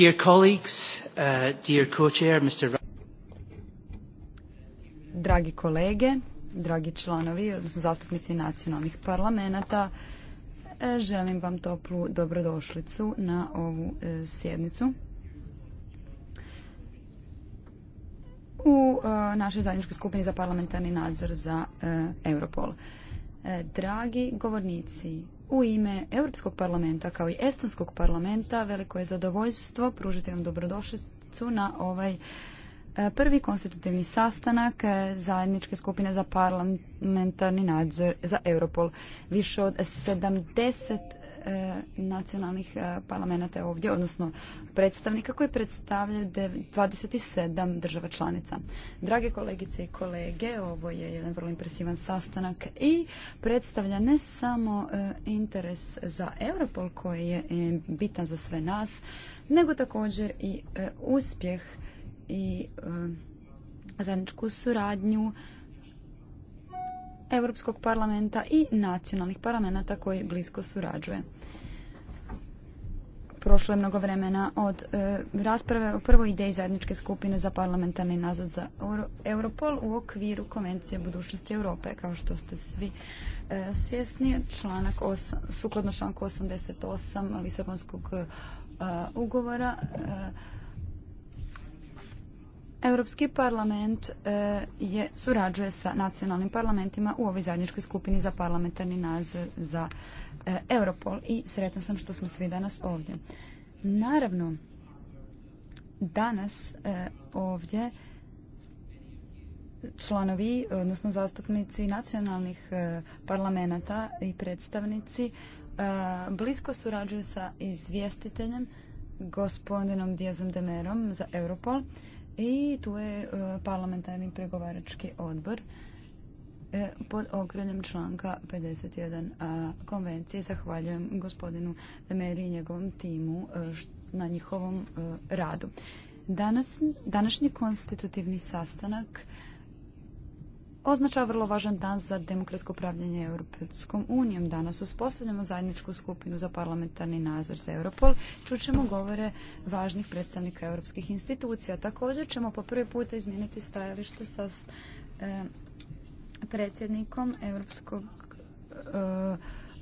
Dear uh, Dragi kolege, dragi članovi, odnosno zastupnici nacionalnih parlamenta, e, želim vam toplu dobrodošlicu na ovu e, sjednicu. u e, našoj zajedničkoj skupini za parlamentarni nadzor za Europol. Dragi govornici, u ime Europskog parlamenta kao i Estonskog parlamenta veliko je zadovoljstvo pružiti vam dobrodošlicu na ovaj e, prvi konstitutivni sastanak e, zajedničke skupine za parlamentarni nadzor za Europol. Više od 70 E, nacionalnih e, parlamenta ovdje, odnosno predstavnika koji predstavljaju 27 država članica. Drage kolegice i kolege, ovo je jedan vrlo impresivan sastanak i predstavlja ne samo e, interes za Europol koji je bitan za sve nas, nego također i uspjeh i zajedničku suradnju Europskog parlamenta i nacionalnih parlamenta koji blisko surađuje. Prošlo je mnogo vremena od e, rasprave o prvoj ideji zajedničke skupine za parlamentarni nazad za Europol u okviru Konvencije o budućnosti Europe. Kao što ste svi e, svjesni, članak sukladno članku 88 Lisabonskog e, ugovora Europski parlament e, je surađuje sa nacionalnim parlamentima u ovoj zajedničkoj skupini za parlamentarni nadzor za e, Europol i sretan sam što smo svi danas ovdje. Naravno, danas e, ovdje članovi, odnosno zastupnici nacionalnih parlamenta i predstavnici blisko surađuju sa izvjestiteljem gospodinom Dijazom Demerom za Europol i e, tu je e, parlamentarni pregovarački odbor e, pod okrenjem članka 51a konvencije. Zahvaljujem gospodinu Demeri i njegovom timu na njihovom radu. Danas, današnji konstitutivni sastanak označava vrlo važan dan za demokratsko upravljanje Europskom unijom. Danas uspostavljamo zajedničku skupinu za parlamentarni nadzor za Europol. Čućemo govore važnih predstavnika europskih institucija. Također ćemo po prvi puta izmijeniti stajalište sa e, predsjednikom Europskog e,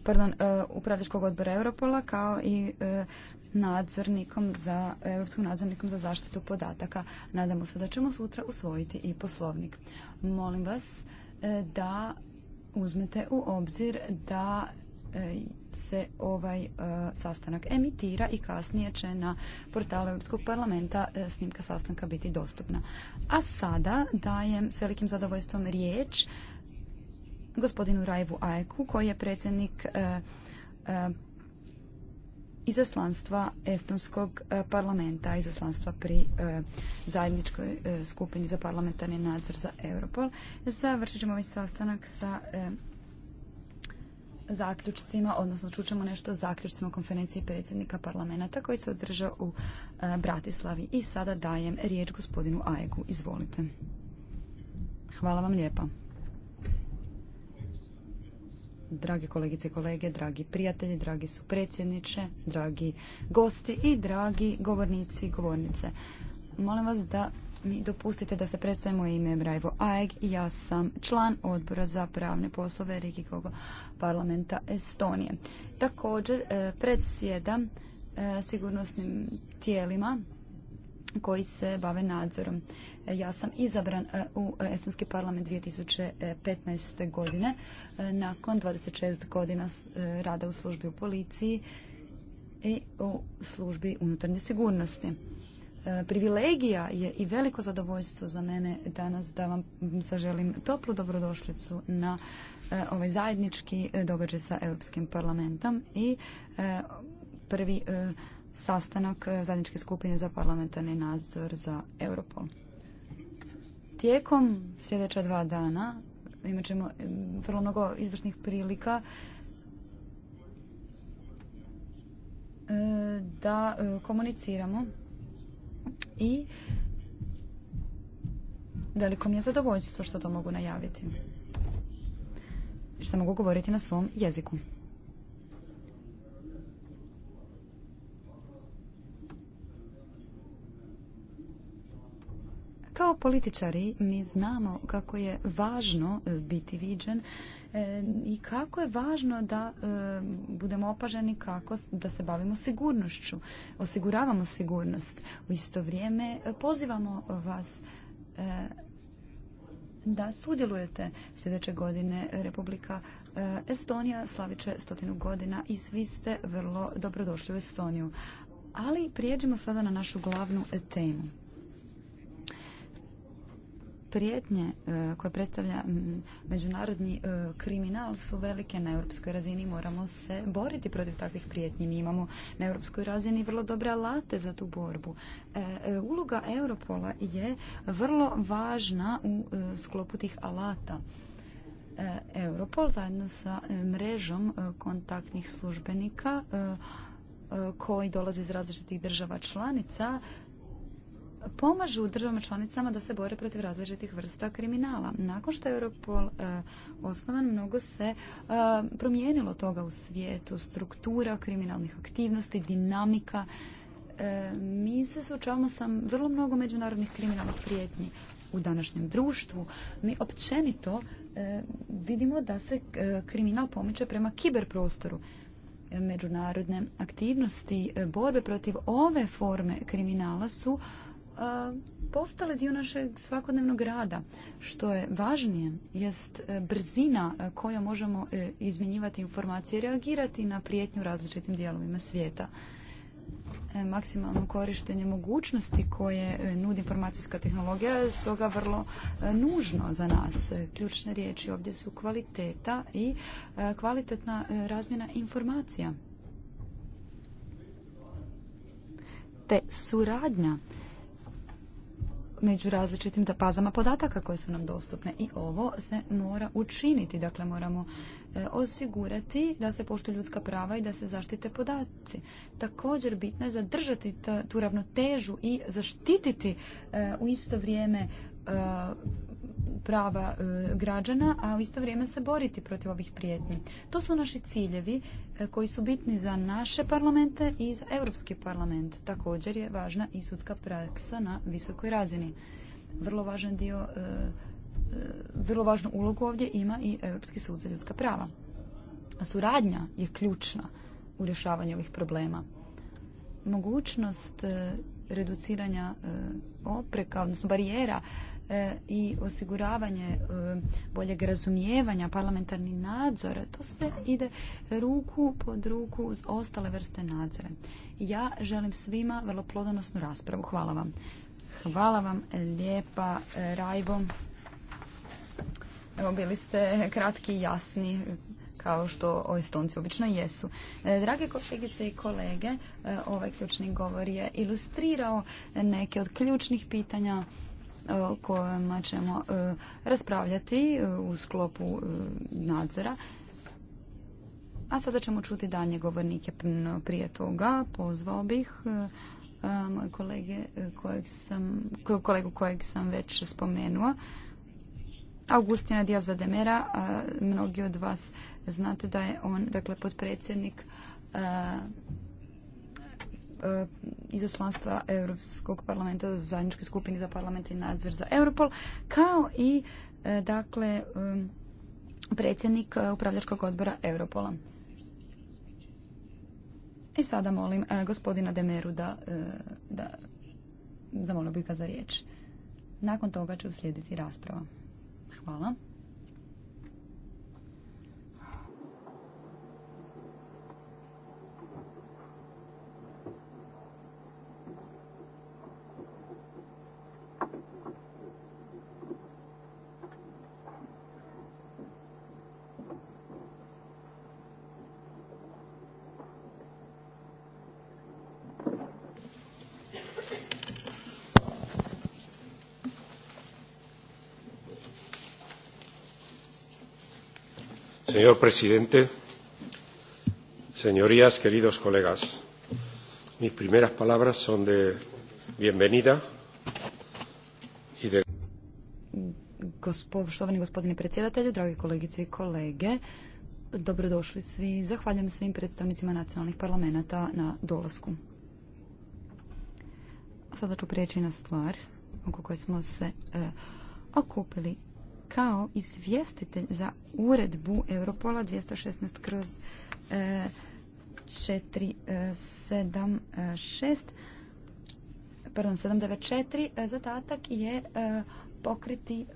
pardon, e, upravljačkog odbora Europola kao i nadzornikom za, europskom nadzornikom za zaštitu podataka. Nadamo se da ćemo sutra usvojiti i poslovnik. Molim vas e, da uzmete u obzir da e, se ovaj e, sastanak emitira i kasnije će na portalu Europskog parlamenta snimka sastanka biti dostupna. A sada dajem s velikim zadovoljstvom riječ gospodinu Rajvu Ajku koji je predsjednik izaslanstva Estonskog e, parlamenta, izaslanstva pri e, zajedničkoj e, skupini za parlamentarni nadzor za Europol. Završit ćemo ovaj sastanak sa zaključcima, odnosno čućemo nešto o zaključcima konferenciji predsjednika parlamenta koji se održa u Bratislavi. I sada dajem riječ gospodinu Ajegu. Izvolite. Hvala vam lijepa dragi kolegice i kolege, dragi prijatelji, dragi su predsjedniče, dragi gosti i dragi govornici i govornice. Molim vas da mi dopustite da se predstavimo ime Brajvo Aeg i ja sam član odbora za pravne poslove Rikikog parlamenta Estonije. Također e, predsjedam e, sigurnosnim tijelima koji se bave nadzorom. E, ja sam izabran e, u Estonski parlament 2015. godine. E, nakon 26 godina rada u službi u policiji i u službi unutarnje sigurnosti. Privilegija je i veliko zadovoljstvo za mene danas da vam zaželim toplu dobrodošlicu na ovaj zajednički događaj sa Europskim parlamentom i prvi sastanak eh, zajedničke skupine za parlamentarni nadzor za Europol. Tijekom sljedeća dva dana imat ćemo vrlo mnogo izvršnih prilika eh, da eh, komuniciramo i veliko mi je zadovoljstvo što to mogu najaviti. Što mogu govoriti na svom jeziku. Kao političari mi znamo kako je važno e, biti viđen e, i kako je važno da e, budemo opaženi kako da se bavimo sigurnošću, osiguravamo sigurnost. U isto vrijeme pozivamo vas da sudjelujete sljedeće godine Republika Estonija slavit će stotinu godina i svi ste vrlo dobrodošli u Estoniju. Ali prijeđimo sada na našu glavnu temu prijetnje e, koje predstavlja međunarodni e, kriminal su velike na europskoj razini. Moramo se boriti protiv takvih prijetnji. Mi imamo na europskoj razini vrlo dobre alate za tu borbu. E, uloga Europola je vrlo važna u sklopu tih alata. Europol zajedno sa mrežom kontaktnih službenika koji dolaze iz različitih država članica pomažu državama članicama da se bore protiv različitih vrsta kriminala. Nakon što je Europol e, osnovan, mnogo se e, promijenilo toga u svijetu, struktura kriminalnih aktivnosti, dinamika. E, mi se suočavamo sa vrlo mnogo međunarodnih kriminalnih prijetnji u današnjem društvu. Mi općenito vidimo da se kriminal pomiče prema kiberprostoru međunarodne aktivnosti borbe protiv ove forme kriminala su postale dio našeg svakodnevnog rada. Što je važnije, jest e, brzina e, koja možemo e, izmjenjivati informacije i reagirati na prijetnju različitim dijelovima svijeta. Maksimalno korištenje mogućnosti koje nudi informacijska tehnologija je stoga vrlo nužno za nas. Ključne riječi ovdje su kvaliteta i kvalitetna razmjena informacija. Te suradnja među različitim tapazama podataka koje su nam dostupne i ovo se mora učiniti. Dakle, moramo e, osigurati da se poštuju ljudska prava i da se zaštite podaci. Također bitno je zadržati tu ravnotežu i zaštititi e, u isto vrijeme e, prava e, građana, a u isto vrijeme se boriti protiv ovih prijetnji. To su naši ciljevi e, koji su bitni za naše parlamente i za Europski parlament. Također je važna i sudska praksa na visokoj razini. Vrlo važan dio, e, vrlo važnu ulogu ovdje ima i Europski sud za ljudska prava. A suradnja je ključna u rješavanju ovih problema. Mogućnost reduciranja opreka, odnosno barijera E, i osiguravanje e, boljeg razumijevanja, parlamentarni nadzor, to sve ide ruku pod ruku uz ostale vrste nadzora. Ja želim svima vrlo plodonosnu raspravu. Hvala vam. Hvala vam lijepa e, Rajbom. Evo bili ste kratki i jasni kao što Estonci obično jesu. Drage kolegice i kolege, ovaj ključni govor je ilustrirao neke od ključnih pitanja o e, kojima ćemo e, raspravljati e, u sklopu nadzora. A sada ćemo čuti dalje govornike prije toga. Pozvao bih moj kolege kojeg sam, kolegu kojeg sam već spomenula. Augustina Diaza Demera, mnogi od vas znate da je on, dakle, potpredsjednik Eh, izaslanstva Europskog parlamenta u zajedničkoj za parlament i nadzor za Europol, kao i eh, dakle eh, predsjednik upravljačkog odbora Europola. I e, sada molim gospodina Demeru da, da zamolio bih ga za riječ. Nakon toga će uslijediti rasprava. Hvala. Señor presidente, señorías, queridos colegas, mis primeras palabras son de bienvenida i de... Štovani gospodine predsjedatelju, dragi kolegice i kolege, dobrodošli svi. Zahvaljujem svim predstavnicima nacionalnih parlamenta na dolasku. Sada ću prijeći na stvar oko koje smo se eh, okupili kao izvjestitelj za uredbu Europola 216 kroz 476 e, pardon 794 e, zadatak je e, pokriti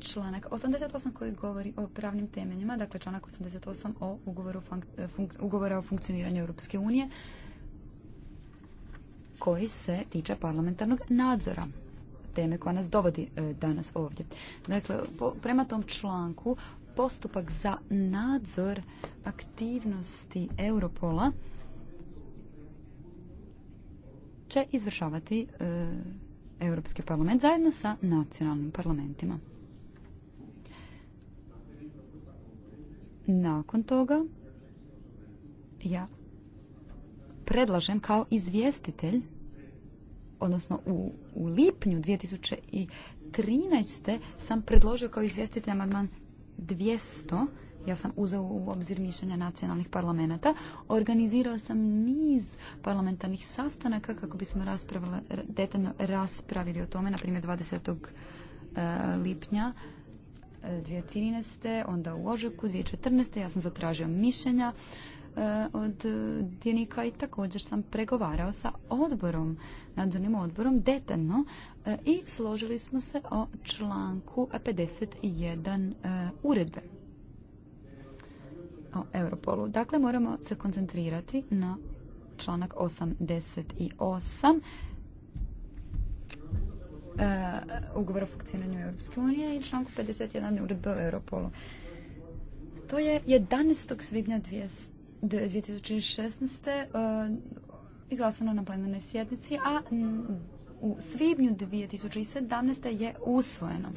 članak 88 koji govori o pravnim temeljima, dakle članak 88 o ugovoru o funkcioniranju Europske unije koji se tiče parlamentarnog nadzora teme koja nas dovodi e, danas ovdje. Dakle, prema tom članku postupak za nadzor aktivnosti Europola će izvršavati e, Europski parlament zajedno sa nacionalnim parlamentima. Nakon toga ja predlažem kao izvjestitelj odnosno u, u lipnju 2013. sam predložio kao izvjestitelj amandman 200 ja sam uzeo u obzir mišljenja nacionalnih parlamenta, organizirao sam niz parlamentarnih sastanaka kako bismo raspravili, detaljno raspravili o tome, na primjer 20. E, lipnja 2013. E, onda u ožujku 2014. ja sam zatražio mišljenja E, od e, dionika i također sam pregovarao sa odborom, nadzornim odborom detaljno e, i složili smo se o članku 51 uredbe o Europolu. Dakle, moramo se koncentrirati na članak 88 Ugovor o funkcioniranju Europske unije i članku 51 uredbe o Europolu. To je 11. svibnja 200 2016. Eh, izglasano na plenarnoj sjednici, a u svibnju 2017. je usvojeno.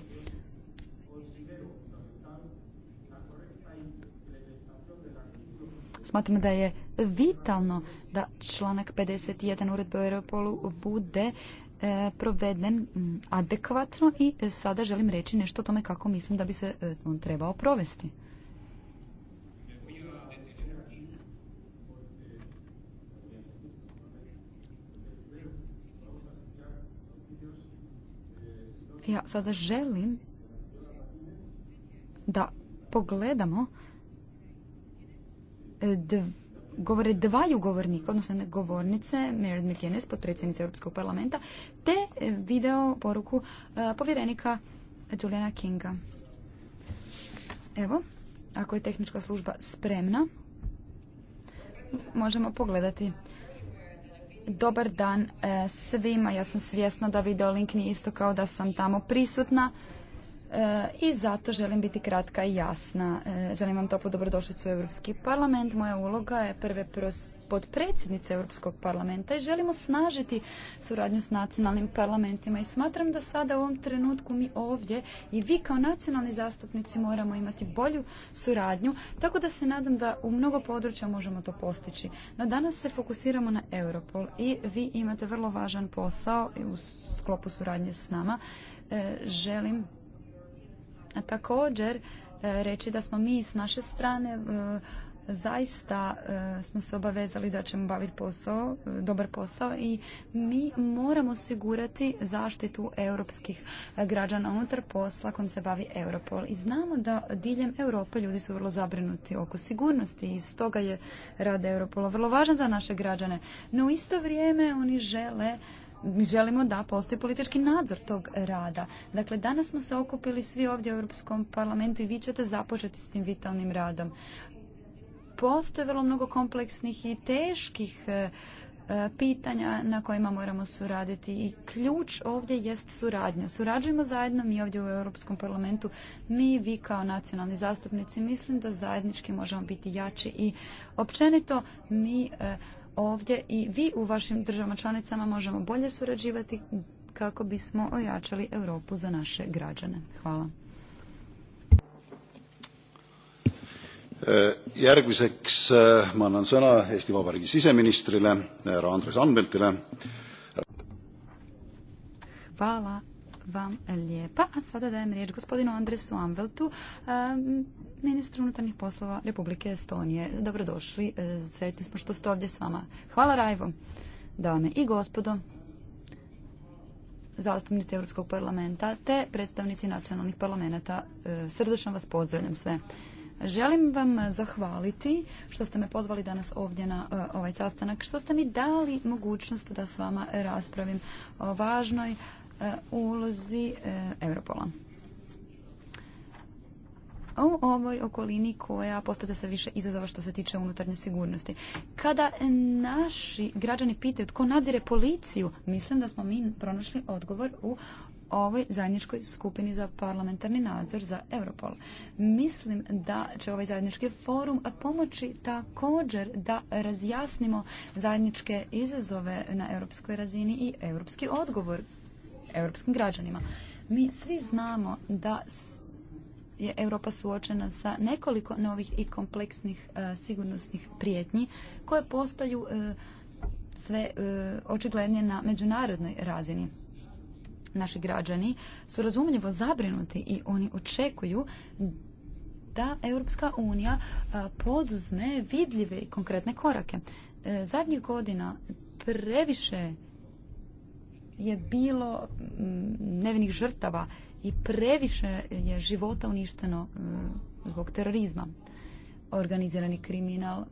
Smatram da je vitalno da članak 51 uredbe u Europolu bude eh, proveden mm, adekvatno i sada želim reći nešto o tome kako mislim da bi se eh, on trebao provesti. ja sada želim da pogledamo e, govore dvaju govornika, odnosno govornice, Meredith McInnes, potpredsjednice Europskog parlamenta, te e, video poruku e, povjerenika Juliana Kinga. Evo, ako je tehnička služba spremna, možemo pogledati Dobar dan e, svima. Ja sam svjesna da video link nije isto kao da sam tamo prisutna e, i zato želim biti kratka i jasna. E, želim vam toplu dobrodošlicu u Europski parlament. Moja uloga je prve pros predsjednice Europskog parlamenta i želimo snažiti suradnju s nacionalnim parlamentima i smatram da sada u ovom trenutku mi ovdje i vi kao nacionalni zastupnici moramo imati bolju suradnju, tako da se nadam da u mnogo područja možemo to postići. No danas se fokusiramo na Europol i vi imate vrlo važan posao u sklopu suradnje s nama. E, želim također e, reći da smo mi s naše strane e, zaista e, smo se obavezali da ćemo baviti posao, e, dobar posao i mi moramo osigurati zaštitu europskih građana unutar posla kojim se bavi Europol. I znamo da diljem Europe ljudi su vrlo zabrinuti oko sigurnosti i stoga je rad Europola vrlo važan za naše građane. No u isto vrijeme oni žele želimo da postoji politički nadzor tog rada. Dakle, danas smo se okupili svi ovdje u Europskom parlamentu i vi ćete započeti s tim vitalnim radom postoje vrlo mnogo kompleksnih i teških e, e, pitanja na kojima moramo suraditi i ključ ovdje jest suradnja. Surađujemo zajedno mi ovdje u Europskom parlamentu, mi vi kao nacionalni zastupnici mislim da zajednički možemo biti jači i općenito mi e, ovdje i vi u vašim državama članicama možemo bolje surađivati kako bismo ojačali Europu za naše građane. Hvala. Eh, järgmiseks eh, ma annan sõna Eesti Vabariigi siseministrile eh, härra Andres Anveltile. Hvala vam lijepa. A sada dajem riječ gospodinu Andresu Anveltu, ministru unutarnjih poslova Republike Estonije. Dobrodošli, sretni smo što ste ovdje s vama. Hvala Rajvo, dame i gospodo, zastupnici Europskog parlamenta te predstavnici nacionalnih parlamenta. Srdečno vas pozdravljam sve. Želim vam zahvaliti što ste me pozvali danas ovdje na e, ovaj sastanak, što ste mi dali mogućnost da s vama raspravim o važnoj e, ulozi e, Europola. U ovoj okolini koja postaje sve više izazova što se tiče unutarnje sigurnosti. Kada naši građani pitaju tko nadzire policiju, mislim da smo mi pronašli odgovor u ovoj zajedničkoj skupini za parlamentarni nadzor za Europol. Mislim da će ovaj zajednički forum pomoći također da razjasnimo zajedničke izazove na europskoj razini i europski odgovor europskim građanima. Mi svi znamo da je Europa suočena sa nekoliko novih i kompleksnih e, sigurnosnih prijetnji koje postaju e, sve e, očiglednije na međunarodnoj razini naši građani su razumljivo zabrinuti i oni očekuju da Europska unija e, poduzme vidljive i konkretne korake. E, zadnjih godina previše je bilo mm, nevinih žrtava i previše je života uništeno e, zbog terorizma. Organizirani kriminal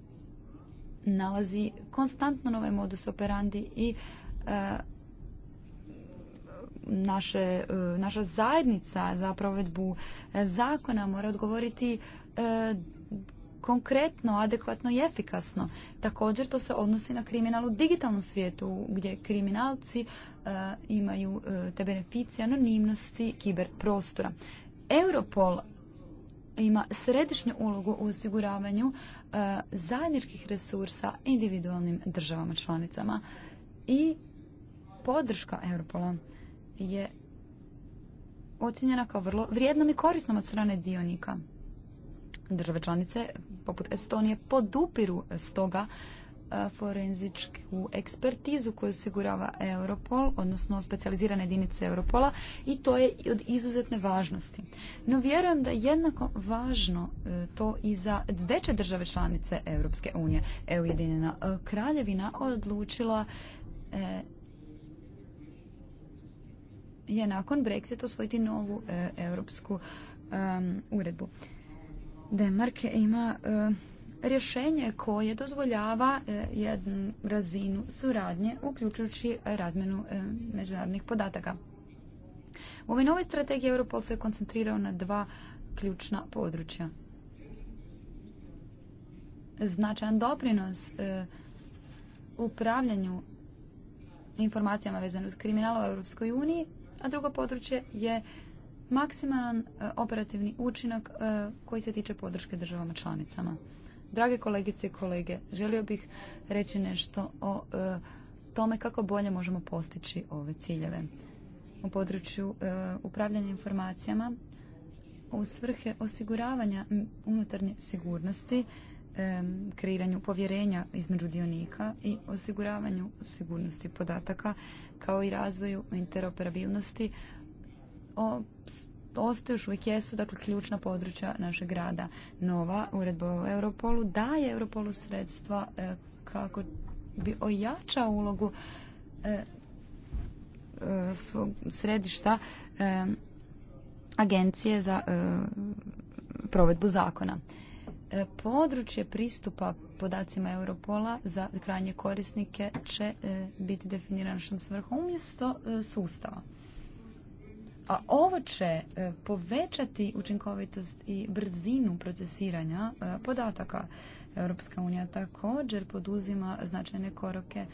nalazi konstantno nove modus operandi i naše, e, naša zajednica za provedbu e, zakona mora odgovoriti e, konkretno, adekvatno i efikasno. Također to se odnosi na kriminal u digitalnom svijetu gdje kriminalci imaju te beneficije anonimnosti kiberprostora. Europol ima središnju ulogu u osiguravanju zajedničkih resursa individualnim državama članicama i podrška Europola je ocjenjena kao vrlo vrijednom i korisnom od strane dionika. Države članice, poput Estonije, podupiru stoga e, forenzičku ekspertizu koju osigurava Europol, odnosno specijalizirane jedinice Europola i to je od izuzetne važnosti. No vjerujem da je jednako važno e, to i za veće države članice Europske unije. E, jedinjena kraljevina odlučila je nakon Brexita osvojiti novu e, europsku uredbu. Denmark ima e, rješenje koje dozvoljava e, jednu razinu suradnje, uključujući razmjenu međunarodnih podataka. U ovoj novoj strategiji Europol se koncentrirao na dva ključna područja. Značajan doprinos upravljanju informacijama vezano uz kriminal u Europskoj uniji a drugo područje je maksimalan e, operativni učinak e, koji se tiče podrške državama članicama. Drage kolegice i kolege, želio bih reći nešto o e, tome kako bolje možemo postići ove ciljeve. U području upravljanja informacijama u svrhe osiguravanja unutarnje sigurnosti kreiranju povjerenja između dionika i osiguravanju sigurnosti podataka kao i razvoju interoperabilnosti ostaju još uvijek jesu dakle ključna područja našeg rada. Nova uredba o Europolu daje Europolu sredstva e, kako bi ojačao ulogu e, e, svog središta agencije za provedbu zakona područje pristupa podacima Europola za krajnje korisnike će e, biti definirano što svrhom umjesto e, sustava. A ovo će e, povećati učinkovitost i brzinu procesiranja podataka. Europska unija također poduzima značajne korake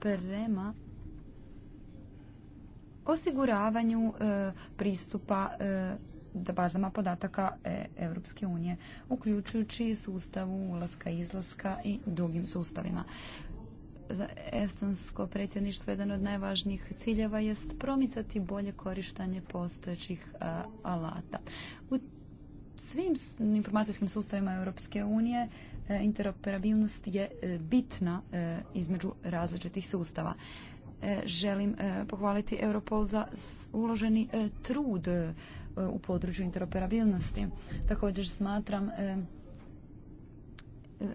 prema osiguravanju pristupa bazama podataka e, Europske unije, uključujući sustavu ulaska i izlaska i drugim sustavima. Za estonsko predsjedništvo jedan od najvažnijih ciljeva jest promicati bolje korištanje postojećih e, alata. U svim informacijskim sustavima Europske unije e, interoperabilnost je bitna između različitih sustava. Želim pohvaliti Europol za uloženi trud u području interoperabilnosti. Također smatram e, e,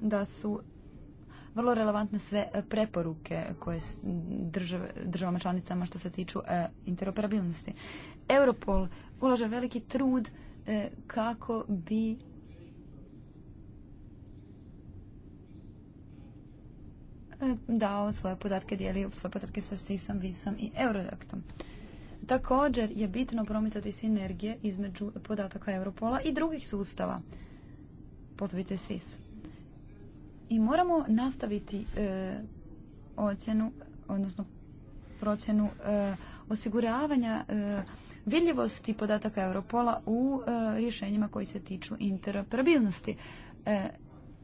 da su vrlo relevantne sve preporuke koje državama članicama što se tiču e, interoperabilnosti. Europol ulaže veliki trud kako bi dao svoje podatke, dijelio svoje podatke sa SIS-om, VIS-om i Eurodactom. Također je bitno promicati sinergije između podataka Europola i drugih sustava, posebice SIS. I moramo nastaviti e, ocjenu, odnosno procjenu e, osiguravanja e, vidljivosti podataka Europola u rješenjima koji se tiču interoperabilnosti.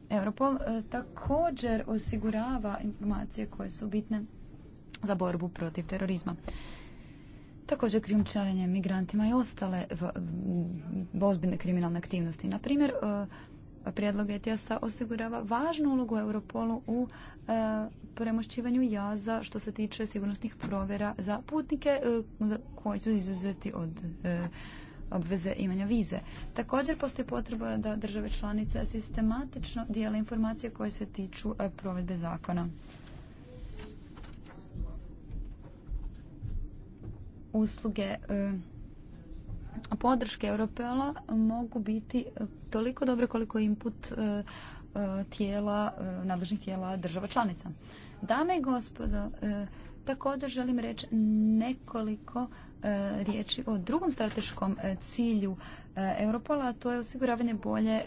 Europol također osigurava informacije koje su bitne za borbu protiv terorizma također krijumčarenje migrantima i ostale ozbiljne kriminalne aktivnosti. Na primjer, e, prijedlog ETS-a osigurava važnu ulogu Europolu u e, premošćivanju jaza što se tiče sigurnosnih provjera za putnike e, koji su izuzeti od obveze imanja vize. Također postoji potreba da države članice sistematično dijele informacije koje se tiču provedbe zakona. usluge e, podrške Europela mogu biti toliko dobre koliko input e, e, tijela, nadležnih tijela država članica. Dame i gospodo, također želim reći nekoliko riječi o drugom strateškom cilju Europola, a to je osiguravanje bolje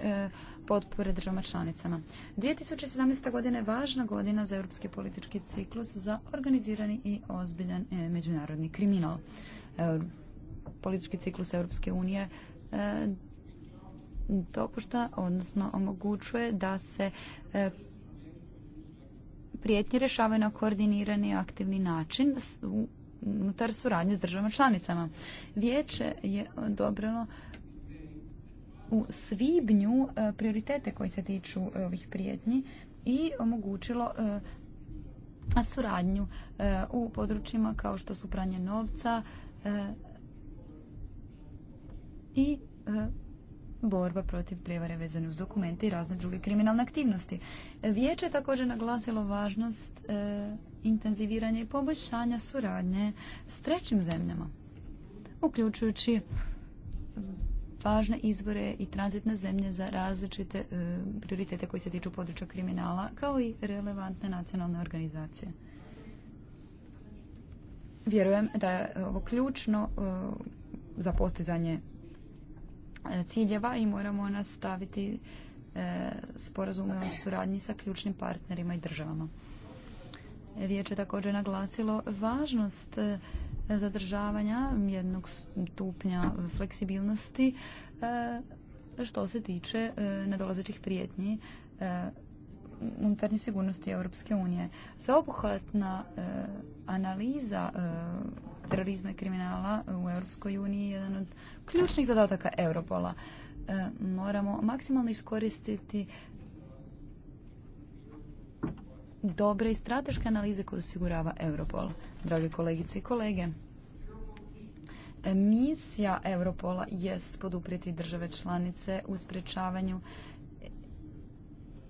potpore državama članicama. 2017. godina je važna godina za europski politički ciklus za organizirani i ozbiljan e, međunarodni kriminal. E, politički ciklus Europske unije e, dopušta, odnosno omogućuje da se prijetnje rješavaju na koordinirani i aktivni način unutar suradnje s državama članicama. Vijeće je odobrilo u svibnju e, prioritete koji se tiču e, ovih prijetnji i omogućilo e, suradnju u područjima kao što su pranje novca i borba protiv prijevare vezane uz dokumente i razne druge kriminalne aktivnosti. Vijeće je također naglasilo važnost intenziviranja i poboljšanja suradnje s trećim zemljama, uključujući važne izvore i tranzitne zemlje za različite e, prioritete koji se tiču područja kriminala, kao i relevantne nacionalne organizacije. Vjerujem da je ovo ključno e, za postizanje e, ciljeva i moramo nastaviti sporazume o suradnji sa ključnim partnerima i državama. Vijeće je također naglasilo važnost zadržavanja, jednog stupnja fleksibilnosti e, što se tiče e, nadolazećih prijetnji e, unutarnje sigurnosti Europske unije. Sveobuhvatna analiza terorizma i kriminala u Europskoj uniji je jedan od ključnih zadataka Europola. Moramo maksimalno iskoristiti dobre i strateške analize koje osigurava Europol. Drage kolegice i kolege. E, misija Europola je poduprijeti države članice u sprječavanju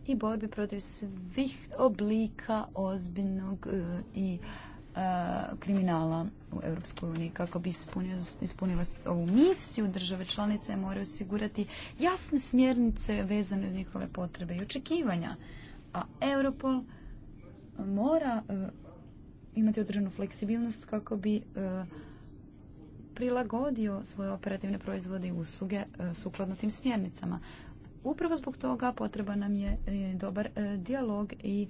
i borbi protiv svih oblika ozbiljnog e, i e, kriminala u Europskoj uniji. Kako bi ispunila ovu misiju, države članice moraju osigurati jasne smjernice vezane od njihove potrebe i očekivanja. A Europol mora imati određenu fleksibilnost kako bi e, prilagodio svoje operativne proizvode i usluge e, sukladno tim smjernicama. Upravo zbog toga potreba nam je e, dobar dijalog i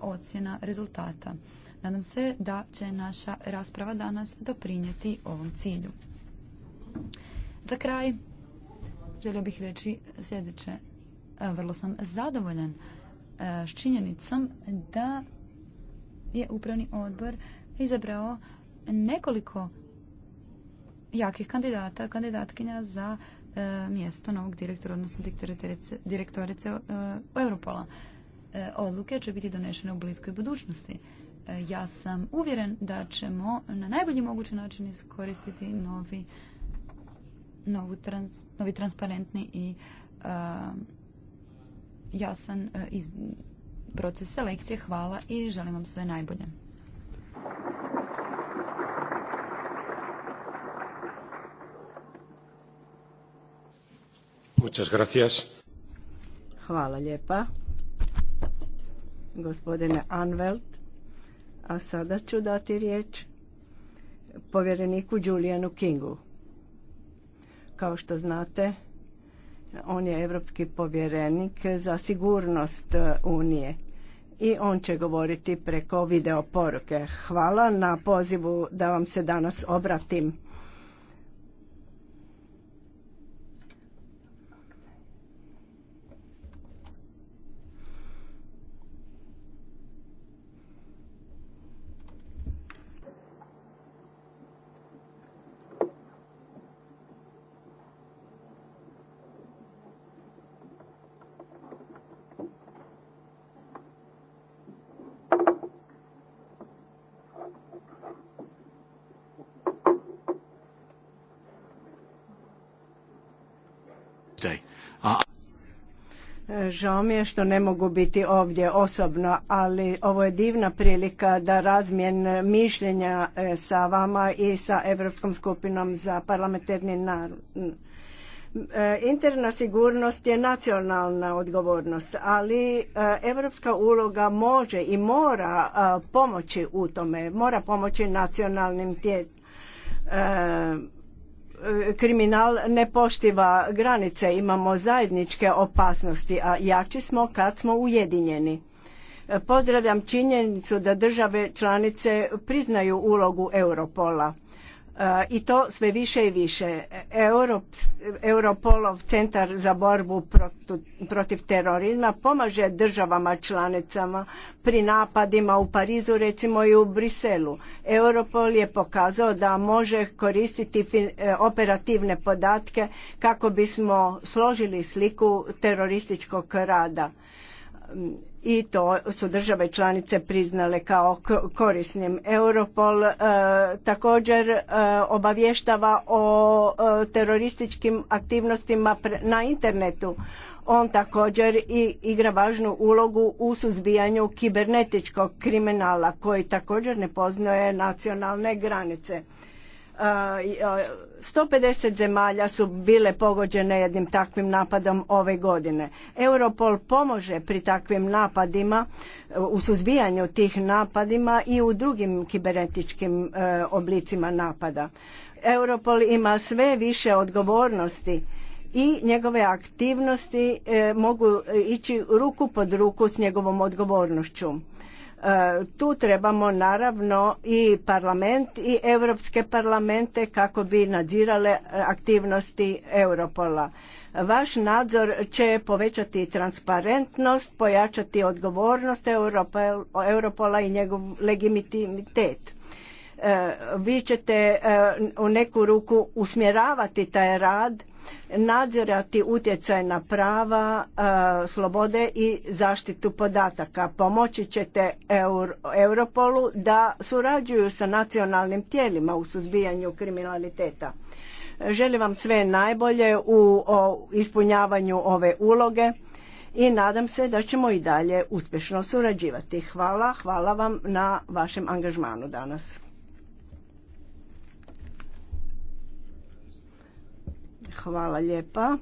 ocjena rezultata. Nadam se da će naša rasprava danas doprinijeti ovom cilju. Za kraj želio bih reći sljedeće. Vrlo sam zadovoljan s činjenicom da je upravni odbor izabrao nekoliko jakih kandidata, kandidatkinja za e, mjesto novog direktora, odnosno direktorice e, Europola. E, odluke će biti donešene u bliskoj budućnosti. Ja sam uvjeren da ćemo na najbolji mogući način iskoristiti novi, novi transparentni i jasan iz, proces selekcije. Hvala i želim vam sve najbolje. Muchas gracias. Hvala lijepa. Gospodine Anvelt. a sada ću dati riječ povjereniku Julianu Kingu. Kao što znate, on je Europski povjerenik za sigurnost e, Unije i on će govoriti preko video Hvala na pozivu da vam se danas obratim. Žao mi je što ne mogu biti ovdje osobno, ali ovo je divna prilika da razmijen mišljenja e, sa vama i sa Europskom skupinom za parlamentarni narod. E, interna sigurnost je nacionalna odgovornost, ali e, evropska uloga može i mora pomoći u tome, mora pomoći nacionalnim tijelima E, kriminal ne poštiva granice, imamo zajedničke opasnosti, a jači smo kad smo ujedinjeni. E, pozdravljam činjenicu da države članice priznaju ulogu Europola i to sve više i više. Europolov centar za borbu protiv terorizma pomaže državama članicama pri napadima u Parizu recimo i u Briselu. Europol je pokazao da može koristiti e, operativne podatke kako bismo složili sliku terorističkog rada i to su države članice priznale kao korisnim. Europol e, također e, obavještava o e, terorističkim aktivnostima na internetu. On također i igra važnu ulogu u suzbijanju kibernetičkog kriminala koji također ne poznaje nacionalne granice. 150 zemalja su bile pogođene jednim takvim napadom ove godine. Europol pomože pri takvim napadima u suzbijanju tih napadima i u drugim kibernetičkim e, oblicima napada. Europol ima sve više odgovornosti i njegove aktivnosti e, mogu ići ruku pod ruku s njegovom odgovornošću. E, tu trebamo naravno i parlament i europske parlamente kako bi nadzirale aktivnosti Europola. Vaš nadzor će povećati transparentnost, pojačati odgovornost Europola i njegov legitimitet. E, vi ćete e, u neku ruku usmjeravati taj rad nadzirati utjecaj na prava, e, slobode i zaštitu podataka. Pomoći ćete Europolu da surađuju sa nacionalnim tijelima u suzbijanju kriminaliteta. Želim vam sve najbolje u ispunjavanju ove uloge i nadam se da ćemo i dalje uspješno surađivati. Hvala, hvala vam na vašem angažmanu danas. Hvala lijepa.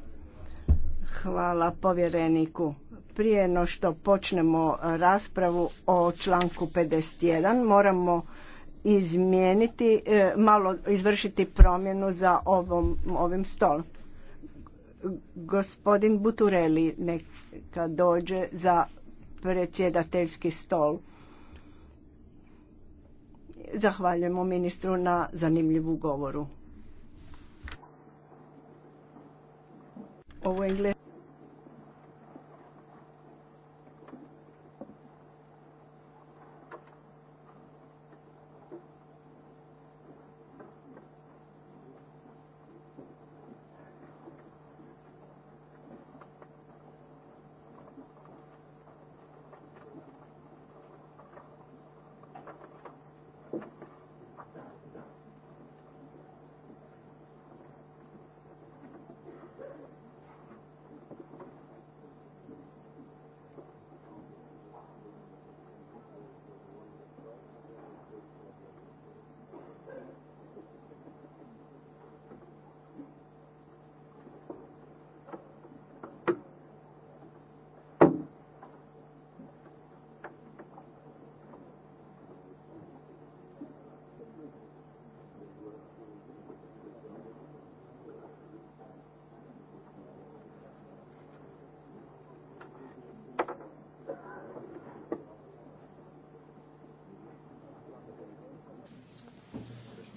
Hvala povjereniku. Prije no što počnemo raspravu o članku 51 moramo izmijeniti, e, malo izvršiti promjenu za ovom, ovim stolom. Gospodin Butureli neka dođe za predsjedateljski stol. Zahvaljujemo ministru na zanimljivu govoru. ovo je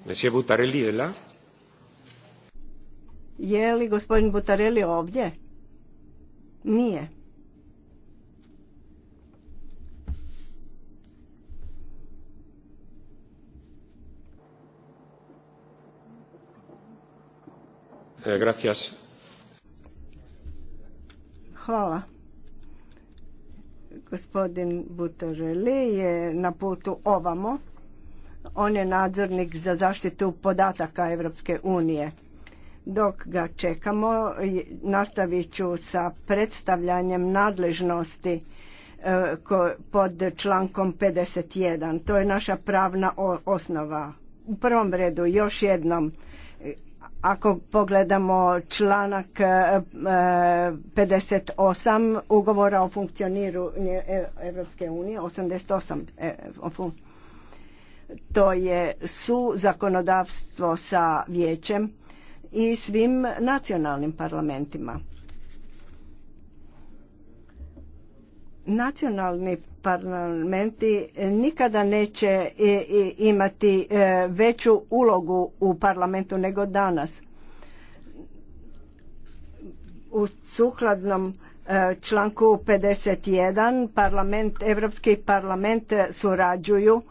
Monsieur Butarelli je Je li gospodin Butarelli ovdje? Nije. E, gracias. Hvala. Gospodin Butarelli je na putu ovamo. On je nadzornik za zaštitu podataka Europske unije. Dok ga čekamo, nastavit ću sa predstavljanjem nadležnosti e, pod člankom 51. To je naša pravna osnova. U prvom redu, još jednom, ako pogledamo članak 58 e, ugovora o funkcioniru Europske unije, 88 to je su zakonodavstvo sa vijećem i svim nacionalnim parlamentima. Nacionalni parlamenti nikada neće imati e, veću ulogu u parlamentu nego danas. U sukladnom e, članku 51 parlament, Europski parlament surađuju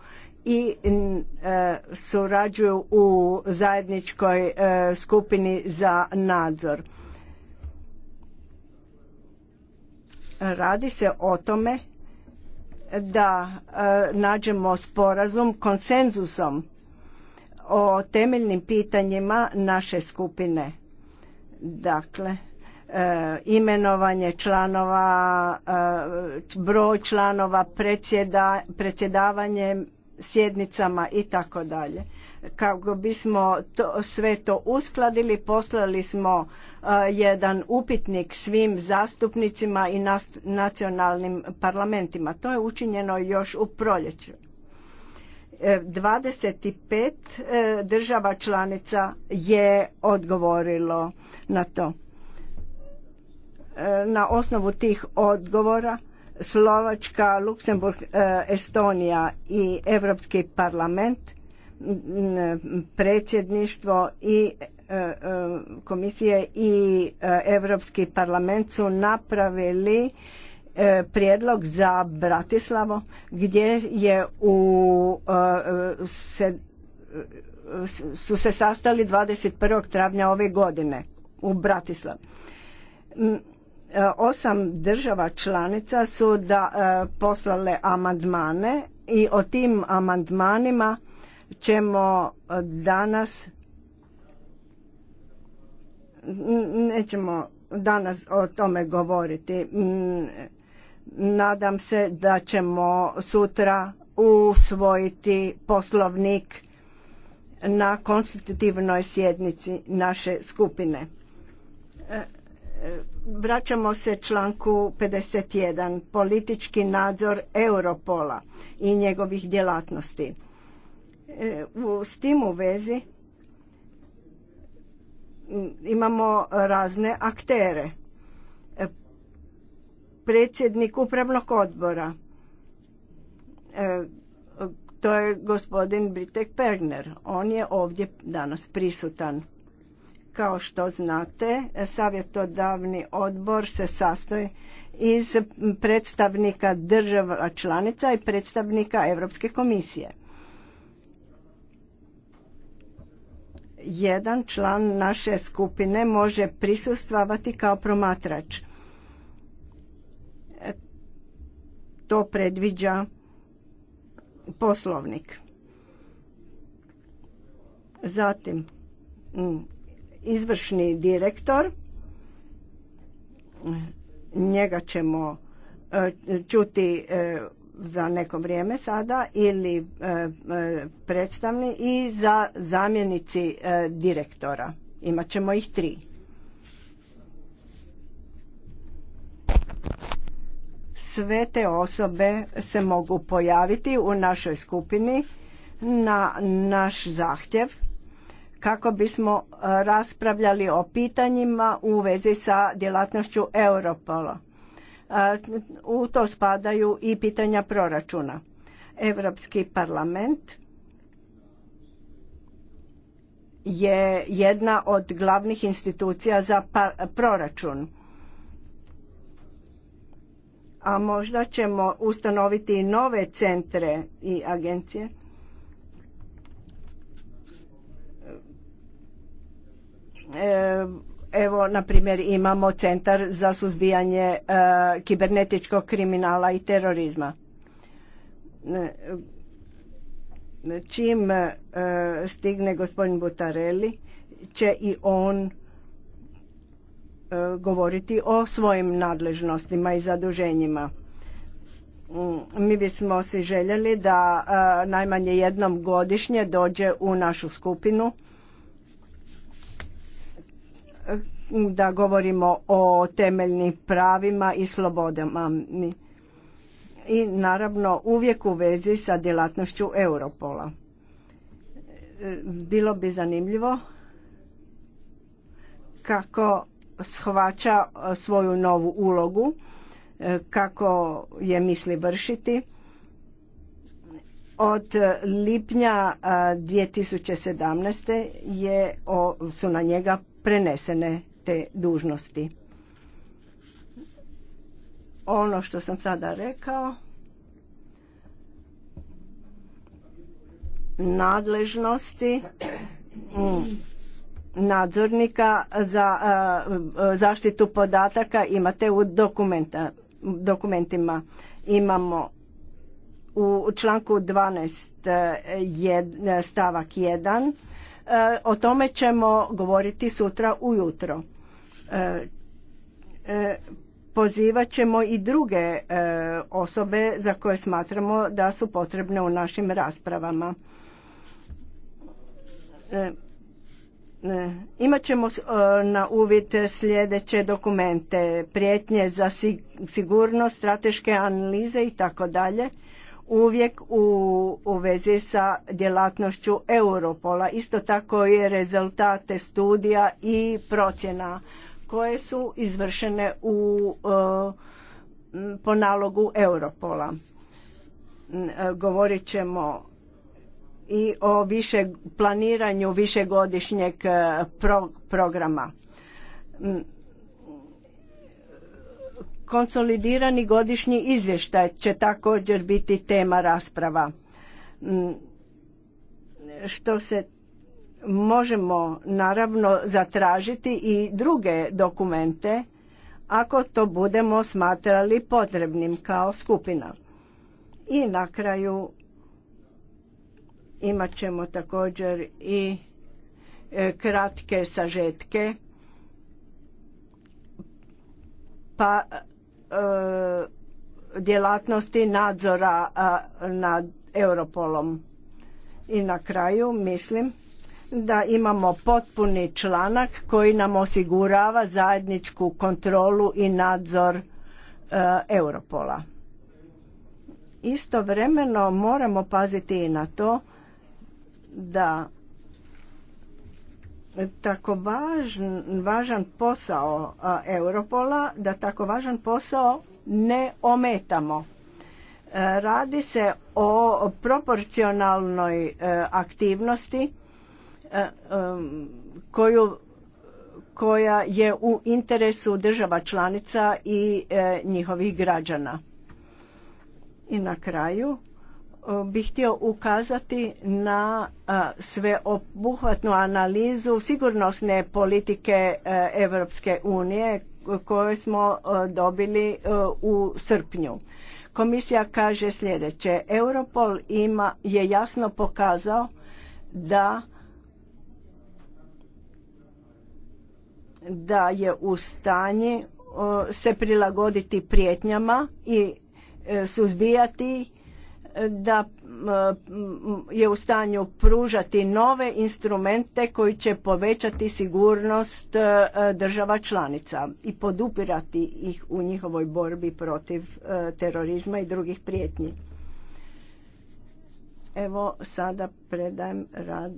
i e, surađuju u zajedničkoj e, skupini za nadzor. Radi se o tome da e, nađemo sporazum konsenzusom o temeljnim pitanjima naše skupine. Dakle, imenovanje članova, broj članova, predsjedavanje sjednicama i tako dalje. Kako bismo to, sve to uskladili, poslali smo e, jedan upitnik svim zastupnicima i nacionalnim parlamentima. To je učinjeno još u proljeću. 25 e, e, država članica je odgovorilo na to. Na osnovu tih odgovora Slovačka, Luksemburg, e, Estonija i Europski parlament, predsjedništvo i e, e, komisije i Europski parlament su napravili prijedlog za Bratislavo gdje je u su se sastali 21. travnja ove godine u Bratislavi Osam država članica su da e, poslale amandmane i o tim amandmanima ćemo e, danas nećemo danas o tome govoriti. Nadam se da ćemo sutra usvojiti poslovnik na konstitutivnoj sjednici naše skupine. Vraćamo se članku 51. Politički nadzor Europola i njegovih djelatnosti. E, s tim u vezi imamo razne aktere. E, predsjednik upravnog odbora, e, to je gospodin Britek Pergner. On je ovdje danas prisutan. Kao što znate, savjetodavni odbor se sastoji iz predstavnika država članica i predstavnika Europske komisije. Jedan član naše skupine može prisustvavati kao promatrač. To predviđa poslovnik. Zatim, izvršni direktor. Njega ćemo e, čuti e, za neko vrijeme sada ili e, predstavni i za zamjenici direktora. Imat ćemo ih tri. Sve te osobe se mogu pojaviti u našoj skupini na naš zahtjev kako bismo e, raspravljali o pitanjima u vezi sa djelatnošću Europola. E, u to spadaju i pitanja proračuna. Europski parlament je jedna od glavnih institucija za pa, proračun. A možda ćemo ustanoviti nove centre i agencije Evo, na primjer, imamo Centar za suzbijanje e, kibernetičkog kriminala i terorizma. E, čim e, stigne gospodin Butarelli, će i on govoriti o svojim nadležnostima i zaduženjima. Mm, mi bismo si željeli da najmanje jednom godišnje dođe u našu skupinu da govorimo o temeljnim pravima i slobodama i naravno uvijek u vezi sa djelatnošću Europola. E, bilo bi zanimljivo kako shvaća svoju novu ulogu, e, kako je misli vršiti. Od lipnja 2017. Je, su na njega prenesene te dužnosti. Ono što sam sada rekao, nadležnosti mm, nadzornika za zaštitu podataka imate u dokumentima. Imamo u članku 12 e, stavak 1 o tome ćemo govoriti sutra ujutro. E, e, pozivat ćemo i druge e, osobe za koje smatramo da su potrebne u našim raspravama. Imat ćemo na uvid sljedeće dokumente, prijetnje za sigurnost, strateške analize i tako dalje uvijek u, vezi sa djelatnošću Europola. Isto tako je rezultate studija i procjena koje su izvršene u, e, po nalogu Europola. E, govorit ćemo i o više planiranju višegodišnjeg e, programa Konsolidirani godišnji izvještaj će također biti tema rasprava. Mm, što se možemo naravno zatražiti i druge dokumente ako to budemo smatrali potrebnim kao skupina. I na kraju imat ćemo također i e, kratke sažetke pa E, djelatnosti nadzora nad Europolom. I na kraju mislim da imamo potpuni članak koji nam osigurava zajedničku kontrolu i nadzor e, Europola. Istovremeno moramo paziti i na to da tako važan posao Europola, da tako važan posao ne ometamo. E, radi se o proporcionalnoj e, aktivnosti e, koju, koja je u interesu država članica i njihovih građana. I na kraju E, bih htio ukazati na e, sveobuhvatnu analizu sigurnosne politike Europske unije koju smo e, dobili u srpnju. Komisija kaže sljedeće. Europol ima, je jasno pokazao da da je u stanju se prilagoditi prijetnjama i suzbijati da e, je u stanju pružati nove instrumente koji će povećati sigurnost e, država članica i podupirati ih u njihovoj borbi protiv e, terorizma i drugih prijetnji. Evo sada predajem rad.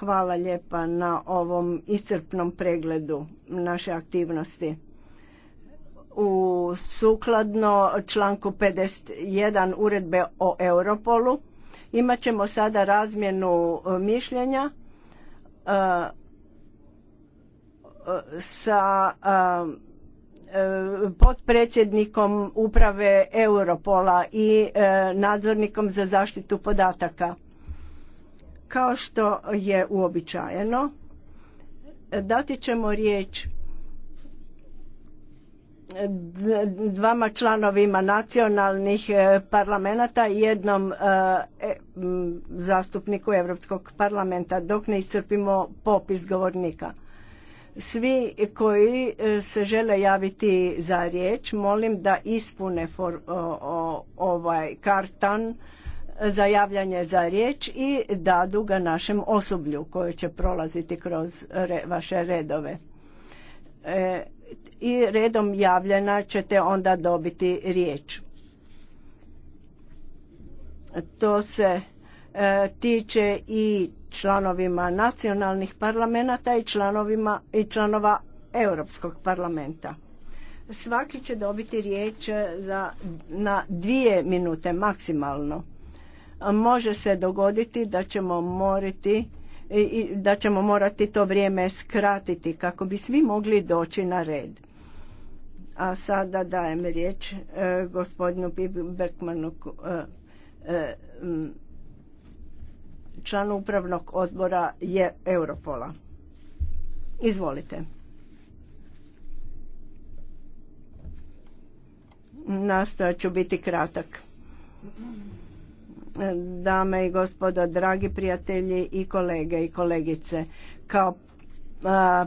Hvala lijepa na ovom iscrpnom pregledu naše aktivnosti. U sukladno članku 51 uredbe o Europolu imat ćemo sada razmjenu e, mišljenja e, sa e, potpredsjednikom uprave Europola i nadzornikom za zaštitu podataka. Kao što je uobičajeno, dati ćemo riječ dvama članovima nacionalnih e, parlamenta i jednom e, e, zastupniku Europskog parlamenta dok ne iscrpimo popis govornika. Svi koji se žele javiti za riječ, molim da ispune ovaj kartan za javljanje za riječ i dadu ga našem osoblju koje će prolaziti kroz vaše redove. E, I redom javljena ćete onda dobiti riječ. To se e, tiče i članovima nacionalnih parlamenta i članovima i članova Europskog parlamenta. Svaki će dobiti riječ e, za, na dvije minute maksimalno. Može se dogoditi da ćemo morati i da ćemo morati to vrijeme skratiti kako bi svi mogli doći na red. A sada dajem riječ e, gospodinu Bergmanu, e, e, članu upravnog odbora je Europola. Izvolite. Nastojat ću biti kratak dame i gospodo, dragi prijatelji i kolege i kolegice. Kao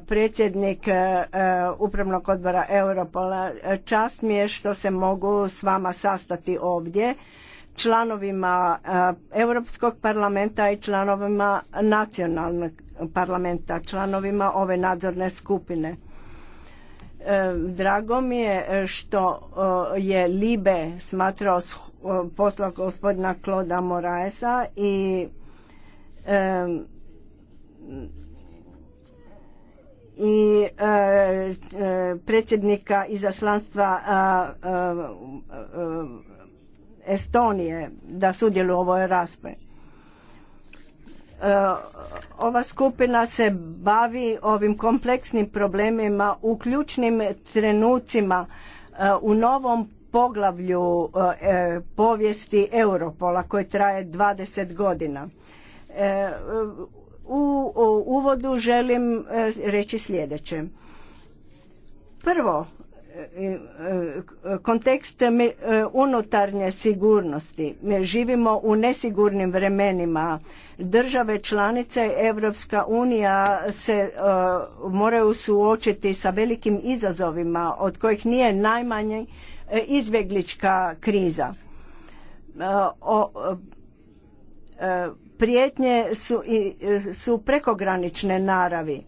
predsjednik e, upravnog odbora Europola, čast mi je što se mogu s vama sastati ovdje članovima Europskog parlamenta i članovima nacionalnog parlamenta, članovima ove nadzorne skupine. Drago mi je što je Libe smatrao posla gospodina Kloda Moraesa i i e, e, predsjednika izaslanstva Estonije da sudjeluje u ovoj raspravi. E, ova skupina se bavi ovim kompleksnim problemima u ključnim trenucima e, u novom poglavlju e, povijesti Europola koji traje 20 godina. u uvodu želim reći sljedeće. Prvo, kontekst e, unutarnje sigurnosti. Živimo u nesigurnim vremenima. Države članice Evropska unija se e, moraju suočiti sa velikim izazovima od kojih nije najmanje e, izbjeglička kriza. prijetnje su, su prekogranične naravi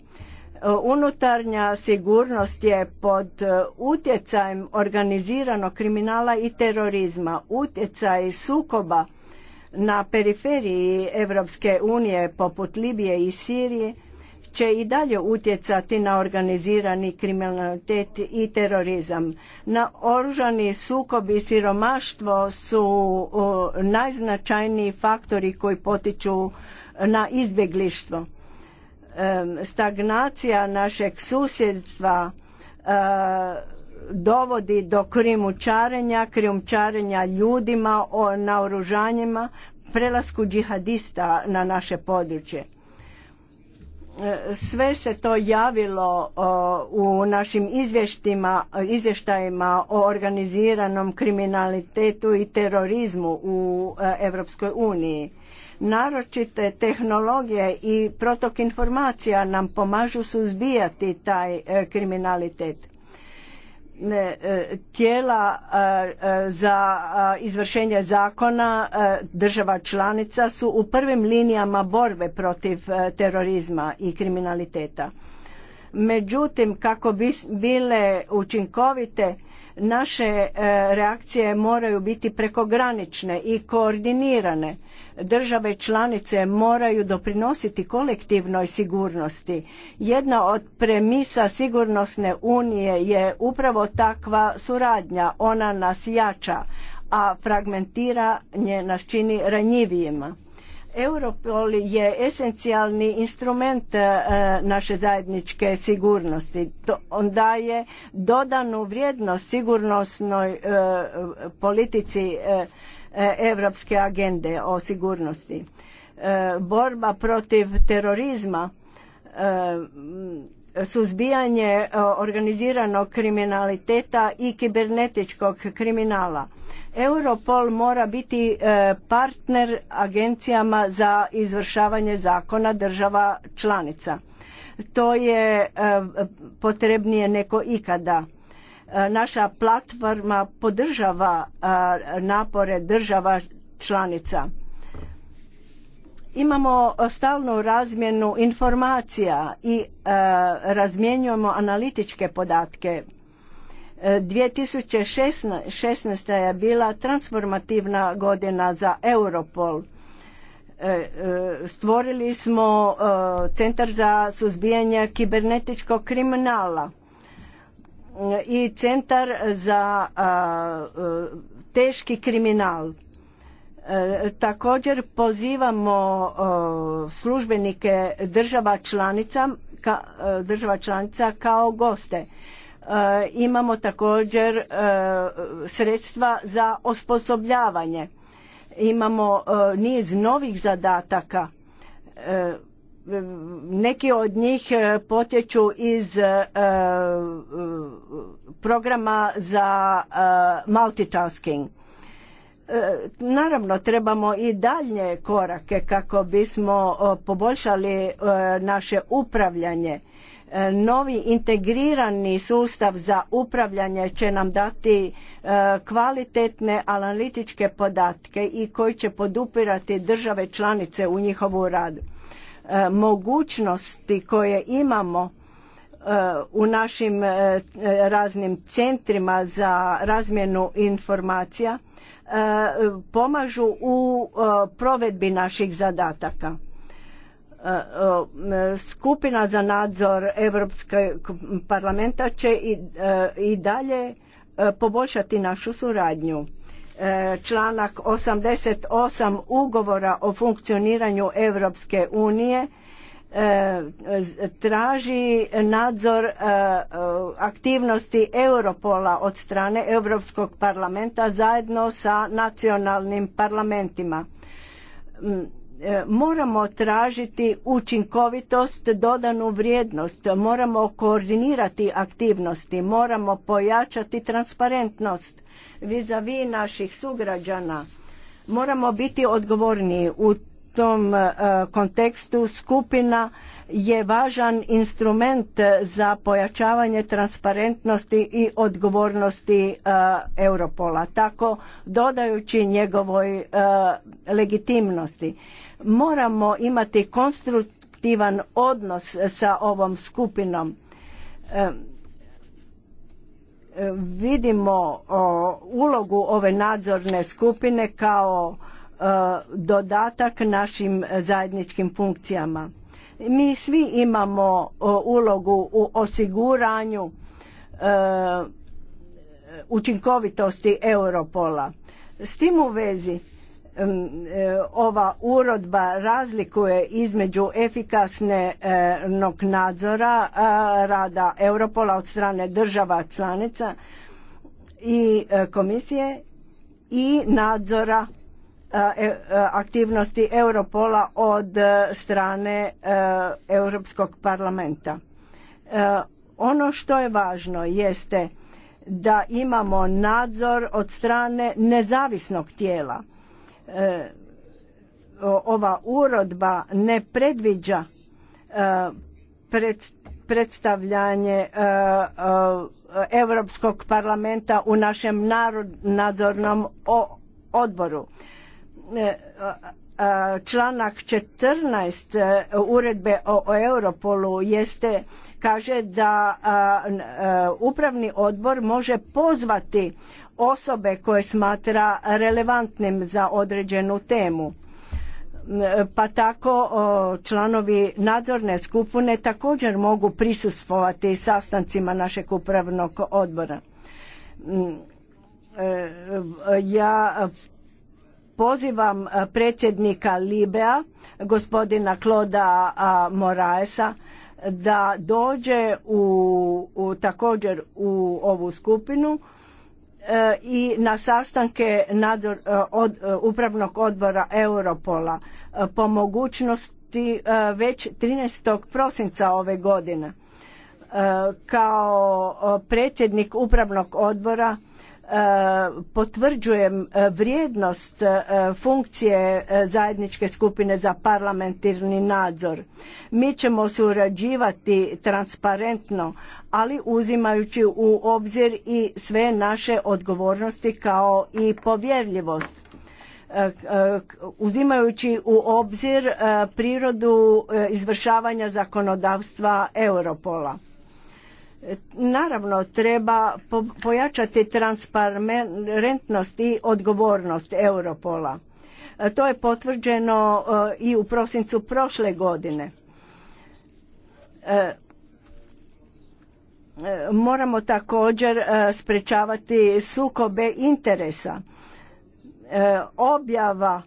Unutarnja sigurnost je pod e, utjecajem organiziranog kriminala i terorizma, utjecaj sukoba na periferiji Europske unije poput Libije i Sirije će i dalje utjecati na organizirani kriminalitet i terorizam. Na oružani sukob i siromaštvo su e, najznačajniji faktori koji potiču na izbjeglištvo Stagnacija našeg susjedstva eh, dovodi do krijumčarenja, krijumčarenja ljudima, o naoružanjima, prelasku džihadista na naše područje. Eh, sve se to javilo u našim izvještajima o organiziranom kriminalitetu i terorizmu u Europskoj eh, uniji. Naročite tehnologije i protok informacija nam pomažu suzbijati taj e, kriminalitet. E, e, tijela za izvršenje zakona država članica su u prvim linijama borbe protiv terorizma i kriminaliteta. Međutim, kako bi bile učinkovite, naše reakcije moraju biti prekogranične i koordinirane Države članice moraju doprinositi kolektivnoj sigurnosti. Jedna od premisa sigurnosne unije je upravo takva suradnja. Ona nas jača, a fragmentiranje nas čini ranjivijima. Europol je esencijalni instrument e, naše zajedničke sigurnosti. On daje dodanu vrijednost sigurnosnoj e, politici e, europske agende o sigurnosti. E, borba protiv terorizma, e, suzbijanje e, organiziranog kriminaliteta i kibernetičkog kriminala. Europol mora biti partner agencijama za izvršavanje zakona država članica. To je potrebnije neko ikada E, naša platforma podržava e, napore država članica. Imamo stalnu razmjenu informacija i e, razmjenjujemo analitičke podatke. 2016. je bila transformativna godina za Europol. Stvorili smo Centar za suzbijanje kibernetičkog kriminala i centar za e, teški kriminal e, također pozivamo e, službenike država članica država članica kao goste imamo također sredstva za osposobljavanje imamo niz novih zadataka neki od njih e, potječu iz e, e, programa za multitasking. Naravno, trebamo i dalje korake kako bismo poboljšali naše upravljanje. Novi integrirani sustav za upravljanje će nam dati kvalitetne analitičke podatke i koji će podupirati države članice u njihovu radu E, mogućnosti koje imamo e, u našim e, raznim centrima za razmjenu informacija pomažu u provedbi naših zadataka. Skupina za nadzor Europskog parlamenta će i dalje poboljšati našu suradnju. E, članak 88 ugovora o funkcioniranju Europske unije e, traži nadzor e, aktivnosti Europola od strane Europskog parlamenta zajedno sa nacionalnim parlamentima. Moramo tražiti učinkovitost, dodanu vrijednost, moramo koordinirati aktivnosti, moramo pojačati transparentnost vizavi naših sugrađana. Moramo biti odgovorni u tom e, kontekstu skupina je važan instrument za pojačavanje transparentnosti i odgovornosti e, Europola, tako dodajući njegovoj e, legitimnosti. Moramo imati konstruktivan odnos sa ovom skupinom vidimo ulogu ove nadzorne skupine kao e, dodatak našim zajedničkim funkcijama. Mi svi imamo ulogu u osiguranju e, učinkovitosti Europola. S tim u vezi E, ova urodba razlikuje između efikasnog nadzora rada Europola od strane država članica i e, komisije i nadzora e, aktivnosti Europola od strane Europskog parlamenta. Ono što je važno jeste da imamo nadzor od strane nezavisnog tijela E, ova urodba ne predviđa e, predstavljanje e, Europskog parlamenta u našem nadzornom odboru. Članak 14 uredbe o Europolu jeste kaže da upravni odbor može pozvati osobe koje smatra relevantnim za određenu temu pa tako članovi nadzorne skupine također mogu prisustvovati sastancima našeg upravnog odbora. E, ja pozivam predsjednika Libea, gospodina Kloda Moraesa, da dođe u također u ovu skupinu E, i na sastanke nadzor, e, od, e, upravnog odbora Europola po mogućnosti već 13. prosinca ove godine. Kao predsjednik upravnog odbora potvrđujem e, vrijednost e, funkcije e, zajedničke skupine za parlamentarni nadzor. Mi ćemo surađivati transparentno, ali uzimajući u obzir i sve naše odgovornosti kao i povjerljivost. Uzimajući u obzir prirodu izvršavanja zakonodavstva Europola Naravno, treba pojačati transparentnost i odgovornost Europola. E, to je potvrđeno e, i u prosincu prošle godine. E, moramo također sprečavati sukobe interesa. Objava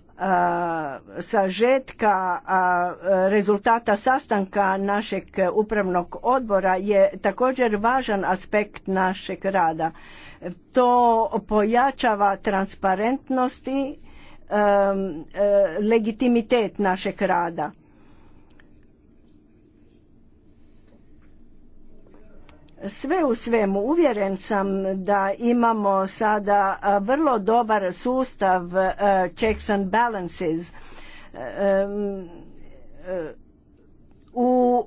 sažetka rezultata sastanka našeg upravnog odbora je također važan aspekt našeg rada. To pojačava transparentnost i legitimitet našeg rada. Sve u svemu uvjeren sam da imamo sada vrlo dobar sustav checks and balances u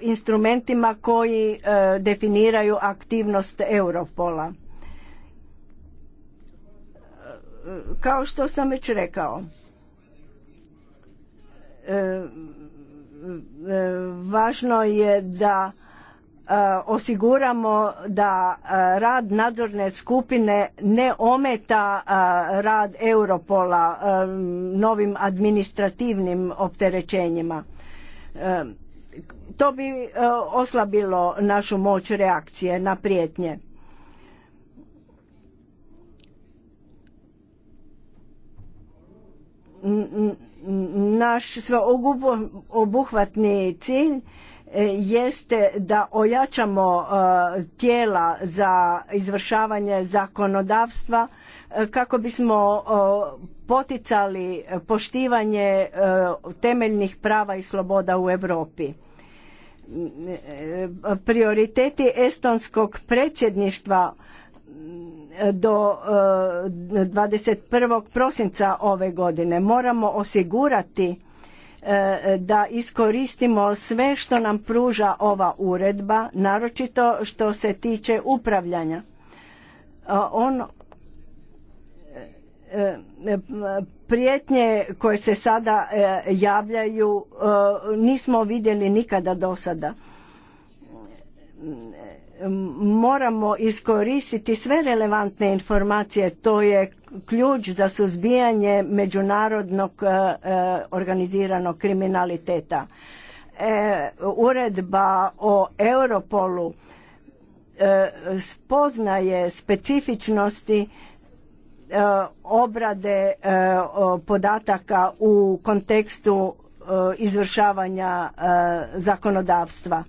instrumentima koji definiraju aktivnost Europola. Kao što sam već rekao, važno je da E, osiguramo da e, rad nadzorne skupine ne ometa e, rad Europola novim administrativnim opterećenjima. To bi oslabilo našu moć reakcije na prijetnje. Naš sveobuhvatni cilj E, jeste da ojačamo e, tijela za izvršavanje zakonodavstva e, kako bismo poticali poštivanje temeljnih prava i sloboda u Europi. Prioriteti estonskog predsjedništva do 21. prosinca ove godine moramo osigurati E, da iskoristimo sve što nam pruža ova uredba, naročito što se tiče upravljanja. E, on e, prijetnje koje se sada javljaju nismo vidjeli nikada do sada. Moramo iskoristiti sve relevantne informacije, to je ključ za suzbijanje međunarodnog e, e, organiziranog kriminaliteta. E, uredba o Europolu spoznaje specifičnosti obrade podataka u kontekstu izvršavanja zakonodavstva.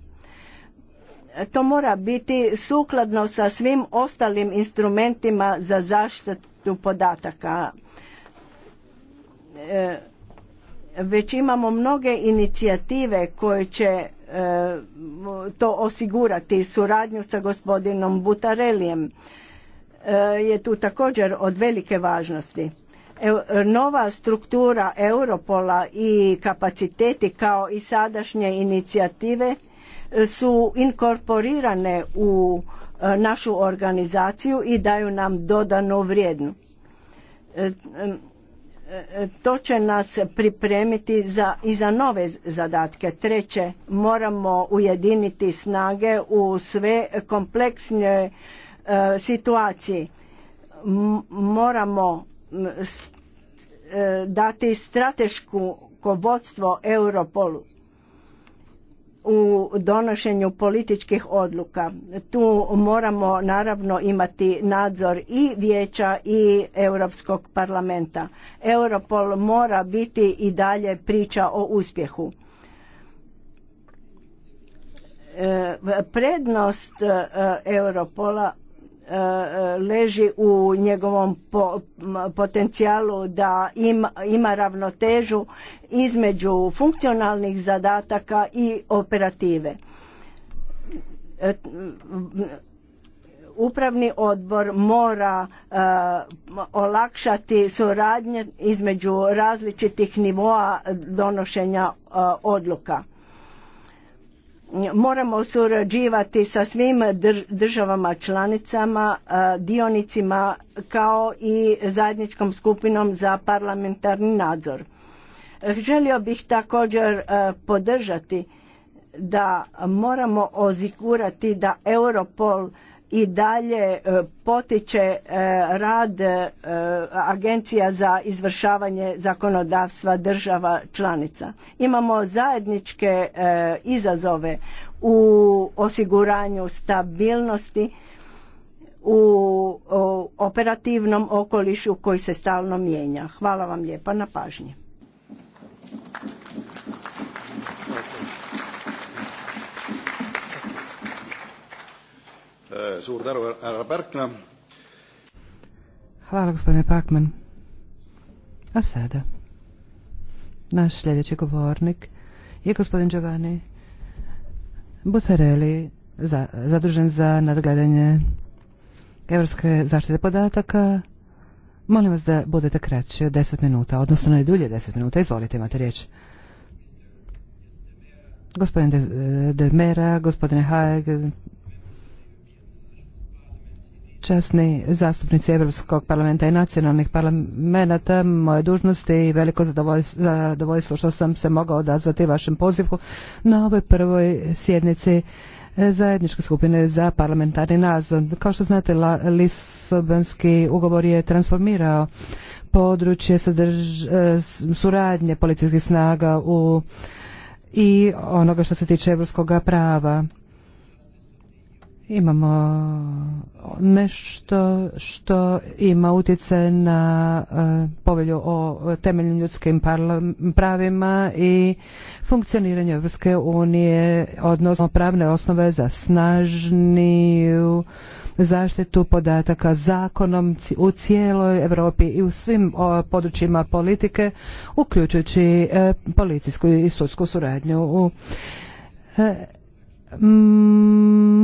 To mora biti sukladno sa svim ostalim instrumentima za zaštitu podataka. E, već imamo mnoge inicijative koje će e, to osigurati suradnju sa gospodinom Butarelijem e, je tu također od velike važnosti. Nova struktura Europola i kapaciteti kao i sadašnje inicijative su inkorporirane u E, našu organizaciju i daju nam dodanu vrijednu. E, e, to će nas pripremiti za, i za nove zadatke. Treće, moramo ujediniti snage u sve kompleksne situaciji. moramo dati stratešku vodstvo Europolu u donošenju političkih odluka. Tu moramo naravno imati nadzor i vijeća i Europskog parlamenta. Europol mora biti i dalje priča o uspjehu. E, prednost e, Europola Eh, leži u njegovom potencijalu da ima, ima ravnotežu između funkcionalnih zadataka i operative. Eh, upravni odbor mora eh, olakšati suradnje između različitih nivoa donošenja odluka moramo surađivati sa svim državama članicama, dionicima kao i zajedničkom skupinom za parlamentarni nadzor. Želio bih također podržati da moramo osigurati da Europol i dalje e, potiče e, rad e, agencija za izvršavanje zakonodavstva država članica. Imamo zajedničke izazove u osiguranju stabilnosti u operativnom okolišu koji se stalno mijenja. Hvala vam lijepa na pažnji. Eh, Hvala gospodine Pakman. A sada, naš sljedeći govornik je gospodin Giovanni Butarelli, za, zadužen za nadgledanje evropske zaštite podataka. Molim vas da budete kraći od 10 minuta, odnosno najdulje 10 minuta. Izvolite, imate riječ. Gospodin Demera, eh, gospodine Hajeg, časni zastupnici Europskog parlamenta i nacionalnih parlamenta, moje dužnosti i veliko zadovoljstvo što sam se mogao odazvati vašem pozivu na ovoj prvoj sjednici e, zajedničke skupine za parlamentarni nadzor. Kao što znate, Lisobanski ugovor je transformirao područje e, suradnje policijskih snaga u i onoga što se tiče evropskog prava imamo nešto što ima utjecaj na e, povelju o temeljnim ljudskim pravima i funkcioniranju Evropske unije, odnosno pravne osnove za snažniju zaštitu podataka zakonom u cijeloj Europi i u svim područjima politike, uključujući e, policijsku i sudsku suradnju u e,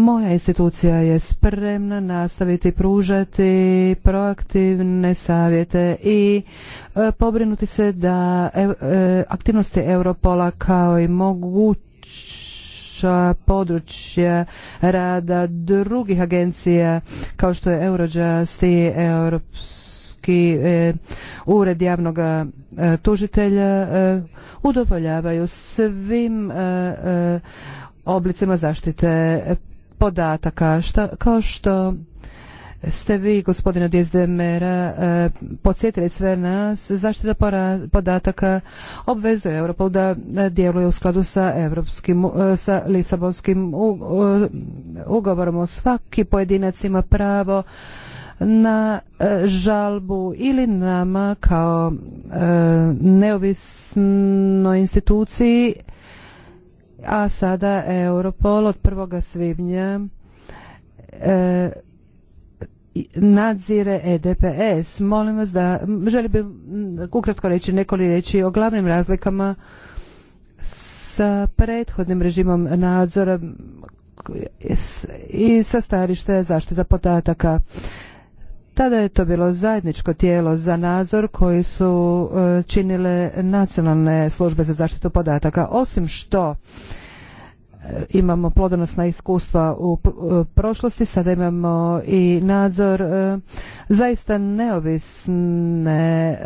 moja institucija je spremna nastaviti pružati proaktivne savjete i e, pobrinuti se da e, e, aktivnosti Europola kao i moguća područja rada drugih agencija kao što je Eurojust i Europski ured javnog tužitelja udovoljavaju svim oblicima zaštite podataka šta, kao što ste vi gospodine Dijezdemera e, podsjetili sve nas zaštita podataka obvezuje Europu da djeluje u skladu sa europskim e, sa Lisabonskim ugovorom svaki pojedinac ima pravo na e, žalbu ili nama kao neovisnoj instituciji a sada Europol od 1. svibnja e, nadzire EDPS. Molim vas da, želim bi ukratko reći nekoliko riječi o glavnim razlikama sa prethodnim režimom nadzora i sa starište zaštita podataka. Tada je to bilo zajedničko tijelo za nadzor koji su e, činile nacionalne službe za zaštitu podataka. Osim što e, imamo plodonosna iskustva u e, prošlosti, sada imamo i nadzor zaista neovisne,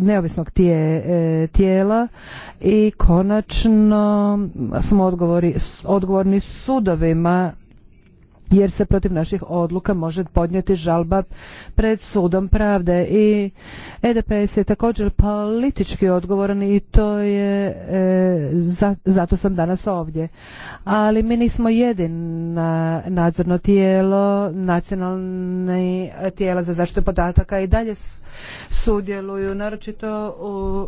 neovisnog tije, tijela i konačno smo odgovori, odgovorni sudovima jer se protiv naših odluka može podnijeti žalba pred sudom pravde i EDPS je također politički odgovoran i to je e, za, zato sam danas ovdje ali mi nismo jedina nadzorno tijelo nacionalne tijela za zaštitu podataka i dalje sudjeluju naročito u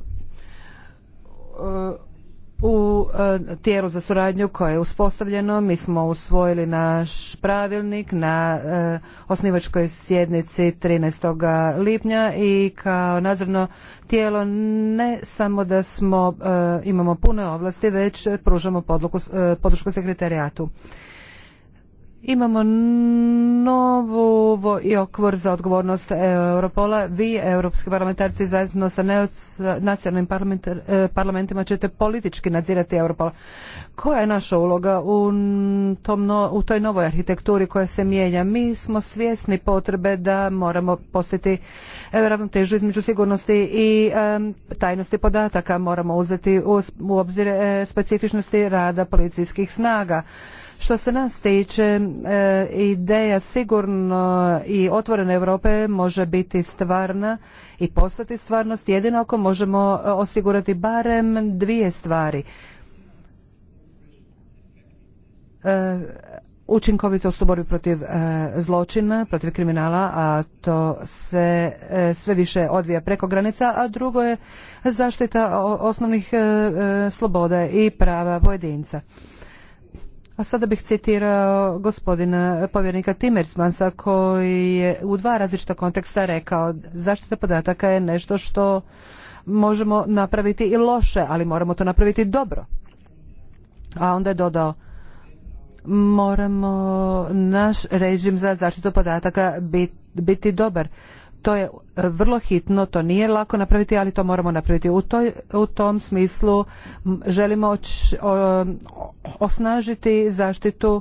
u e, tijelu za suradnju koje je uspostavljeno. Mi smo usvojili naš pravilnik na e, osnivačkoj sjednici 13. lipnja i kao nadzorno tijelo ne samo da smo e, imamo pune ovlasti, već pružamo podršku sekretarijatu. Imamo novu i okvor za odgovornost Europola. Vi, europski parlamentarci, zajedno sa nacionalnim eh, parlamentima ćete politički nadzirati Europola. Koja je naša uloga u, tom u toj novoj arhitekturi koja se mijenja? Mi smo svjesni potrebe da moramo postiti eh, ravnotežu između sigurnosti i tajnosti podataka. Moramo uzeti u, obzir eh, specifičnosti rada policijskih snaga. Što se nas tiče, e, ideja sigurno i otvorene Europe može biti stvarna i postati stvarnost jedino ako možemo osigurati barem dvije stvari. E, učinkovitost u borbi protiv e, zločina, protiv kriminala, a to se sve više odvija preko granica, a drugo je zaštita osnovnih sloboda i prava pojedinca. A sada bih citirao gospodina povjernika Timersmansa koji je u dva različita konteksta rekao zaštita podataka je nešto što možemo napraviti i loše, ali moramo to napraviti dobro. A onda je dodao moramo naš režim za zaštitu podataka biti dobar. To je e, vrlo hitno, to nije lako napraviti, ali to moramo napraviti. U, u tom smislu želimo osnažiti zaštitu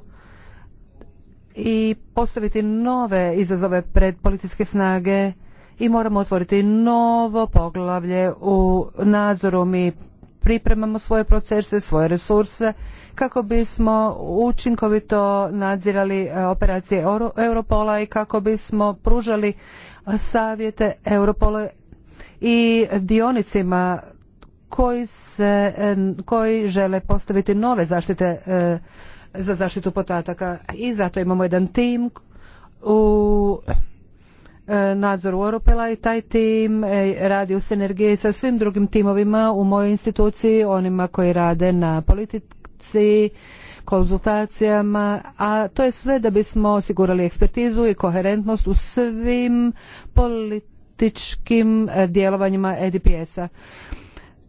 i postaviti nove izazove pred policijske snage i moramo otvoriti novo poglavlje u nadzoru. Mi pripremamo svoje procese, svoje resurse kako bismo učinkovito nadzirali e, operacije Europola i kako bismo pružali savjete Europole i dionicima koji, se, koji žele postaviti nove zaštite e, za zaštitu podataka i zato imamo jedan tim u e, nadzoru Europela i taj tim e, radi u sinergiji sa svim drugim timovima u mojoj instituciji, onima koji rade na politici, konzultacijama, a to je sve da bismo osigurali ekspertizu i koherentnost u svim političkim e, djelovanjima EDPS-a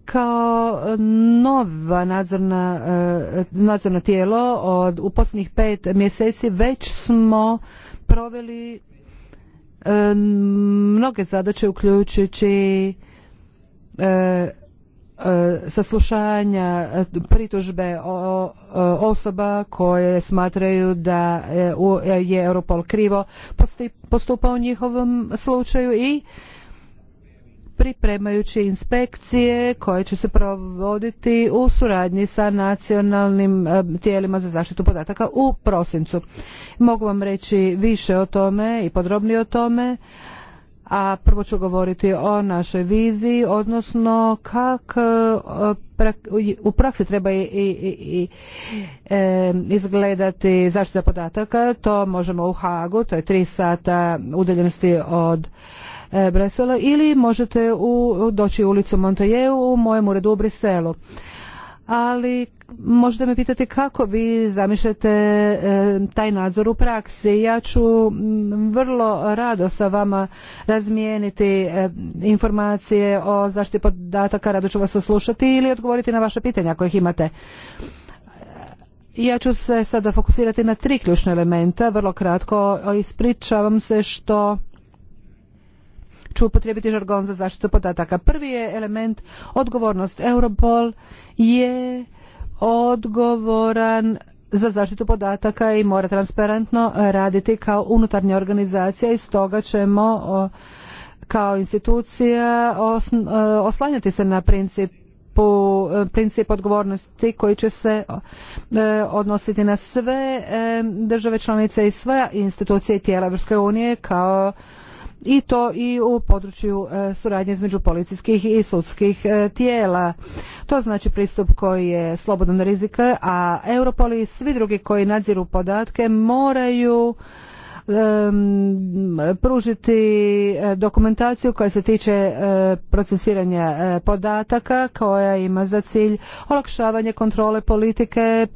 kao nova nadzorna, e, nadzorno tijelo od u posljednjih pet mjeseci već smo proveli e, mnoge zadaće uključujući E, saslušanja e, pritužbe osoba koje smatraju da e, je Europol krivo postupao u njihovom slučaju i pripremajući inspekcije koje će se provoditi u suradnji sa nacionalnim tijelima za zaštitu podataka u prosincu. Mogu vam reći više o tome i podrobnije o tome, a prvo ću govoriti o našoj viziji, odnosno kak e, u praksi treba i, i, e, izgledati zaštita podataka. To možemo u Hagu, to je tri sata udaljenosti od e, Bresela ili možete u, doći u ulicu Montoyeu u mojem uredu u Briselu ali možda me pitate kako vi zamišljate e, taj nadzor u praksi. Ja ću vrlo rado sa vama razmijeniti e, informacije o zaštiti podataka, rado ću vas oslušati ili odgovoriti na vaše pitanja ako imate. Ja ću se sada fokusirati na tri ključne elementa, vrlo kratko. Ispričavam se što ću upotrijebiti žargon za zaštitu podataka. Prvi je element odgovornost. Europol je odgovoran za zaštitu podataka i mora transparentno raditi kao unutarnja organizacija i stoga ćemo kao institucija e, oslanjati se na princip po e, princip odgovornosti koji će se e, odnositi na sve države članice i sve institucije i tijela Europske unije kao i to i u području e, suradnje između policijskih i sudskih e, tijela. To znači pristup koji je slobodan rizika, a Europol i svi drugi koji nadziru podatke moraju pružiti e, dokumentaciju koja se tiče procesiranja podataka koja ima za cilj olakšavanje kontrole politike,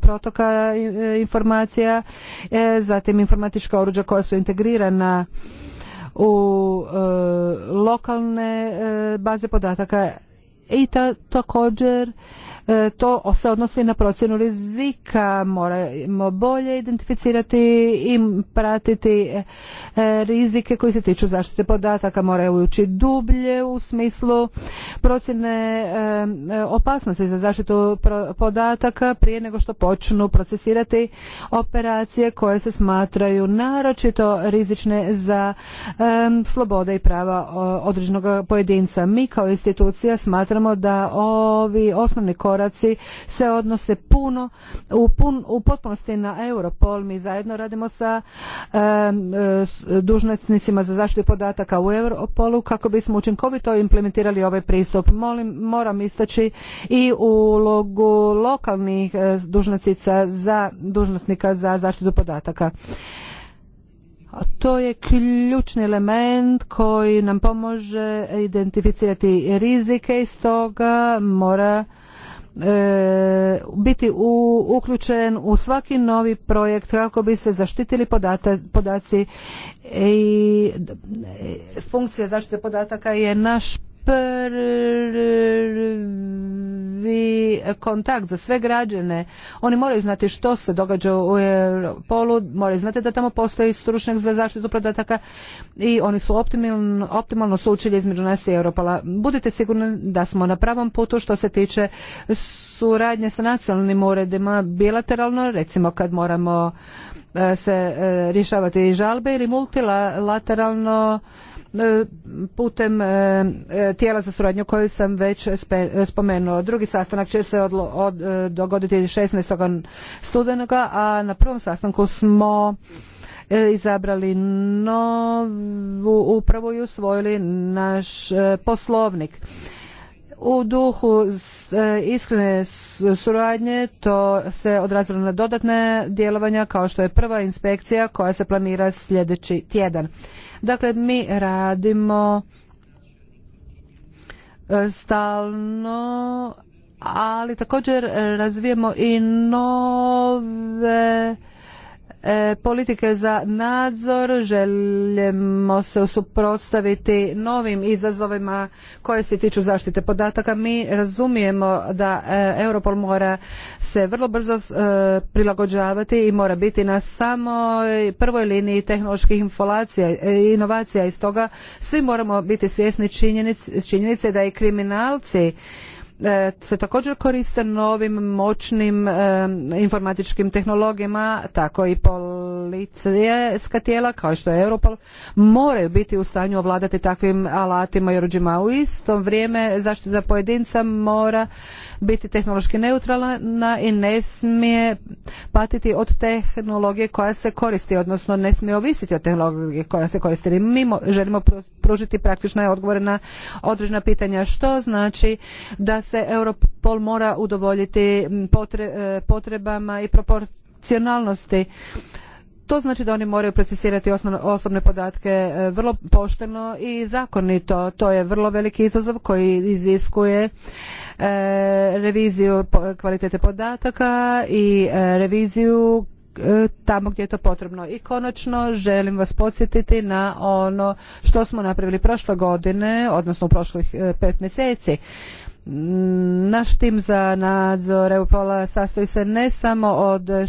protoka informacija, zatim informatička oruđa koja su integrirana u e, lokalne e, baze podataka i ta, također E, to se odnosi na procjenu rizika. Moramo bolje identificirati i pratiti e, rizike koji se tiču zaštite podataka. Moraju ući dublje u smislu procjene e, opasnosti za zaštitu podataka prije nego što počnu procesirati operacije koje se smatraju naročito rizične za slobode i prava određenog pojedinca. Mi kao institucija smatramo da ovi osnovni koraci se odnose puno u, potpunosti na Europol. Mi zajedno radimo sa dužnosnicima za zaštitu podataka u Europolu kako bismo učinkovito implementirali ovaj pristup. Molim, moram istaći i ulogu lokalnih e, dužnosnica za dužnosnika za zaštitu podataka. To je ključni element koji nam pomože identificirati rizike i stoga mora E, biti uključen u svaki novi projekt kako bi se zaštitili podaci i funkcija zaštite podataka je naš prvi kontakt za sve građane. Oni moraju znati što se događa u Europolu, moraju znati da tamo postoji stručnjak za zaštitu podataka i oni su optimalno, optimalno sučili između nas i Europala Budite sigurni da smo na pravom putu što se tiče suradnje sa nacionalnim uredima bilateralno, recimo kad moramo e, se e, rješavati žalbe ili multilateralno E, putem e, e, tijela za suradnju koju sam već spomenuo. Drugi sastanak će se dogoditi 16. studenoga, a na prvom sastanku smo izabrali novu upravu i usvojili naš poslovnik. U duhu e, iskrene suradnje to se odrazilo na dodatne djelovanja kao što je prva inspekcija koja se planira sljedeći tjedan. Dakle, mi radimo e, stalno, ali također razvijemo i nove E, politike za nadzor želimo se suprotstaviti novim izazovima koje se tiču zaštite podataka mi razumijemo da e, Europol mora se vrlo brzo e, prilagođavati i mora biti na samoj prvoj liniji tehnoloških inovacija i stoga svi moramo biti svjesni činjenice da i kriminalci E, se također koriste novim moćnim e, informatičkim tehnologijama, tako i policijska tijela kao što je Europol moraju biti u stanju ovladati takvim alatima i oruđima. U isto vrijeme zaštita pojedinca mora biti tehnološki neutralna i ne smije patiti od tehnologije koja se koristi, odnosno ne smije ovisiti od tehnologije koja se koristi. Mi želimo pružiti praktične odgovore na određena pitanja što znači da se Europol mora udovoljiti e, potrebama i proporcionalnosti to znači da oni moraju procesirati osobne podatke e, vrlo pošteno i zakonito. To je vrlo veliki izazov koji iziskuje e, reviziju kvalitete podataka i e, reviziju tamo gdje je to potrebno. I konačno želim vas podsjetiti na ono što smo napravili prošle godine, odnosno u prošlih pet mjeseci. Naš tim za nadzor Europola sastoji se ne samo od e,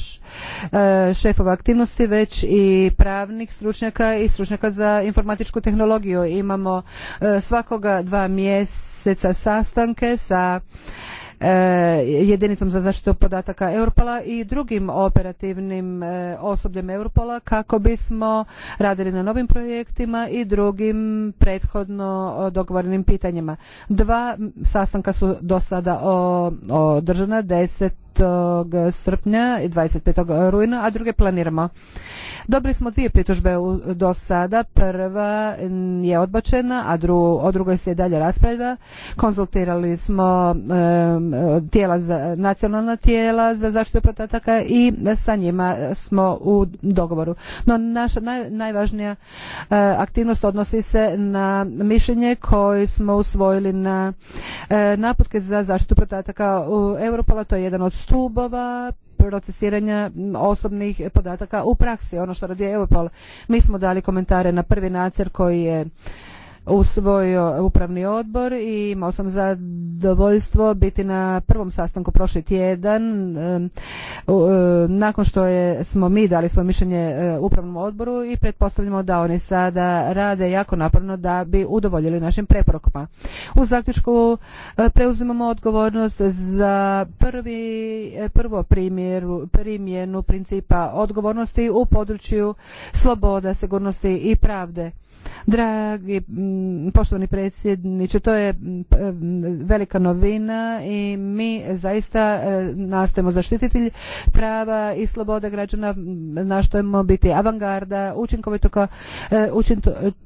šefova aktivnosti, već i pravnih stručnjaka i stručnjaka za informatičku tehnologiju. Imamo e, svakoga dva mjeseca sastanke sa E, jedinicom za zaštitu podataka Europola i drugim operativnim e, osobljem Europola kako bismo radili na novim projektima i drugim prethodno e, dogovorenim pitanjima. Dva sastanka su do sada održana, deset do srpnja i 25. rujna, a druge planiramo. Dobili smo dvije pritužbe do sada. Prva je odbačena, a o drugoj se i dalje raspravlja. Konzultirali smo tijela za, nacionalna tijela za zaštitu podataka i sa njima smo u dogovoru. No naša najvažnija e, aktivnost odnosi se na mišljenje koje smo usvojili na e, naputke za zaštitu podataka u Europola. To je jedan od stubova procesiranja osobnih podataka u praksi, ono što radi Europol. Mi smo dali komentare na prvi nacrt koji je usvojio upravni odbor i imao sam zadovoljstvo biti na prvom sastanku prošli tjedan e, nakon što je, smo mi dali svoje mišljenje e, upravnom odboru i pretpostavljamo da oni sada rade jako naporno da bi udovoljili našim preporukama. U zaključku e, preuzimamo odgovornost za prvi, prvo primjer, primjenu principa odgovornosti u području sloboda, sigurnosti i pravde. Dragi poštovani predsjedniče, to je velika novina i mi zaista e, nastojimo zaštititi prava i slobode građana, nastojimo biti avangarda, učinkovito, e,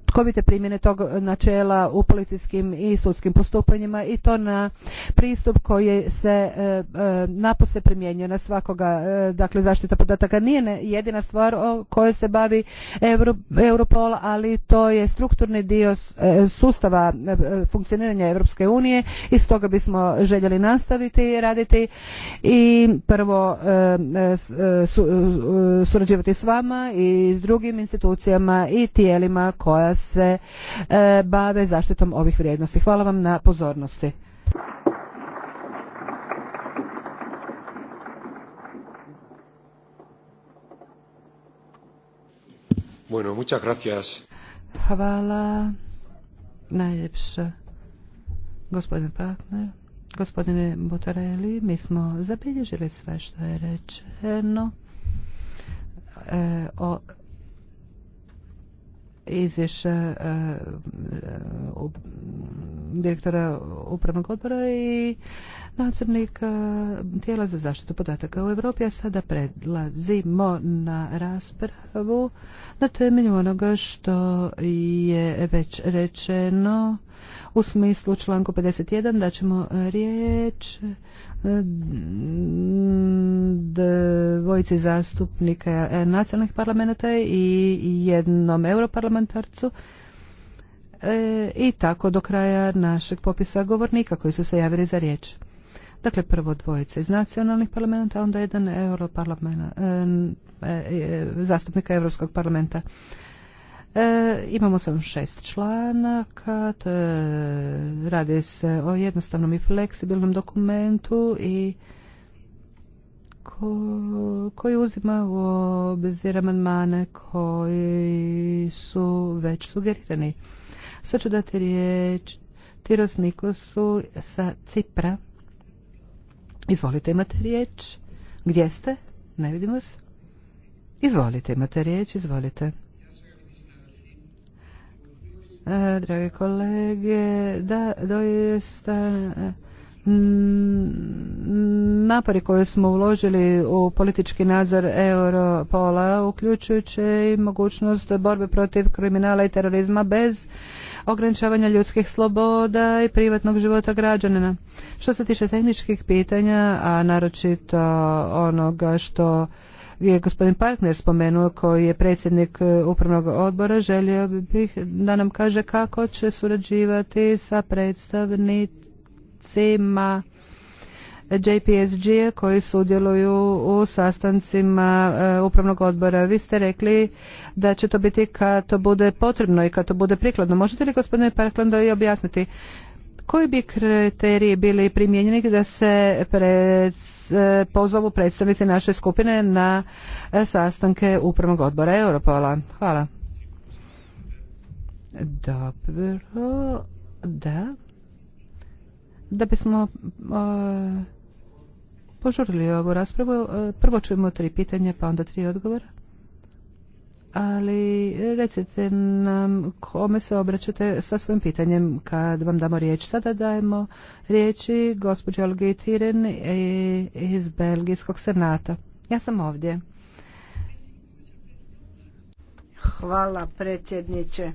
učinkovite primjene tog načela u policijskim i sudskim postupanjima i to na pristup koji se e, e, napose primjenjuje na svakoga. E, dakle, zaštita podataka nije jedina stvar o kojoj se bavi Europol, ali to je strukturni dio sustava funkcioniranja Europske unije i stoga bismo željeli nastaviti raditi i prvo surađivati s vama i s drugim institucijama i tijelima koja se e, bave zaštitom ovih vrijednosti. Hvala vam na pozornosti. Bueno, muchas gracias. Hvala najljepša Gospodine Butareli, mi smo zabilježili sve što je rečeno e, o izvješće e, e, direktora upravnog odbora i nadzornik e, tijela za zaštitu podataka u Europi, a sada predlazimo na raspravu na temelju onoga što je već rečeno u smislu članku 51 da ćemo riječ e, dvojici zastupnika nacionalnih parlamenta i jednom europarlamentarcu e, i tako do kraja našeg popisa govornika koji su se javili za riječ. Dakle, prvo dvojice iz nacionalnih parlamenta, onda jedan europarlamenta, e, e, e, zastupnika Europskog parlamenta. imamo sam šest članaka, to je, radi se o jednostavnom i fleksibilnom dokumentu i koji uzima u obzir amandmane koji su već sugerirani. Sad ću dati riječ Tiros su sa Cipra. Izvolite, imate riječ. Gdje ste? Ne vidimo se. Izvolite, imate riječ, izvolite. E, drage kolege, da, doista e, napori koje smo uložili u politički nadzor Europola, uključujući mogućnost borbe protiv kriminala i terorizma bez ograničavanja ljudskih sloboda i privatnog života građanina. Što se tiče tehničkih pitanja, a naročito onoga što je gospodin partner spomenuo koji je predsjednik e, upravnog odbora, želio bih da nam kaže kako će surađivati sa predstavnicima JPSG koji sudjeluju u sastancima e, upravnog odbora. Vi ste rekli da će to biti kad to bude potrebno i kad to bude prikladno. Možete li gospodine da i objasniti koji bi kriteriji bili primijenjeni da se pred, e, pozovu predstavnici naše skupine na e, sastanke upravnog odbora Europola? Hvala. Dobro, da. Da bismo požurili ovu raspravu. E, prvo čujemo tri pitanja, pa onda tri odgovora. Ali recite nam kome se obraćate sa svojim pitanjem kad vam damo riječ. Sada dajemo riječi gospođi Olgi Tiren iz Belgijskog senata. Ja sam ovdje. Hvala predsjedniče. E,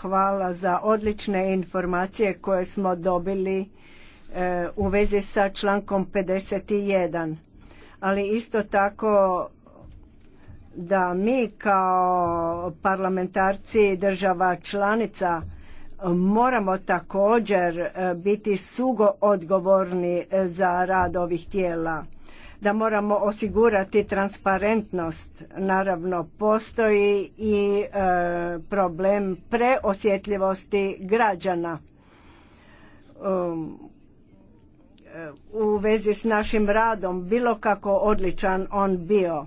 hvala za odlične informacije koje smo dobili E, u vezi sa člankom 51. Ali isto tako da mi kao parlamentarci država članica moramo također e, biti sugo odgovorni e, za rad ovih tijela da moramo osigurati transparentnost naravno postoji i problem preosjetljivosti građana um, u vezi s našim radom, bilo kako odličan on bio.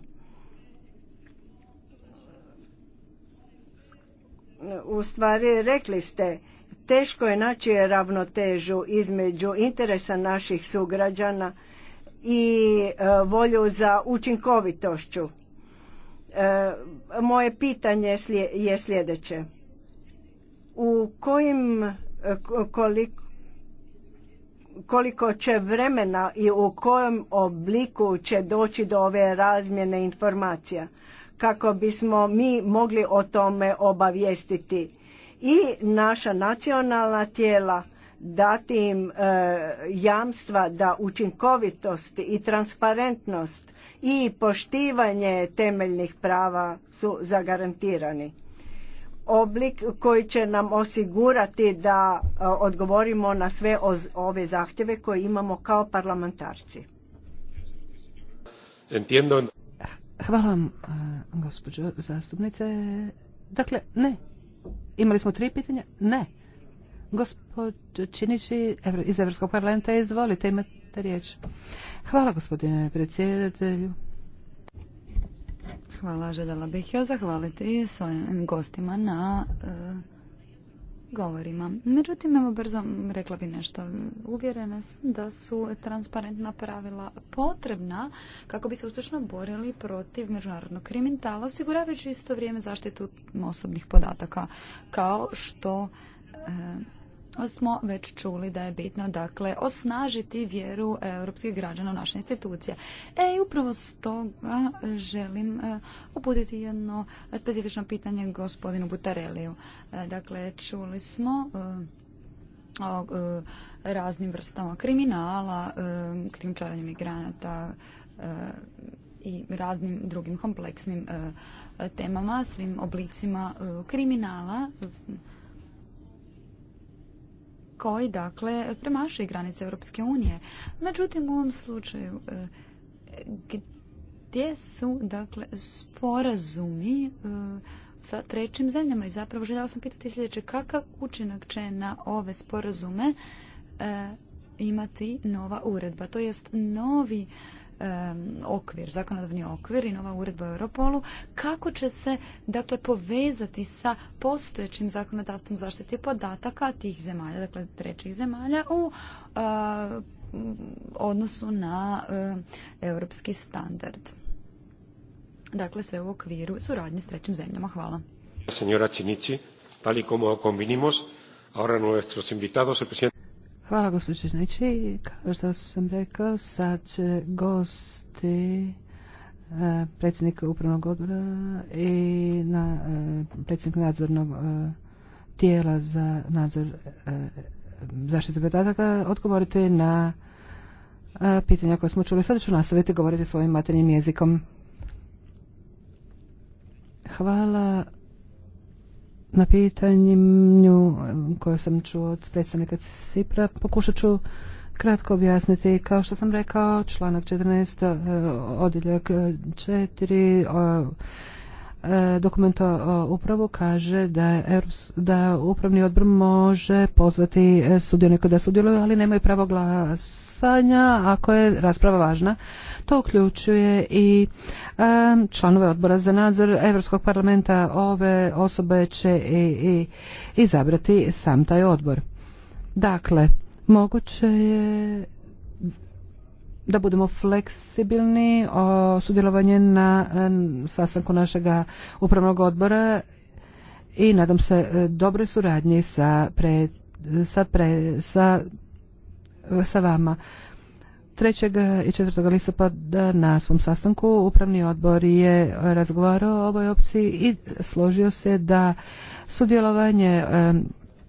U stvari rekli ste, teško je naći ravnotežu između interesa naših sugrađana i e, volju za učinkovitošću. E, moje pitanje je sljedeće. U kojim e, koliko koliko će vremena i u kojem obliku će doći do ove razmjene informacija kako bismo mi mogli o tome obavijestiti i naša nacionalna tijela dati im e, jamstva da učinkovitost i transparentnost i poštivanje temeljnih prava su zagarantirani oblik koji će nam osigurati da e, odgovorimo na sve ove zahtjeve koje imamo kao parlamentarci. Hvala vam, e, gospođo zastupnice. Dakle, ne. Imali smo tri pitanja? Ne. Gospod Činići iz Evropskog parlamenta, izvolite, imate riječ. Hvala, gospodine predsjedatelju. Hvala, željela bih ja zahvaliti svojim gostima na e, govorima. Međutim, evo brzo rekla bi nešto. Uvjerena sam da su transparentna pravila potrebna kako bi se uspješno borili protiv međunarodnog kriminala, osiguravajući isto vrijeme zaštitu osobnih podataka, kao što e, smo već čuli da je bitno dakle osnažiti vjeru europskih građana u naše institucije. E i upravo stoga želim e, uputiti jedno specifično pitanje gospodinu Butareliju. E, dakle, čuli smo e, o raznim vrstama kriminala, krimčaranju migranata i raznim drugim kompleksnim temama, svim oblicima kriminala koji dakle premašuje granice Europske unije. Međutim, u ovom slučaju e, gdje su dakle sporazumi e, sa trećim zemljama i zapravo željela sam pitati sljedeće kakav učinak će na ove sporazume e, imati nova uredba, to jest novi okvir, zakonodavni okvir i nova uredba u Europolu, kako će se dakle povezati sa postojećim zakonodavstvom zaštite podataka tih zemalja, dakle trećih zemalja u eh, odnosu na eh, europski standard. Dakle, sve u okviru suradnje s trećim zemljama. Hvala. Senjora Činici, tal ahora nuestros invitados, el presidente... Hvala gospođo Žnići. Kao što sam rekao, sad će gosti e, predsjednik upravnog odbora i na, e, predsjednik nadzornog e, tijela za nadzor zaštitu podataka odgovoriti na pitanja koje smo čuli. Sada ću nastaviti govoriti svojim maternjim jezikom. Hvala na pitanju koje sam čuo od predstavnika SIPRA Pokušat ću kratko objasniti. Kao što sam rekao, članak 14, e, odjeljak 4, e, dokumenta o upravu kaže da, da upravni odbor može pozvati e, sudionika da sudjeluju, ali nemaju pravo glasa glasanja, ako je rasprava važna. To uključuje i članove odbora za nadzor Europskog parlamenta. Ove osobe će i, izabrati sam taj odbor. Dakle, moguće je da budemo fleksibilni o sudjelovanje na sastanku našega upravnog odbora i nadam se e, dobroj suradnji sa, sa sa vama. 3. i 4. listopada na svom sastanku upravni odbor je razgovarao o ovoj opciji i složio se da sudjelovanje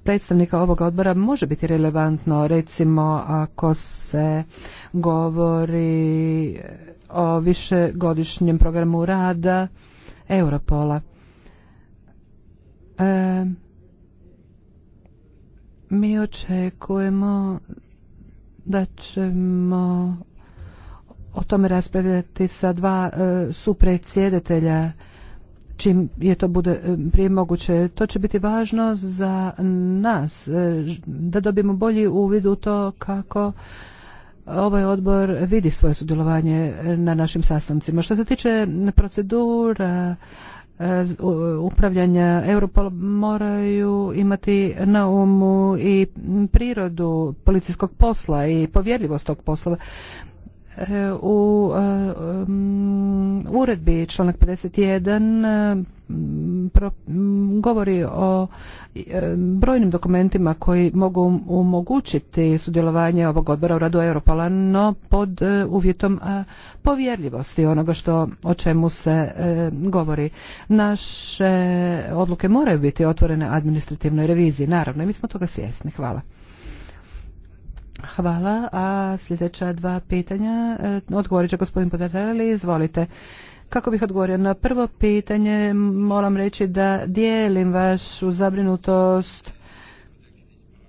predstavnika ovog odbora može biti relevantno, recimo ako se govori o višegodišnjem programu rada Europola. mi očekujemo da ćemo o tome raspravljati sa dva e, supredsjedatelja čim je to bude e, prije moguće. To će biti važno za nas e, da dobijemo bolji uvid u to kako ovaj odbor vidi svoje sudjelovanje na našim sastancima. Što se tiče procedura upravljanja Europol moraju imati na umu i prirodu policijskog posla i povjerljivost tog posla. U e, uredbi članak 51 e, govori o e, brojnim dokumentima koji mogu omogućiti sudjelovanje ovog odbora u radu Europola, no pod uvjetom povjerljivosti onoga što o čemu se govori. Naše odluke moraju biti otvorene administrativnoj reviziji, naravno, i mi smo toga svjesni. Hvala. Hvala. A sljedeća dva pitanja e, odgovorit će gospodin Podarali. Izvolite. Kako bih odgovorio na prvo pitanje, moram reći da dijelim vašu zabrinutost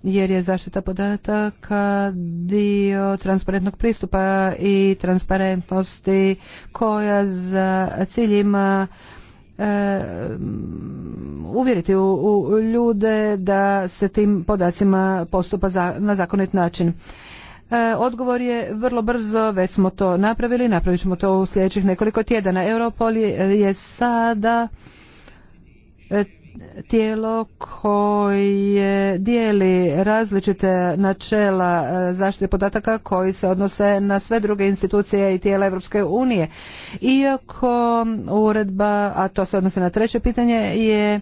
jer je zaštita podataka dio transparentnog pristupa i transparentnosti koja za cilj ima Um, uvjeriti u, ljude da se tim podacima postupa na zakonit način. Uh, odgovor je vrlo brzo, već smo to napravili, napravit ćemo to u sljedećih nekoliko tjedana. Europol je sada tijelo koje dijeli različite načela e, zaštite podataka koji se odnose na sve druge institucije i tijela Europske unije. Iako uredba, a to se odnosi na treće pitanje, je e,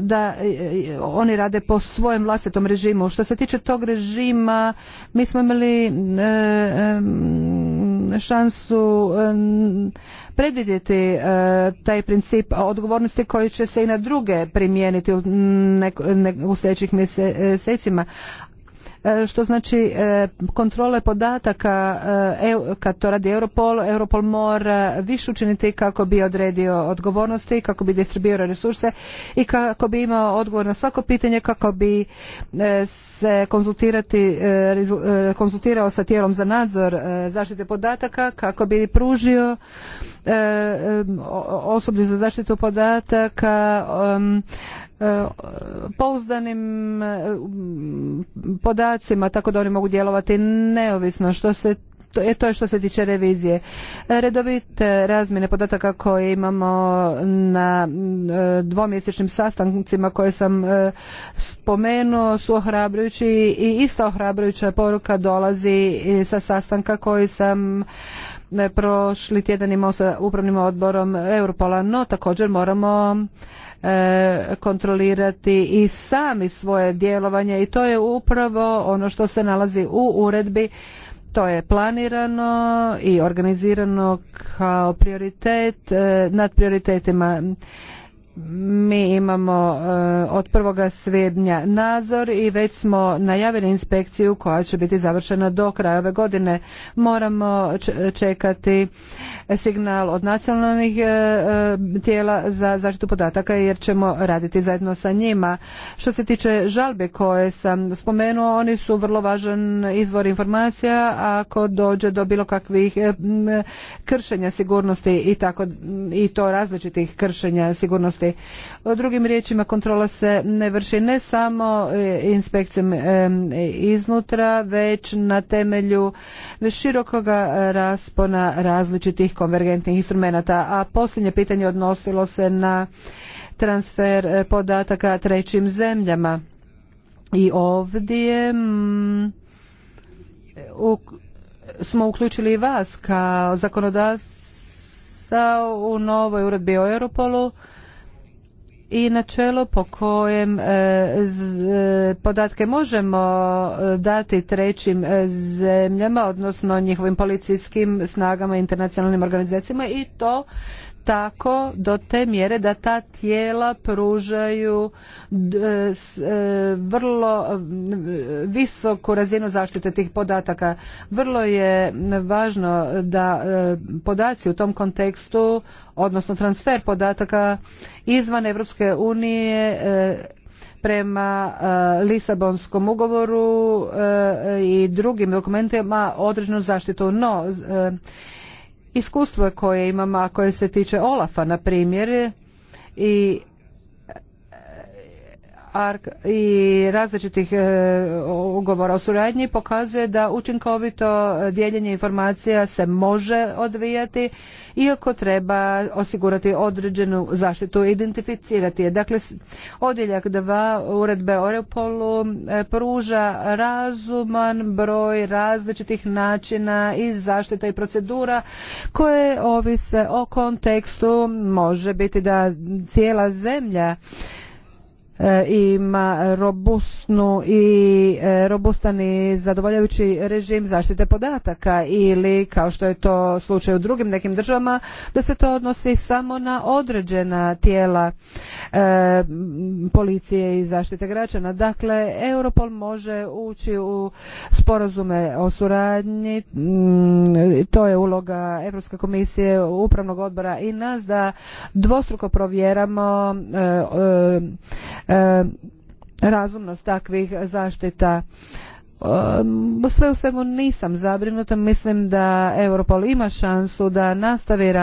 da e, oni rade po svojem vlastitom režimu. Što se tiče tog režima, mi smo imali šansu predvidjeti e, taj princip odgovornosti koji će se i na druge primijeniti u sljedećih mjesecima E, što znači e, kontrole podataka e, kad to radi Europol, Europol mora više učiniti kako bi odredio odgovornosti, kako bi distribuirao resurse i kako bi imao odgovor na svako pitanje, kako bi se konzultirati, konzultirao sa tijelom za nadzor zaštite podataka, kako bi pružio osoblju za zaštitu podataka E, pouzdanim e, podacima tako da oni mogu djelovati neovisno što se to, e, to je što se tiče revizije. Redovite razmjene podataka koje imamo na dvomjesečnim sastancima koje sam spomenuo su ohrabrujući i ista ohrabrujuća poruka dolazi sa sastanka koji sam prošli tjedan imao sa upravnim odborom Europola, no također moramo E, kontrolirati i sami svoje djelovanje i to je upravo ono što se nalazi u uredbi to je planirano i organizirano kao prioritet e, nad prioritetima mi imamo e, od 1. svibnja nadzor i već smo najavili inspekciju koja će biti završena do kraja ove godine. Moramo čekati signal od nacionalnih e, e, tijela za zaštitu podataka jer ćemo raditi zajedno sa njima. Što se tiče žalbe koje sam spomenuo, oni su vrlo važan izvor informacija ako dođe do bilo kakvih kršenja sigurnosti i, tako, i to različitih kršenja sigurnosti o drugim riječima kontrola se ne vrši ne samo e, inspekcijom e, iznutra, već na temelju širokoga raspona različitih konvergentnih instrumenata. A posljednje pitanje odnosilo se na transfer e, podataka trećim zemljama. I ovdje mm, smo uključili i vas kao zakonodavca u novoj uredbi o Europolu i načelo po kojem e, e, podatke možemo e, dati trećim zemljama, odnosno njihovim policijskim snagama, i internacionalnim organizacijama i to tako do te mjere da ta tijela pružaju e, e, vrlo visoku razinu zaštite tih podataka. Vrlo je važno da e, podaci u tom kontekstu, odnosno transfer podataka izvan Europske unije prema Lisabonskom ugovoru i drugim dokumentima određenu zaštitu. No, iskustvo koje imam, a koje se tiče Olafa, na primjer, i ARK i različitih e, ugovora o suradnji pokazuje da učinkovito dijeljenje informacija se može odvijati iako treba osigurati određenu zaštitu i identificirati je. Dakle, odjeljak 2 uredbe o Europolu e, pruža razuman broj različitih načina i zaštita i procedura koje ovise o kontekstu. Može biti da cijela zemlja E, ima robustnu i e, robustan i zadovoljavajući režim zaštite podataka ili kao što je to slučaj u drugim nekim državama da se to odnosi samo na određena tijela e, policije i zaštite građana. Dakle, Europol može ući u sporazume o suradnji, mm, to je uloga Europske komisije, upravnog odbora i nas da dvostruko provjeramo e, E, razumnost takvih zaštita sve u svemu nisam zabrinuta. Mislim da Europol ima šansu da nastavi e,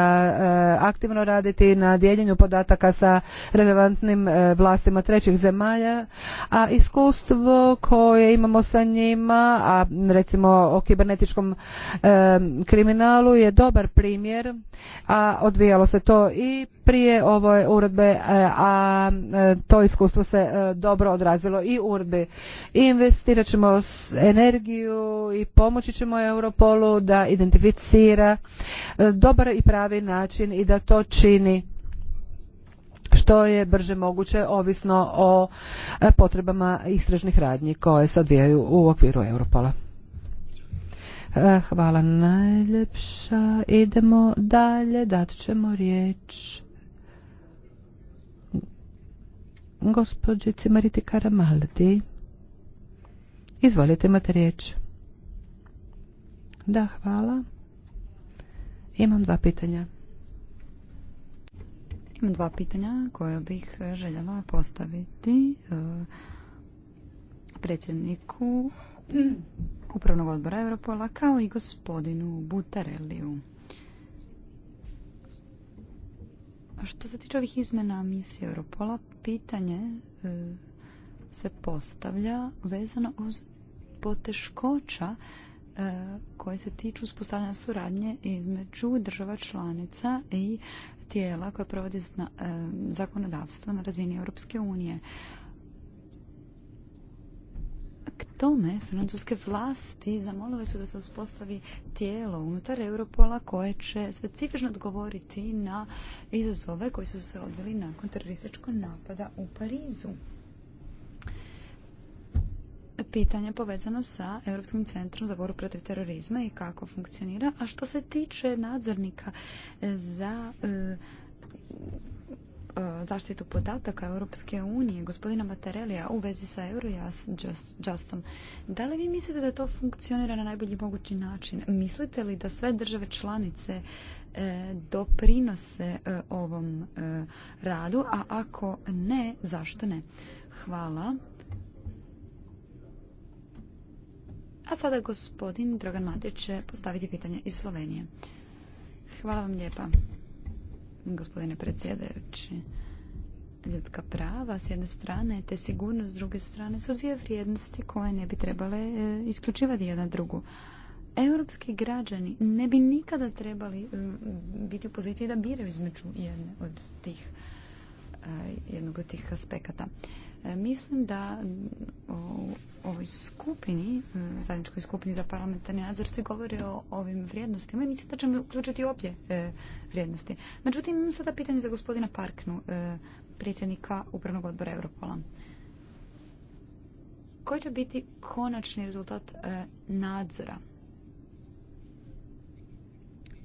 aktivno raditi na dijeljenju podataka sa relevantnim e, vlastima trećih zemalja, a iskustvo koje imamo sa njima, a recimo o kibernetičkom e, kriminalu je dobar primjer, a odvijalo se to i prije ove uredbe, a to iskustvo se dobro odrazilo i u uredbi. Investirat ćemo s energiju i pomoći ćemo Europolu da identificira e, dobar i pravi način i da to čini što je brže moguće ovisno o e, potrebama istražnih radnji koje se odvijaju u okviru Europola. E, hvala najljepša. Idemo dalje, dat ćemo riječ gospođici Mariti Karamaldi. Izvolite, imate riječ. Da, hvala. Imam dva pitanja. Imam dva pitanja koja bih željela postaviti e, predsjedniku Upravnog odbora Europola kao i gospodinu Butareliju. Što se tiče ovih izmjena misije Europola, pitanje e, se postavlja vezano uz poteškoća e, koje se tiču uspostavljanja suradnje između država članica i tijela koje provodi e, zakonodavstvo na razini Europske unije. K tome, francuske vlasti zamolile su da se uspostavi tijelo unutar Europola koje će specifično odgovoriti na izazove koji su se odvili nakon terorističkog napada u Parizu pitanje povezano sa Europskim centrom za boru protiv terorizma i kako funkcionira. A što se tiče nadzornika e, za e, e, zaštitu podataka Europske unije, gospodina Materelija u vezi sa Eurojustom, Da li vi mislite da to funkcionira na najbolji mogući način? Mislite li da sve države članice doprinose ovom radu, a ako ne, zašto ne? Hvala. A sada gospodin Dragan Matić će postaviti pitanje iz Slovenije. Hvala vam lijepa, gospodine predsjedajući. Ljudska prava s jedne strane te sigurnost s druge strane su dvije vrijednosti koje ne bi trebale e, isključivati jedna drugu. Europski građani ne bi nikada trebali e, biti u poziciji da biraju između jedne od tih, e, jednog od tih aspekata. E, mislim da u ovoj skupini, e, zajedničkoj skupini za parlamentarni nadzor, svi govori o ovim vrijednostima i mislim da ćemo uključiti obje e, vrijednosti. Međutim, imam sada pitanje za gospodina Parknu, predsjednika Upravnog odbora Europola. Koji će biti konačni rezultat nadzora?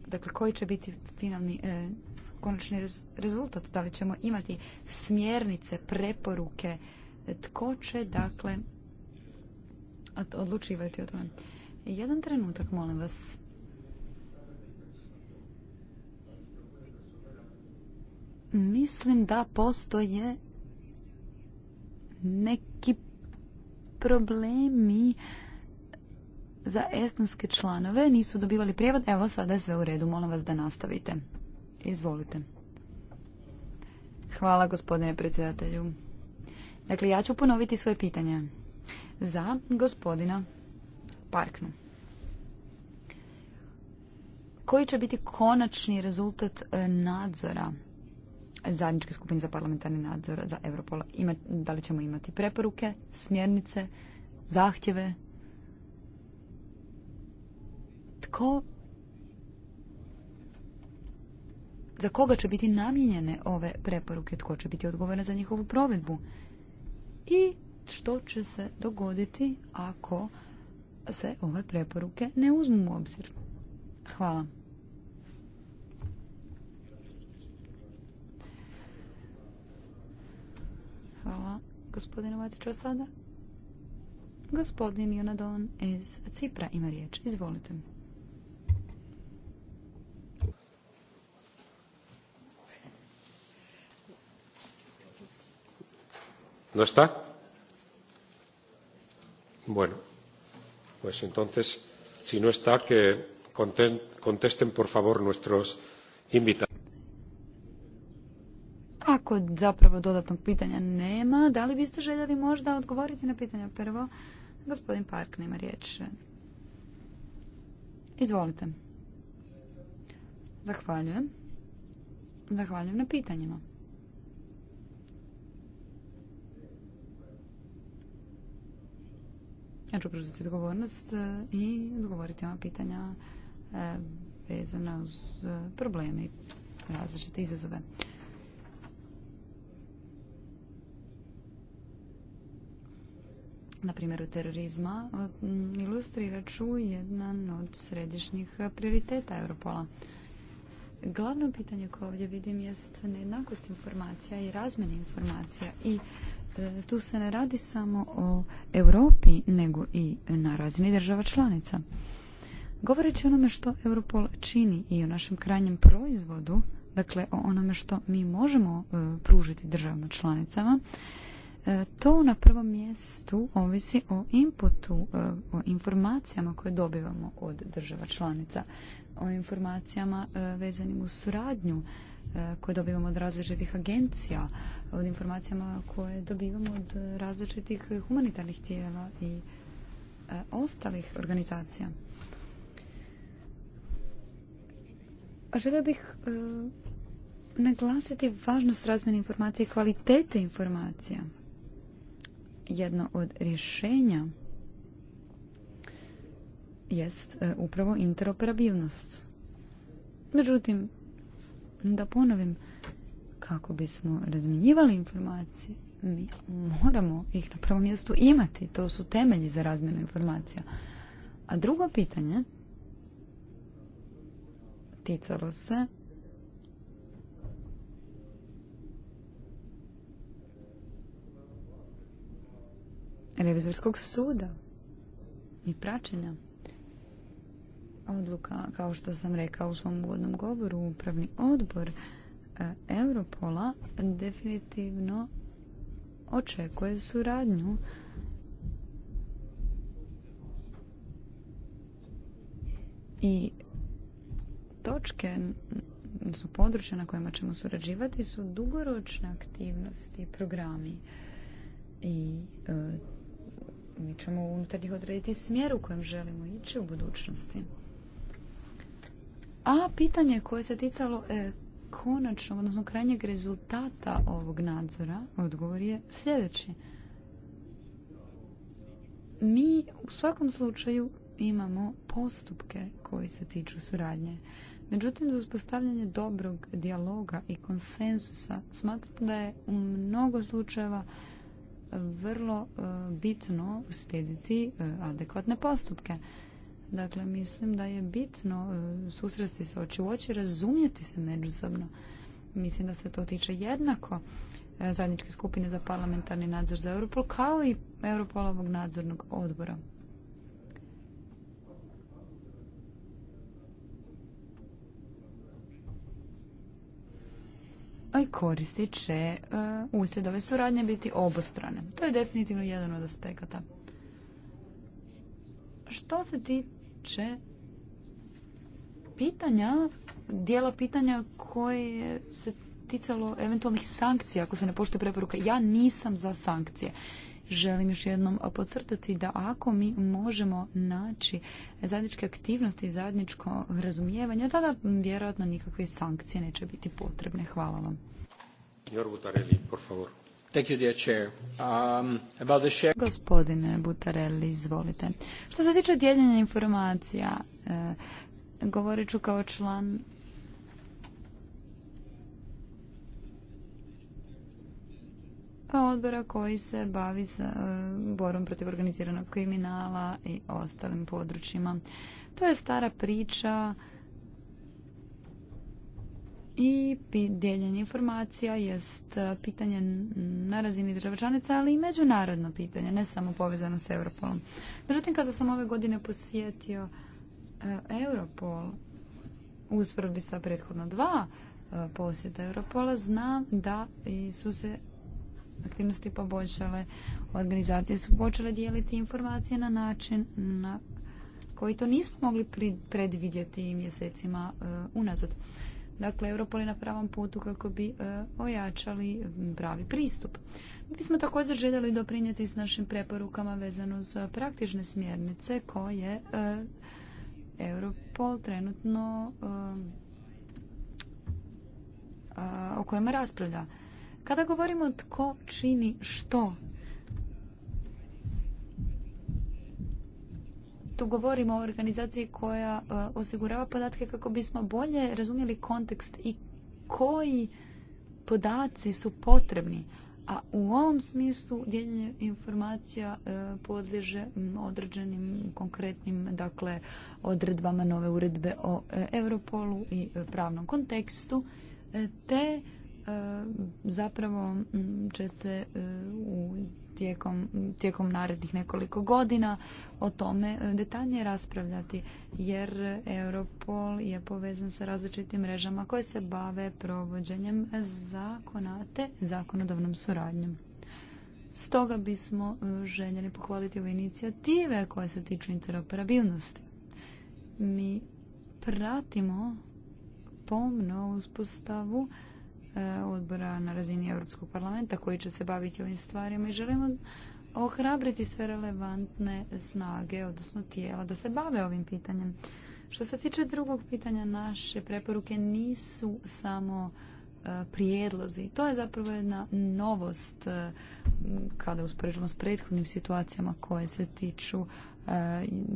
Dakle, koji će biti finalni konačni rezultat, da li ćemo imati smjernice, preporuke, tko će dakle odlučivati o tome. Jedan trenutak, molim vas. Mislim da postoje neki problemi za estonske članove. Nisu dobivali prijevod. Evo sada je sve u redu. Molim vas da nastavite. Izvolite. Hvala gospodine predsjedatelju. Dakle, ja ću ponoviti svoje pitanje. Za gospodina Parknu. Koji će biti konačni rezultat e, nadzora zajedničke skupine za parlamentarni nadzor za Europola? Ima, da li ćemo imati preporuke, smjernice, zahtjeve? Tko za koga će biti namijenjene ove preporuke, tko će biti odgovoran za njihovu provedbu i što će se dogoditi ako se ove preporuke ne uzmu u obzir. Hvala. Hvala gospodine Matiću sada. Gospodin Jonadon iz Cipra ima riječ. Izvolite. no está bueno pues entonces si no está que contesten por favor nuestros invitados ako zapravo dodatnog pitanja nema, da li biste željeli možda odgovoriti na pitanje prvo? Gospodin Park nema riječ. Izvolite. Zahvaljujem. Zahvaljujem na pitanjima. Ja ću preuzeti odgovornost e, i odgovoriti vam pitanja e, vezana uz e, probleme i različite izazove. Na primjeru terorizma ilustrirat ću jedan od središnjih prioriteta Europola. Glavno pitanje koje ovdje vidim jest nejednakost informacija i razmjena informacija i E, tu se ne radi samo o Europi, nego i na razini država članica. Govoreći o onome što Europol čini i o našem krajnjem proizvodu, dakle o onome što mi možemo e, pružiti državama članicama, e, to na prvom mjestu ovisi o inputu, o informacijama koje dobivamo od država članica, o informacijama vezanim uz suradnju koje dobivamo od različitih agencija, od informacijama koje dobivamo od različitih humanitarnih tijela i e, ostalih organizacija. Želio bih e, naglasiti važnost razmjene informacije i kvalitete informacija. Jedno od rješenja jest e, upravo interoperabilnost. Međutim, da ponovim, kako bismo razmjenjivali informacije, mi moramo ih na prvom mjestu imati. To su temelji za razmjenu informacija. A drugo pitanje ticalo se revizorskog suda i praćenja odluka. Kao što sam rekao u svom uvodnom govoru, upravni odbor e, Europola definitivno očekuje suradnju i točke su područja na kojima ćemo surađivati su dugoročne aktivnosti, programi i e, mi ćemo unutar njih odrediti smjer u kojem želimo ići u budućnosti. A pitanje koje se ticalo e, konačnog, odnosno krajnjeg rezultata ovog nadzora, odgovor je sljedeći. Mi u svakom slučaju imamo postupke koji se tiču suradnje. Međutim, za uspostavljanje dobrog dijaloga i konsenzusa smatram da je u mnogo slučajeva vrlo e, bitno uslijediti e, adekvatne postupke. Dakle, mislim da je bitno e, susresti se oči u oči, razumjeti se međusobno. Mislim da se to tiče jednako e, zajedničke skupine za parlamentarni nadzor za Europol kao i Europolovog nadzornog odbora. i koristi će uh, suradnje biti obostrane. To je definitivno jedan od aspekata. Što se ti, tiče pitanja, dijela pitanja koje se ticalo eventualnih sankcija ako se ne poštuje preporuka. Ja nisam za sankcije. Želim još jednom podcrtati da ako mi možemo naći zajedničke aktivnosti i zajedničko razumijevanje, tada vjerojatno nikakve sankcije neće biti potrebne. Hvala vam. Tarelli, por favor. Thank you, dear chair. Um, Gospodine Butarelli, izvolite. Što se tiče dijeljenja informacija, e, govorit ću kao član odbora koji se bavi sa e, borom protiv organiziranog kriminala i ostalim područjima. To je stara priča i dijeljenje informacija jest e, pitanje na razini država članica, ali i međunarodno pitanje, ne samo povezano s Europolom. Međutim, kada sam ove godine posjetio e, Europol, usporedbi sa prethodno dva e, posjeta Europola, znam da su se aktivnosti poboljšale, organizacije su počele dijeliti informacije na način na koji to nismo mogli predvidjeti mjesecima unazad. Dakle, Europol je na pravom putu kako bi e, ojačali pravi pristup. Mi bismo također željeli doprinijeti s našim preporukama vezano uz praktične smjernice koje e, Europol trenutno e, o kojima raspravlja. Kada govorimo tko čini što, Tu govorimo o organizaciji koja e, osigurava podatke kako bismo bolje razumjeli kontekst i koji podaci su potrebni. A u ovom smislu dijeljenje informacija e, podliježe određenim konkretnim dakle odredbama nove uredbe o e, Europolu i pravnom kontekstu te zapravo će se u tijekom, tijekom narednih nekoliko godina o tome e, detaljnije raspravljati jer Europol je povezan sa različitim mrežama koje se bave provođenjem zakona te zakonodavnom suradnjom. Stoga bismo e, željeli pohvaliti ove inicijative koje se tiču interoperabilnosti. Mi pratimo pomno uspostavu E, odbora na razini Europskog parlamenta koji će se baviti ovim stvarima i želimo ohrabriti sve relevantne snage, odnosno tijela, da se bave ovim pitanjem. Što se tiče drugog pitanja, naše preporuke nisu samo e, prijedlozi. To je zapravo jedna novost e, kada uspoređujemo s prethodnim situacijama koje se tiču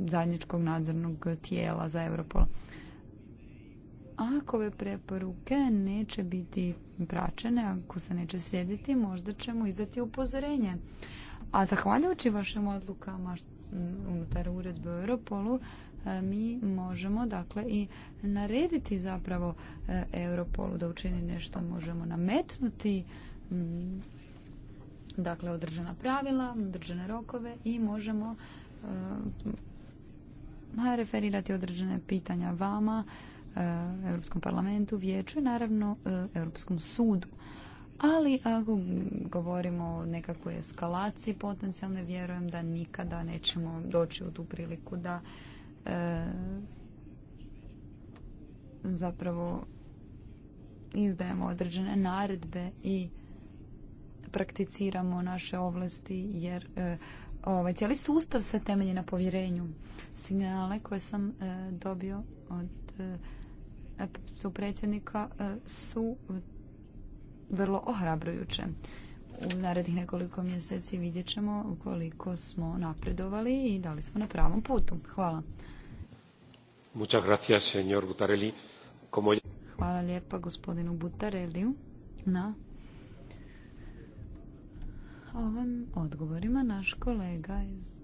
zajedničkog nadzornog tijela za Europol. Ako ove preporuke neće biti praćene, ako se neće sjediti, možda ćemo izdati upozorenje. A zahvaljujući vašim odlukama unutar uredbe u Europolu, e, mi možemo dakle i narediti zapravo e, Europolu da učini nešto, možemo nametnuti mm, dakle određena pravila, određene rokove i možemo e, referirati određene pitanja vama Eh, Europskom parlamentu, vijeću i naravno eh, Europskom sudu. Ali ako govorimo o nekakvoj eskalaciji potencijalne, vjerujem da nikada nećemo doći u tu priliku da eh, zapravo izdajemo određene naredbe i prakticiramo naše ovlasti jer ovaj, cijeli sustav se temelji na povjerenju. Signale koje sam dobio od su predsjednika e, su vrlo ohrabrujuće. U narednih nekoliko mjeseci vidjet ćemo koliko smo napredovali i da li smo na pravom putu. Hvala. Hvala lijepa gospodinu Butareliju na ovim odgovorima. Naš kolega iz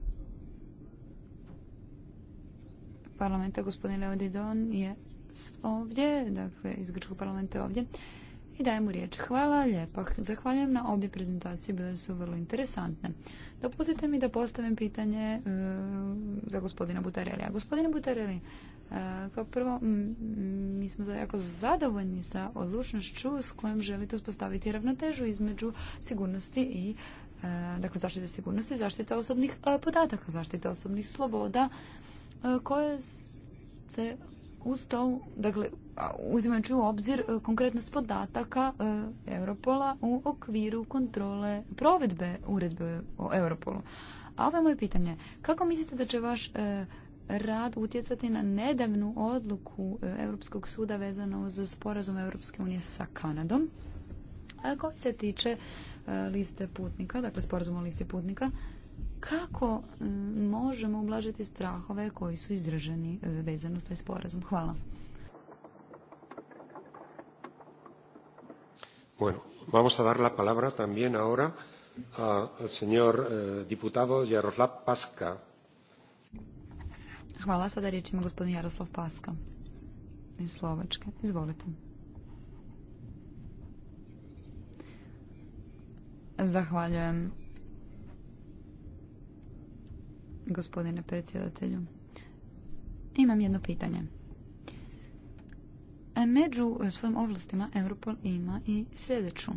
parlamenta, gospodin Leodidon, je ovdje, dakle iz Grčkog parlamenta ovdje i dajem mu riječ. Hvala lijepa. Zahvaljujem na obje prezentacije, bile su vrlo interesantne. Dopustite mi da postavim pitanje e, za gospodina Butarelija. A gospodine Butareli, e, kao prvo, mi smo jako zadovoljni sa odlučnošću s kojom želite uspostaviti ravnotežu između sigurnosti i e, dakle zaštite sigurnosti, zaštite osobnih podataka, zaštite osobnih sloboda koje se uz to, dakle, uzimajući u obzir e, konkretnost podataka e, Europola u okviru kontrole provedbe uredbe o Europolu. A ovo je moje pitanje. Kako mislite da će vaš e, rad utjecati na nedavnu odluku Europskog suda vezano uz sporazum Europske unije sa Kanadom? A koji se tiče liste putnika, dakle sporazum o listi putnika, kako mm, možemo ublažiti strahove koji su izraženi e, vezano s taj sporazum. Hvala. Bueno, vamos a dar la palabra también ahora al señor eh, diputado Jaroslav Paska. Hvala, sada riječ ima gospodin Jaroslav Paska iz Slovačke. Izvolite. Zahvaljujem gospodine predsjedatelju. Imam jedno pitanje. E, među svojim ovlastima Europol ima i sljedeću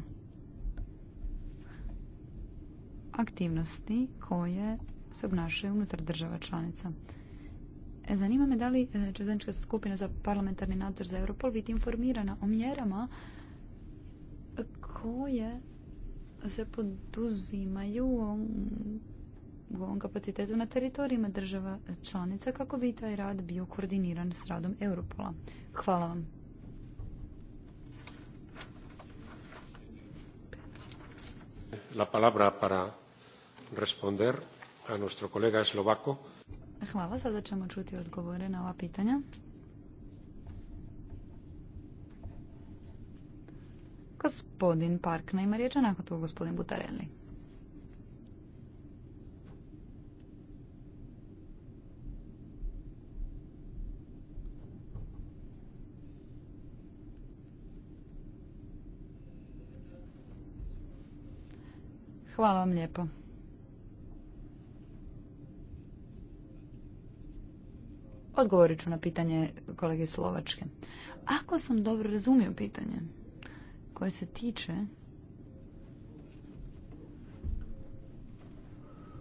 aktivnosti koje se obnašaju unutar država članica. E, zanima me da li e, će zajednička skupina za parlamentarni nadzor za Europol biti informirana o mjerama koje se poduzimaju ovom kapacitetu na teritorijima država članica kako bi taj rad bio koordiniran s radom Europola. Hvala vam. La palabra para responder a nuestro kolega Slovako. Hvala, sada ćemo čuti odgovore na ova pitanja. Gospodin Park nema riječ, nakon to gospodin Butarelli. Hvala vam lijepo. Odgovorit ću na pitanje kolege Slovačke. Ako sam dobro razumio pitanje koje se tiče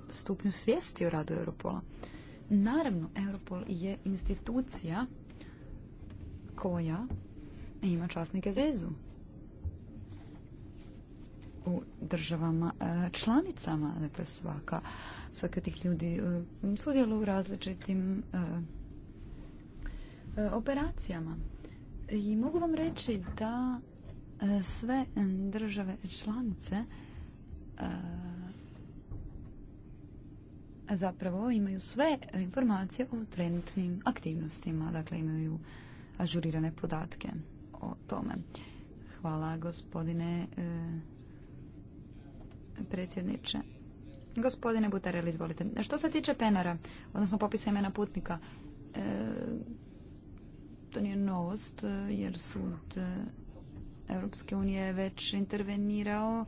stupnju svijesti o radu Europola. Naravno, Europol je institucija koja ima časnike zezu u državama e, članicama. Dakle, svaka, svaka tih ljudi e, sudjeluju u različitim e, operacijama. I mogu vam reći da sve države članice zapravo imaju sve informacije o trenutnim aktivnostima, dakle imaju ažurirane podatke o tome. Hvala gospodine predsjedniče. Gospodine Butarel, izvolite. Što se tiče penara, odnosno popisa imena putnika, e, to nije novost, e, jer sud e, Europske unije je već intervenirao,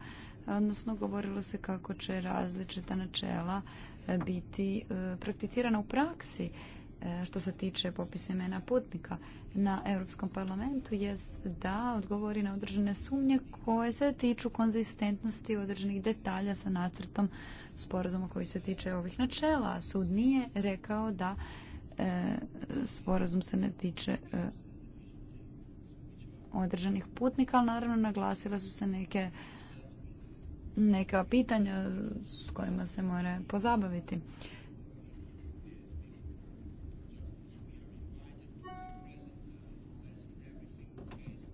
odnosno govorilo se kako će različita načela biti prakticirana u praksi E, što se tiče popisa imena putnika na Europskom parlamentu jest da odgovori na određene sumnje koje se tiču konzistentnosti određenih detalja sa nacrtom sporazuma koji se tiče ovih načela. Sud nije rekao da e, sporazum se ne tiče e, određenih putnika, ali naravno naglasila su se neke neka pitanja s kojima se mora pozabaviti.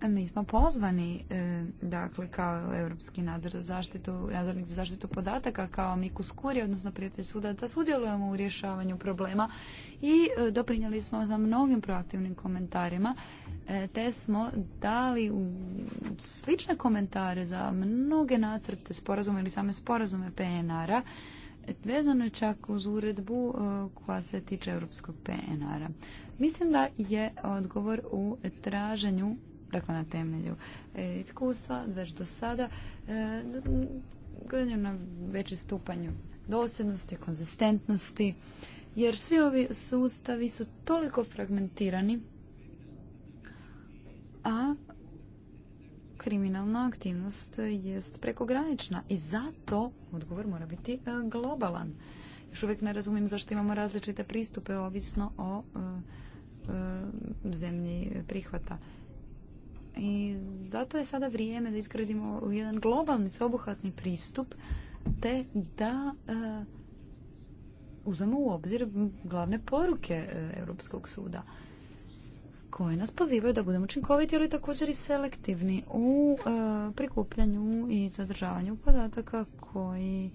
Mi smo pozvani, e, dakle, kao Europski nadzor za zaštitu, nadzornik za zaštitu podataka, kao Miku Skuri, odnosno prijatelj suda, da sudjelujemo u rješavanju problema i e, doprinjeli smo za mnogim proaktivnim komentarima, e, te smo dali slične komentare za mnoge nacrte sporazuma ili same sporazume PNR-a, vezano je čak uz uredbu koja se tiče europskog PNR-a. Mislim da je odgovor u traženju dakle na temelju e, iskustva već do sada, e, gledaju na veći stupanju dosljednosti, konzistentnosti, jer svi ovi sustavi su toliko fragmentirani, a kriminalna aktivnost jest prekogranična i zato odgovor mora biti e, globalan. Još uvijek ne razumijem zašto imamo različite pristupe ovisno o zemlji prihvata. I zato je sada vrijeme da u jedan globalni, sveobuhvatni pristup te da e, uzmemo u obzir glavne poruke e, Europskog suda koje nas pozivaju da budemo učinkoviti, ali također i selektivni u e, prikupljanju i zadržavanju podataka koji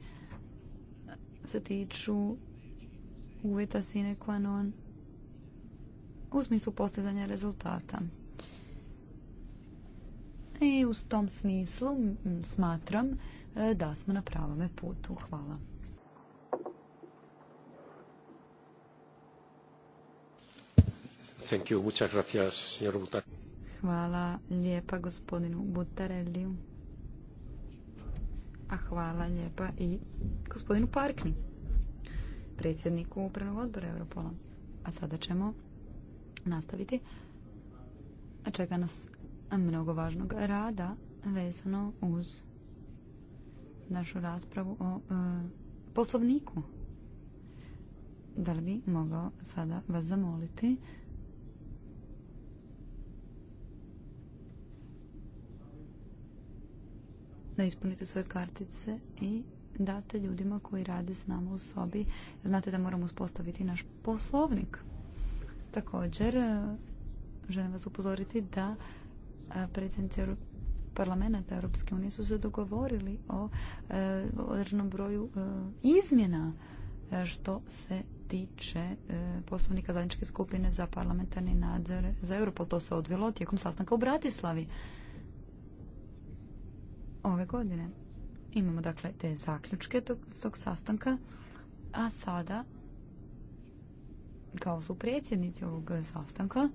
se tiču uvjeta sine qua non u smislu postizanja rezultata i u tom smislu smatram e, da smo na pravome putu. Hvala. Hvala lijepa gospodinu Butarelliju. A hvala lijepa i gospodinu Parkni, predsjedniku upravnog odbora Europola. A sada ćemo nastaviti. A čeka nas mnogo važnog rada vezano uz našu raspravu o e, poslovniku. Da li bi mogao sada vas zamoliti da ispunite svoje kartice i date ljudima koji rade s nama u sobi. Znate da moramo uspostaviti naš poslovnik. Također, e, želim vas upozoriti da predsjednici parlamenta Europske unije su se dogovorili o e, određenom broju e, izmjena e, što se tiče poslovnika zajedničke skupine za parlamentarni nadzor za Europol. To se odvilo tijekom sastanka u Bratislavi ove godine. Imamo dakle te zaključke tog, tog sastanka, a sada kao su predsjednici ovog sastanka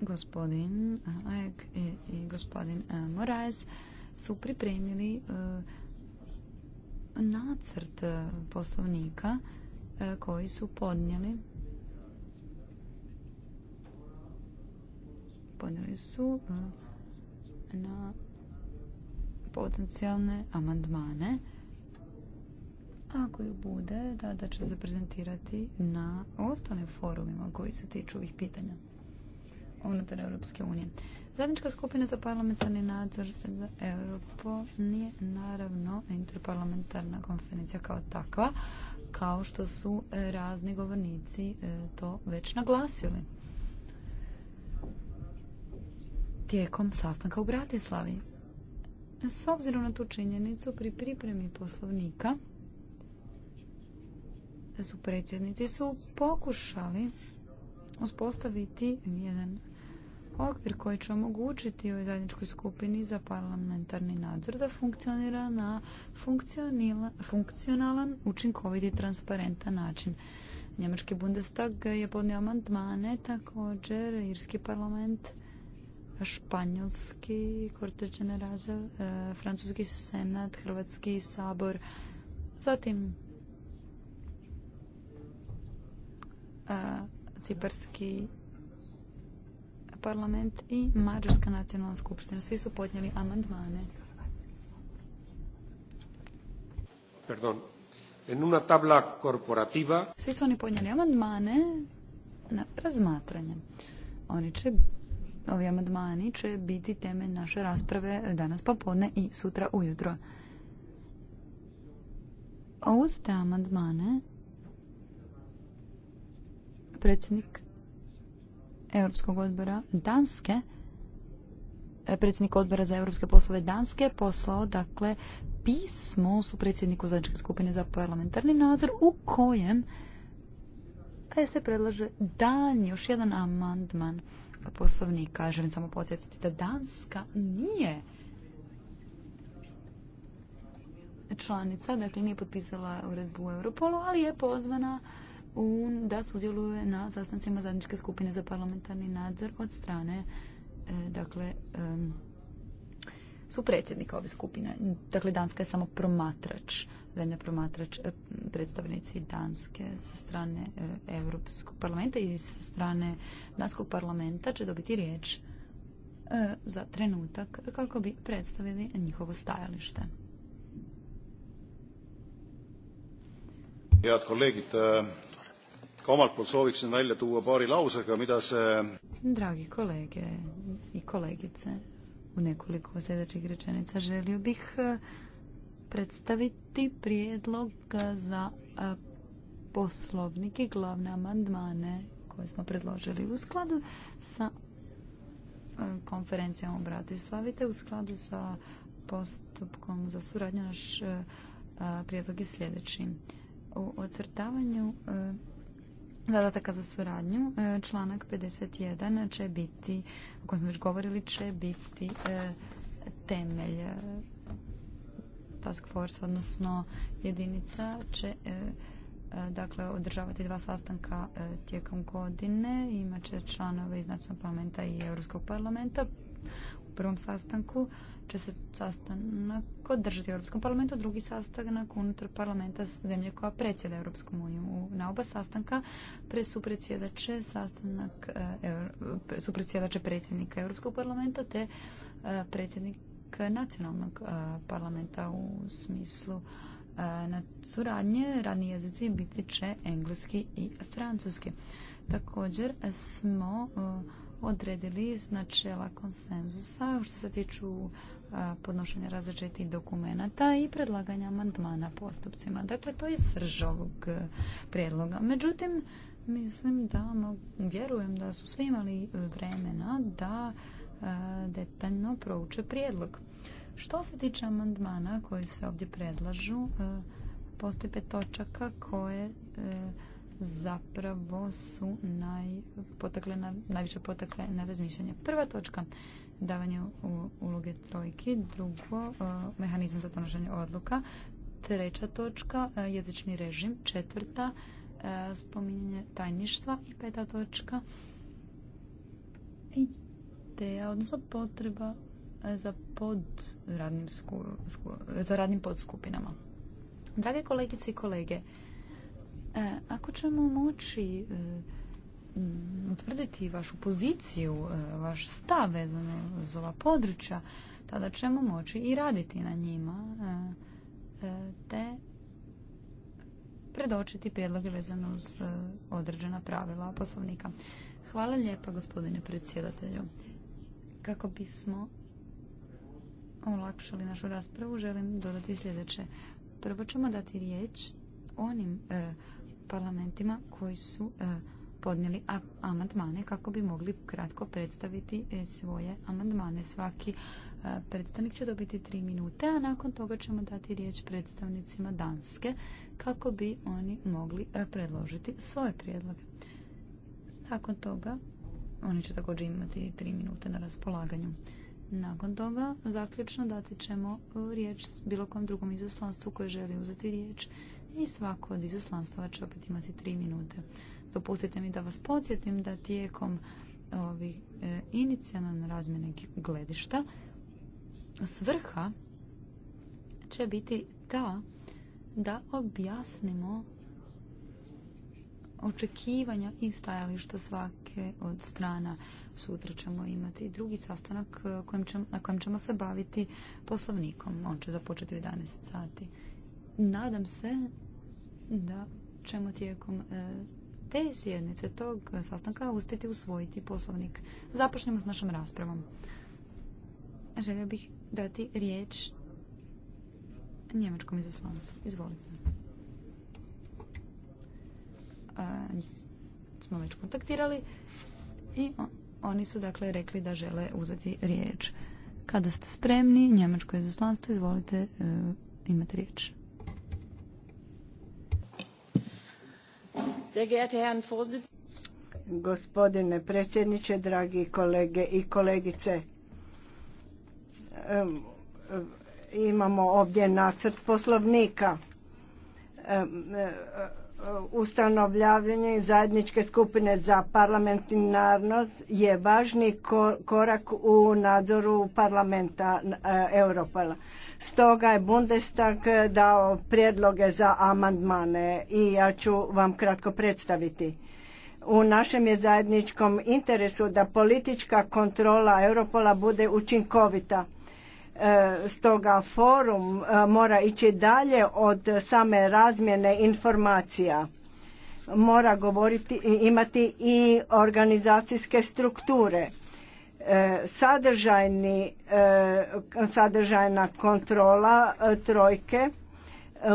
gospodin Haek eh, i gospodin eh, Moraes su pripremili eh, nacrt poslovnika koji su podnijeli podnijeli su na potencijalne amandmane ako ju bude da će se prezentirati na ostalim forumima koji se tiču ovih pitanja unutar Europske unije. Zajednička skupina za parlamentarni nadzor za Europu nije naravno interparlamentarna konferencija kao takva, kao što su razni govornici e, to već naglasili. Tijekom sastanka u Bratislavi. S obzirom na tu činjenicu, pri pripremi poslovnika su predsjednici su pokušali uspostaviti jedan okvir koji će omogućiti ovoj zajedničkoj skupini za parlamentarni nadzor da funkcionira na funkcionalan, učinkovit i transparentan način. Njemački Bundestag je podnio amandmane, također Irski parlament, Španjolski, e, Francuski senat, Hrvatski sabor, zatim e, Ciparski parlament i Mađarska nacionalna skupština. Svi su podnijeli amandmane. En una tabla corporativa... Svi su oni podnijeli amandmane na razmatranje. Oni će, ovi amandmani će biti teme naše rasprave danas popodne i sutra ujutro. Uz te amandmane predsjednik Europskog odbora Danske, e, predsjednik odbora za europske poslove Danske poslao dakle pismo su predsjedniku zajedničke skupine za parlamentarni nadzor u kojem se predlaže dan još jedan amandman poslovnika. Želim samo podsjetiti da Danska nije članica, dakle nije potpisala uredbu u Europolu, ali je pozvana un da sudjeluje na sastancima zajedničke skupine za parlamentarni nadzor od strane e, dakle su predsjednika ove skupine. Dakle, Danska je samo promatrač, zemlja promatrač, e, predstavnici Danske sa strane e, Europskog parlamenta i sa strane Danskog parlamenta će dobiti riječ za trenutak kako bi predstavili njihovo stajalište. od kolegita omalt poolt sooviksin välja tuua paari lausega, mida see Dragi kolege i kolegice, u nekoliko sljedećih rečenica želio bih e, predstaviti prijedlog za e, poslovnik i glavne amandmane koje smo predložili u skladu sa e, konferencijom u Bratislavi te u skladu sa postupkom za suradnju naš prijedlog je sljedeći. U ocrtavanju zadataka za suradnju. E, članak 51 će biti, o kojem smo već govorili, će biti e, temelj e, task force, odnosno jedinica će dakle održavati dva sastanka tijekom godine. Imaće članove iz nacionalnog parlamenta i Europskog parlamenta u prvom sastanku će se sastanak održati u Europskom parlamentu, drugi sastanak unutar parlamenta zemlje koja predsjeda Europskom uniju. Na oba sastanka su predsjedat će sastanak, e, e, su predsjednika Europskog parlamenta te e, predsjednik nacionalnog parlamenta u smislu na suradnje radni jezici biti će engleski i francuski. Također smo odredili načela konsenzusa što se tiču podnošenja različitih dokumenata i predlaganja amandmana postupcima. Dakle, to je srž ovog e, prijedloga. Međutim, mislim da vjerujem da su svi imali vremena da e, detaljno prouče prijedlog. Što se tiče amandmana koji se ovdje predlažu, e, postoje pet točaka koje zapravo su na, najviše potakle na razmišljanje. Prva točka, davanje uloge trojki, drugo e, mehanizam za donošenje odluka, treća točka e, jezični režim, četvrta e, spominjanje tajništva i peta točka ideja, odnosno potreba za, radnim za radnim podskupinama. Drage kolegice i kolege, ako ćemo moći Mm, utvrditi vašu poziciju, e, vaš stav vezano uz ova područja, tada ćemo moći i raditi na njima e, e, te predočiti prijedloge vezano uz određena pravila poslovnika. Hvala lijepa gospodine predsjedatelju. Kako bismo olakšali našu raspravu, želim dodati sljedeće. Prvo ćemo dati riječ onim parlamentima koji su podnijeli amandmane kako bi mogli kratko predstaviti e, svoje amandmane. Svaki e, predstavnik će dobiti tri minute, a nakon toga ćemo dati riječ predstavnicima Danske kako bi oni mogli e, predložiti svoje prijedloge. Nakon toga oni će također imati tri minute na raspolaganju. Nakon toga zaključno dati ćemo riječ bilo kom drugom izaslanstvu koje želi uzeti riječ i svako od izaslanstva će opet imati tri minute. Dopustite mi da vas podsjetim da tijekom ovih e, inicijalne razmjene gledišta svrha će biti ta da objasnimo očekivanja i stajališta svake od strana. Sutra ćemo imati drugi sastanak e, na kojem ćemo se baviti poslovnikom. On će započeti u 11 sati. Nadam se da ćemo tijekom e, te sjednice tog sastanka uspjeti usvojiti poslovnik. Započnemo s našom raspravom. Želio bih dati riječ njemačkom izaslanstvu. Izvolite. smo već kontaktirali i oni su dakle rekli da žele uzeti riječ. Kada ste spremni, njemačko izaslanstvo, izvolite, e, imati riječ. Gospodine predsjedniče, dragi kolege i kolegice, imamo ovdje nacrt poslovnika Uh, ustanovljavanje zajedničke skupine za parlamentarnost je važni korak u nadzoru parlamenta uh, Europola. Stoga je Bundestag uh, dao prijedloge za amandmane i ja ću vam kratko predstaviti. U našem je zajedničkom interesu da politička kontrola Europola bude učinkovita E, stoga forum e, mora ići dalje od same razmjene informacija. Mora govoriti, imati i organizacijske strukture. E, sadržajni, sadržajna kontrola trojke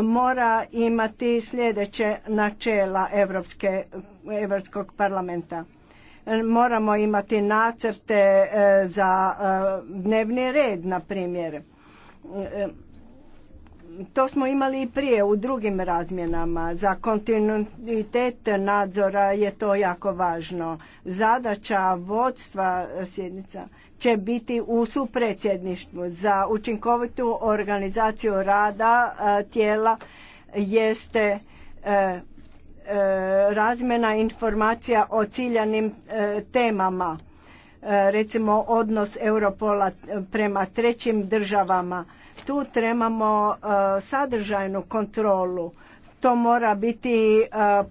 mora imati sljedeće načela Europskog parlamenta moramo imati nacrte e, za e, dnevni red, na primjer. E, to smo imali i prije u drugim razmjenama. Za kontinuitet nadzora je to jako važno. Zadaća vodstva sjednica će biti u supredsjedništvu za učinkovitu organizaciju rada tijela jeste E, razmjena informacija o ciljanim e, temama e, recimo odnos Europola prema trećim državama. Tu trebamo sadržajnu kontrolu. To mora biti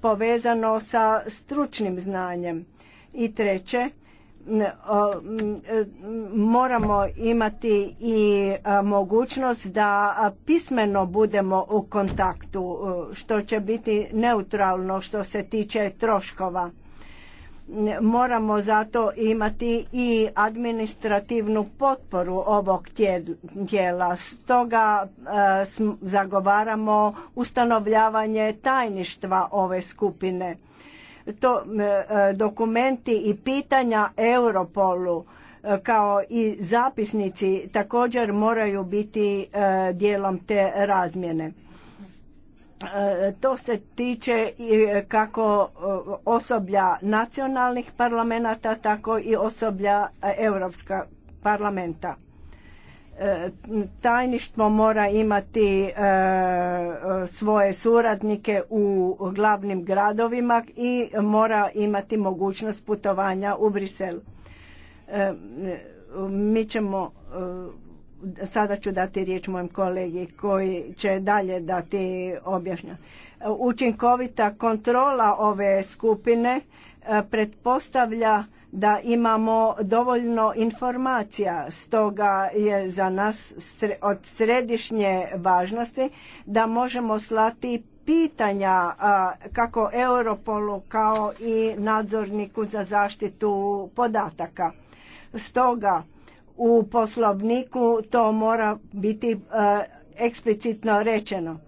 povezano sa stručnim znanjem. I treće, E, moramo imati i e, mogućnost da pismeno budemo u kontaktu e, što će biti neutralno što se tiče troškova moramo zato imati i administrativnu potporu ovog tijela stoga zagovaramo ustanovljavanje tajništva ove skupine to e, e, dokumenti i pitanja Europolu e, kao i zapisnici također moraju biti dijelom te razmjene. To se tiče kako osoblja nacionalnih parlamenta, tako i osoblja Europska parlamenta. E, tajništvo mora imati e, svoje suradnike u glavnim gradovima i mora imati mogućnost putovanja u Brisel. E, mi ćemo sada ću dati riječ mojem kolegi koji će dalje dati objašnjanje. Učinkovita kontrola ove skupine pretpostavlja da imamo dovoljno informacija. Stoga je za nas od središnje važnosti da možemo slati pitanja kako Europolu kao i nadzorniku za zaštitu podataka. Stoga u poslovniku to mora biti eksplicitno rečeno.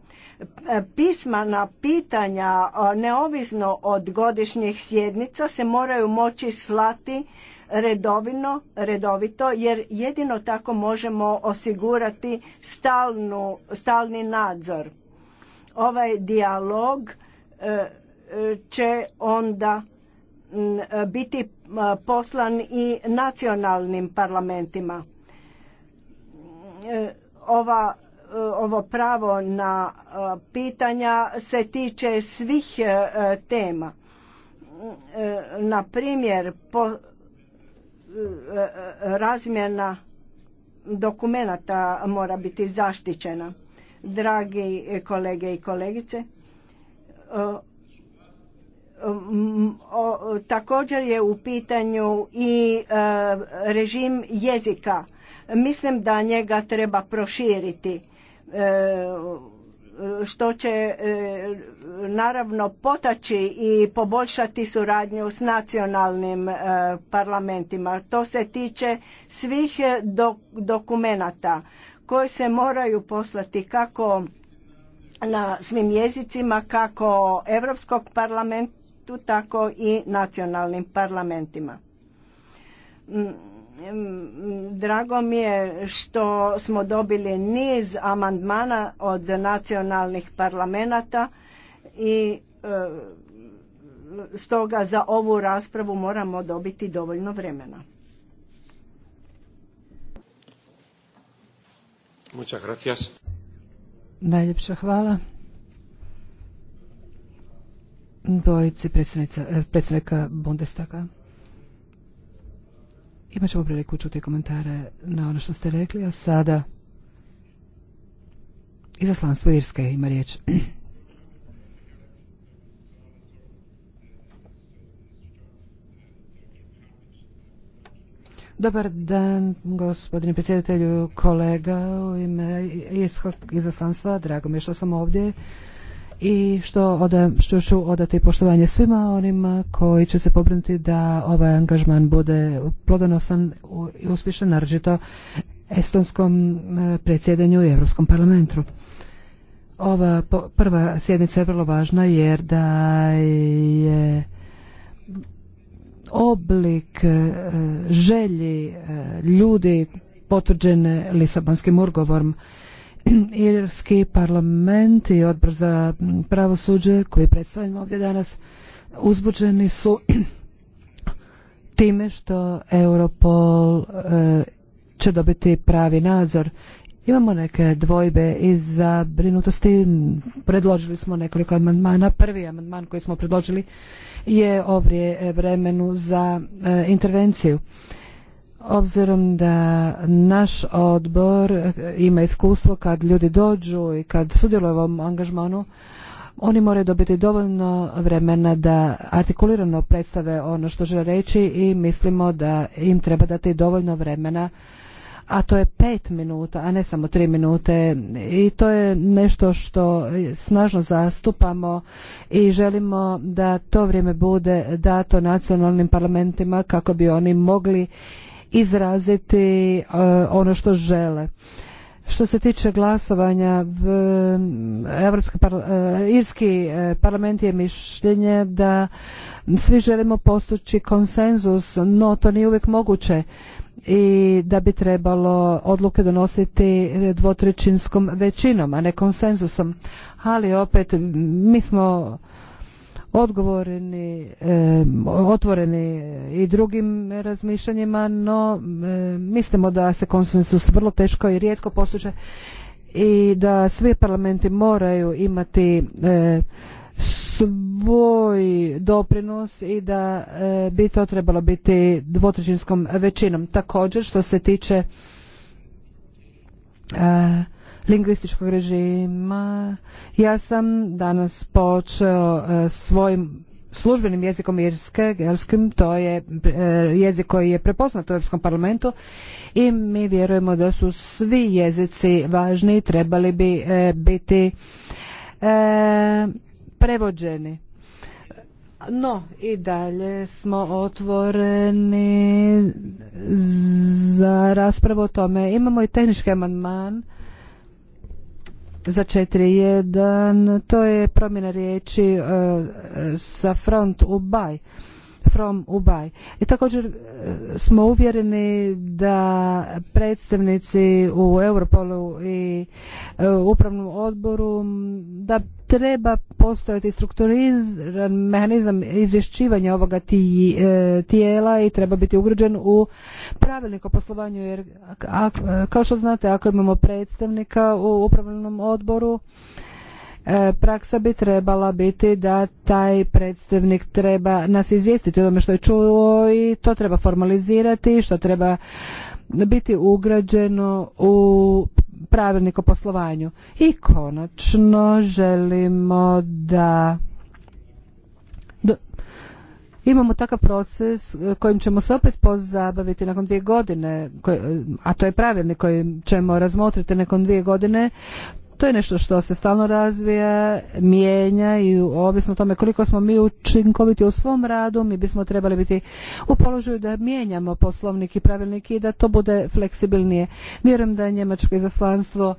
Pismana pitanja neovisno od godišnjih sjednica se moraju moći slati redovino, redovito jer jedino tako možemo osigurati stalnu, stalni nadzor. Ovaj dijalog e, e, će onda biti poslan i nacionalnim parlamentima. E, ova E, ovo pravo na e, pitanja se tiče svih e, tema. Na primjer, razmjena dokumenata mora biti zaštićena. Dragi kolege i kolegice, također je u pitanju i režim jezika. Mislim da njega treba proširiti E, što će e, naravno potaći i poboljšati suradnju s nacionalnim e, parlamentima. To se tiče svih dokumenata koji se moraju poslati kako na svim jezicima kako Europskog parlamentu tako i nacionalnim parlamentima mm, Drago mi je što smo dobili niz amandmana od nacionalnih parlamenta i e, stoga za ovu raspravu moramo dobiti dovoljno vremena. Muchas gracias. Najljepša hvala. Dvojici eh, predsjednika Bundestaga. Imat ćemo priliku čuti komentare na ono što ste rekli, a sada izaslanstvo Irske ima riječ. Dobar dan, gospodine predsjedatelju, kolega u ime izaslanstva. Drago mi je što sam ovdje i što, što ću odati poštovanje svima onima koji će se pobrinuti da ovaj angažman bude plodonosan i uspješan, naročito estonskom e, predsjedanju i Europskom parlamentu. Ova prva sjednica je vrlo važna jer da je oblik e, želji e, ljudi potvrđene Lisabonskim ugovorom Irski parlament i odbor za pravosuđe koji predstavljamo ovdje danas uzbuđeni su time što Europol eh, će dobiti pravi nadzor. Imamo neke dvojbe i zabrinutosti. Predložili smo nekoliko amandmana. Prvi amandman koji smo predložili je ovdje vremenu za eh, intervenciju. Obzirom da naš odbor ima iskustvo kad ljudi dođu i kad sudjeluju u ovom angažmanu, oni moraju dobiti dovoljno vremena da artikulirano predstave ono što žele reći i mislimo da im treba dati dovoljno vremena a to je pet minuta, a ne samo tri minute i to je nešto što snažno zastupamo i želimo da to vrijeme bude dato nacionalnim parlamentima kako bi oni mogli izraziti e, ono što žele. Što se tiče glasovanja, e, Irski e, parlament je mišljenje da svi želimo postući konsenzus, no to nije uvijek moguće i da bi trebalo odluke donositi dvotrećinskom većinom, a ne konsenzusom. Ali opet, mi smo odgovorni, otvoreni i drugim razmišljanjima, no mislimo da se konsensus vrlo teško i rijetko postiže i da svi parlamenti moraju imati svoj doprinos i da bi to trebalo biti dvotrećinskom većinom. Također što se tiče lingvističkog režima. Ja sam danas počeo e, svojim službenim jezikom Irske, gelskim, to je e, jezik koji je prepoznat u Europskom parlamentu i mi vjerujemo da su svi jezici važni i trebali bi e, biti prevođeni. No, i dalje smo otvoreni za raspravu o tome. Imamo i tehnički amandman za 4.1. To je promjena riječi e, sa front u baj from baj. I također e, smo uvjereni da predstavnici u Europolu i e, upravnom odboru da treba postojati strukturiran mehanizam izvješćivanja ovoga e, tijela i treba biti ugrađen u pravilnik o poslovanju jer e, kao što znate ako imamo predstavnika u upravljenom odboru e, praksa bi trebala biti da taj predstavnik treba nas izvijestiti o tome što je čuo i to treba formalizirati, što treba biti ugrađeno u pravilnik o poslovanju. I konačno želimo da imamo takav proces e, kojim ćemo se opet pozabaviti nakon dvije godine, a to je pravilnik kojim ćemo razmotriti nakon dvije godine, to je nešto što se stalno razvija, mijenja i ovisno o tome koliko smo mi učinkoviti u svom radu, mi bismo trebali biti u položaju da mijenjamo poslovnik i pravilnik i da to bude fleksibilnije. Vjerujem da je njemačko izaslanstvo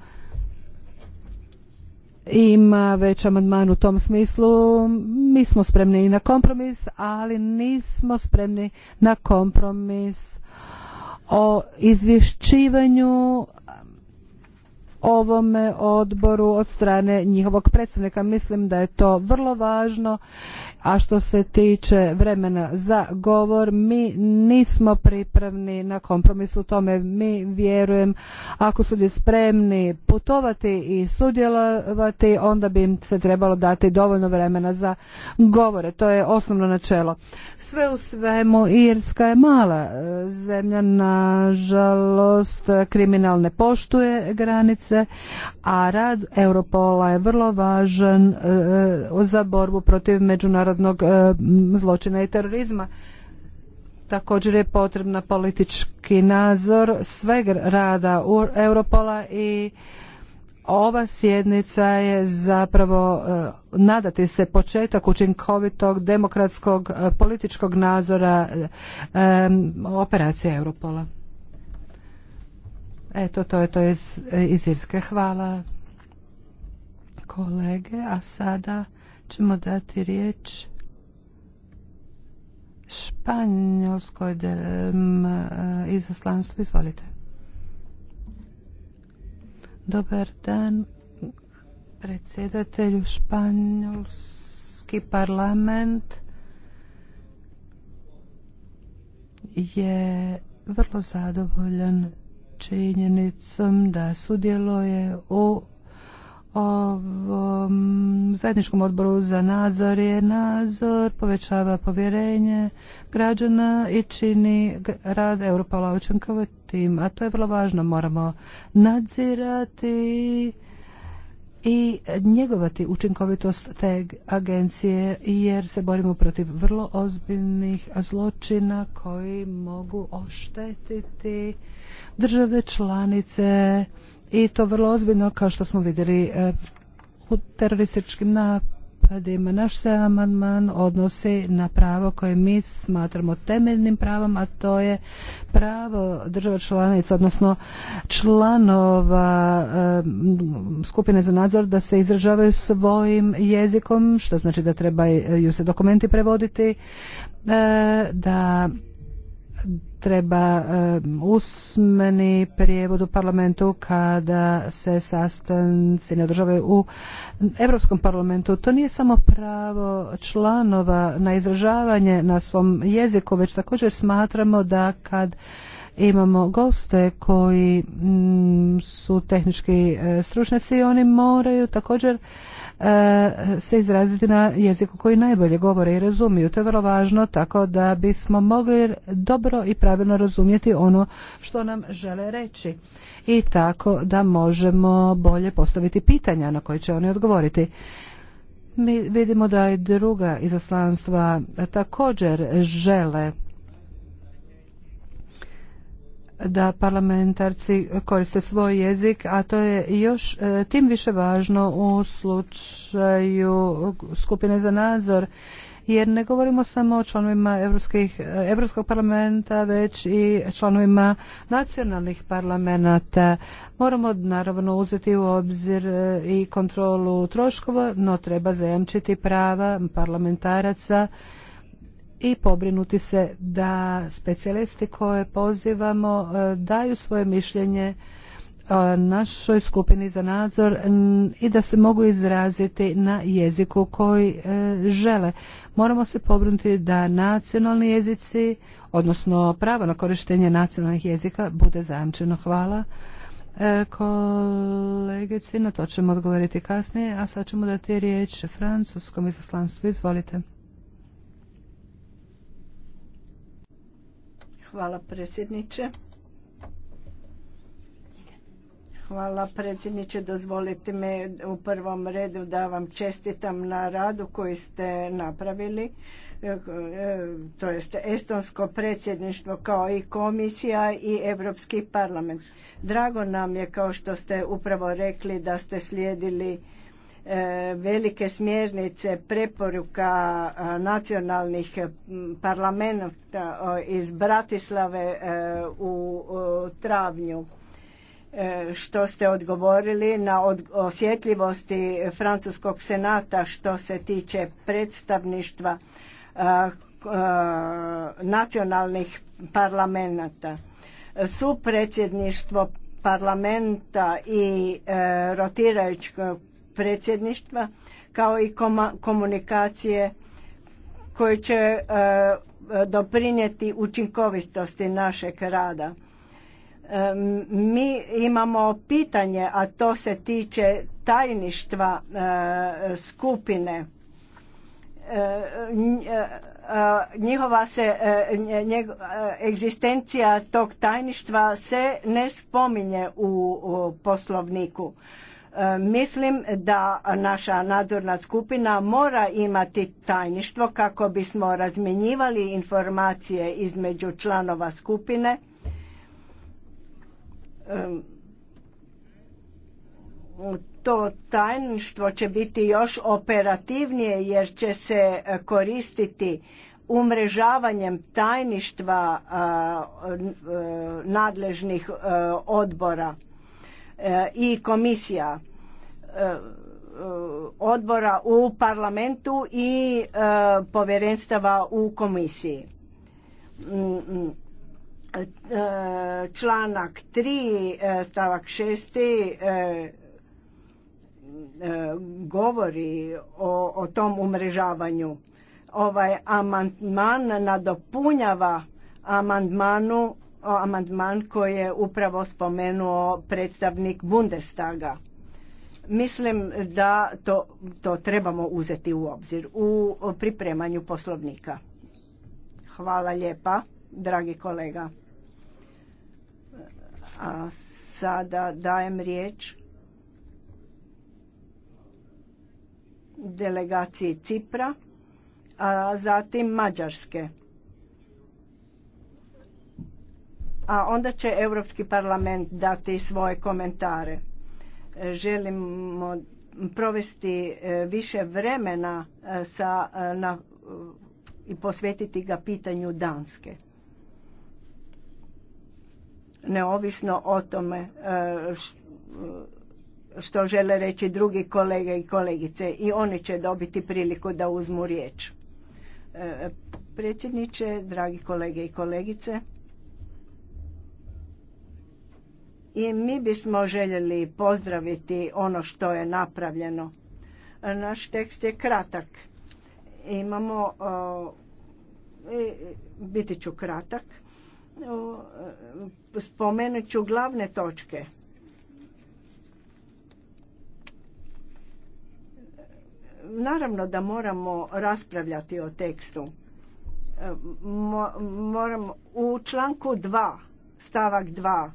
ima već amandman u tom smislu. Mi smo spremni na kompromis, ali nismo spremni na kompromis o izvješćivanju ovome odboru od strane njihovog predstavnika. Mislim da je to vrlo važno, a što se tiče vremena za govor, mi nismo pripravni na kompromis u tome. Mi vjerujem, ako su li spremni putovati i sudjelovati, onda bi im se trebalo dati dovoljno vremena za govore. To je osnovno načelo. Sve u svemu, Irska je mala e, zemlja, nažalost, kriminal ne poštuje granice granice, a rad Europola je vrlo važan e, za borbu protiv međunarodnog e, zločina i terorizma. Također je potrebna politički nadzor sveg rada u Europola i ova sjednica je zapravo e, nadati se početak učinkovitog demokratskog političkog nadzora operacije Europola. Eto, to je to iz, iz Irske. Hvala kolege, a sada ćemo dati riječ španjolskoj e, izaslanstvu. Izvolite. Dobar dan, predsjedatelju Španjolski parlament je vrlo zadovoljan činjenicom da sudjeluje u ovom zajedničkom odboru za nadzor je nadzor, povećava povjerenje građana i čini rad Europola učinkovitim, a to je vrlo važno. Moramo nadzirati i njegovati učinkovitost te agencije jer se borimo protiv vrlo ozbiljnih zločina koji mogu oštetiti države članice i to vrlo ozbiljno kao što smo vidjeli eh, u terorističkim napadima napadima. Naš se amandman odnosi na pravo koje mi smatramo temeljnim pravom, a to je pravo država članica, odnosno članova skupine za nadzor da se izražavaju svojim jezikom, što znači da trebaju se dokumenti prevoditi, e, da treba eh, usmeni prijevod u parlamentu kada se sastanci ne održavaju u Europskom parlamentu. To nije samo pravo članova na izražavanje na svom jeziku, već također smatramo da kad Imamo goste koji mm, su tehnički e, stručnjaci i oni moraju također e, se izraziti na jeziku koji najbolje govore i razumiju. To je vrlo važno tako da bismo mogli dobro i pravilno razumjeti ono što nam žele reći i tako da možemo bolje postaviti pitanja na koje će oni odgovoriti. Mi vidimo da i druga izaslanstva također žele da parlamentarci koriste svoj jezik, a to je još e, tim više važno u slučaju skupine za nadzor jer ne govorimo samo o članovima Europskog e, parlamenta, već i članovima nacionalnih parlamenta. Moramo naravno uzeti u obzir e, i kontrolu troškova, no treba zajamčiti prava parlamentaraca i pobrinuti se da specijalisti koje pozivamo e, daju svoje mišljenje e, našoj skupini za nadzor i da se mogu izraziti na jeziku koji e, žele. Moramo se pobrinuti da nacionalni jezici, odnosno pravo na korištenje nacionalnih jezika bude zajamčeno. Hvala kolegici, na to ćemo odgovoriti kasnije, a sad ćemo dati riječ francuskom izaslanstvu. Izvolite. Hvala predsjedniče. Hvala predsjedniče, dozvolite me u prvom redu da vam čestitam na radu koji ste napravili, e, to jest Estonsko predsjedništvo kao i komisija i Europski parlament. Drago nam je kao što ste upravo rekli da ste slijedili E, velike smjernice preporuka e, nacionalnih parlamenta iz Bratislave e, u travnju što ste odgovorili na osjetljivosti Francuskog senata što se tiče predstavništva nacionalnih parlamenta. Supredsjedništvo parlamenta i rotirajućeg predsjedništva kao i komunikacije koje će e, doprinijeti učinkovitosti našeg rada. E, mi imamo pitanje, a to se tiče tajništva e, skupine. Njihova se egzistencija tog tajništva se ne spominje u poslovniku. E, mislim da naša nadzorna skupina mora imati tajništvo kako bismo razmjenjivali informacije između članova skupine. E, to tajništvo će biti još operativnije jer će se koristiti umrežavanjem tajništva e, nadležnih odbora E, i komisija e, odbora u parlamentu i e, povjerenstava u komisiji. Mm, mm. Članak 3 stavak 6 govori o, o tom umrežavanju. Ovaj amandman nadopunjava amandmanu amandman koji je upravo spomenuo predstavnik Bundestaga. Mislim da to, to trebamo uzeti u obzir u pripremanju poslovnika. Hvala lijepa, dragi kolega. A sada dajem riječ delegaciji Cipra, a zatim Mađarske. a onda će Europski parlament dati svoje komentare. E, želimo provesti e, više vremena e, sa, na, i posvetiti ga pitanju Danske. Neovisno o tome što žele reći drugi kolege i kolegice i oni će dobiti priliku da uzmu riječ. Predsjedniče, dragi kolege i kolegice, i mi bismo željeli pozdraviti ono što je napravljeno. Naš tekst je kratak. Imamo, biti ću kratak, spomenut ću glavne točke. Naravno da moramo raspravljati o tekstu. Moramo, u članku 2, stavak 2,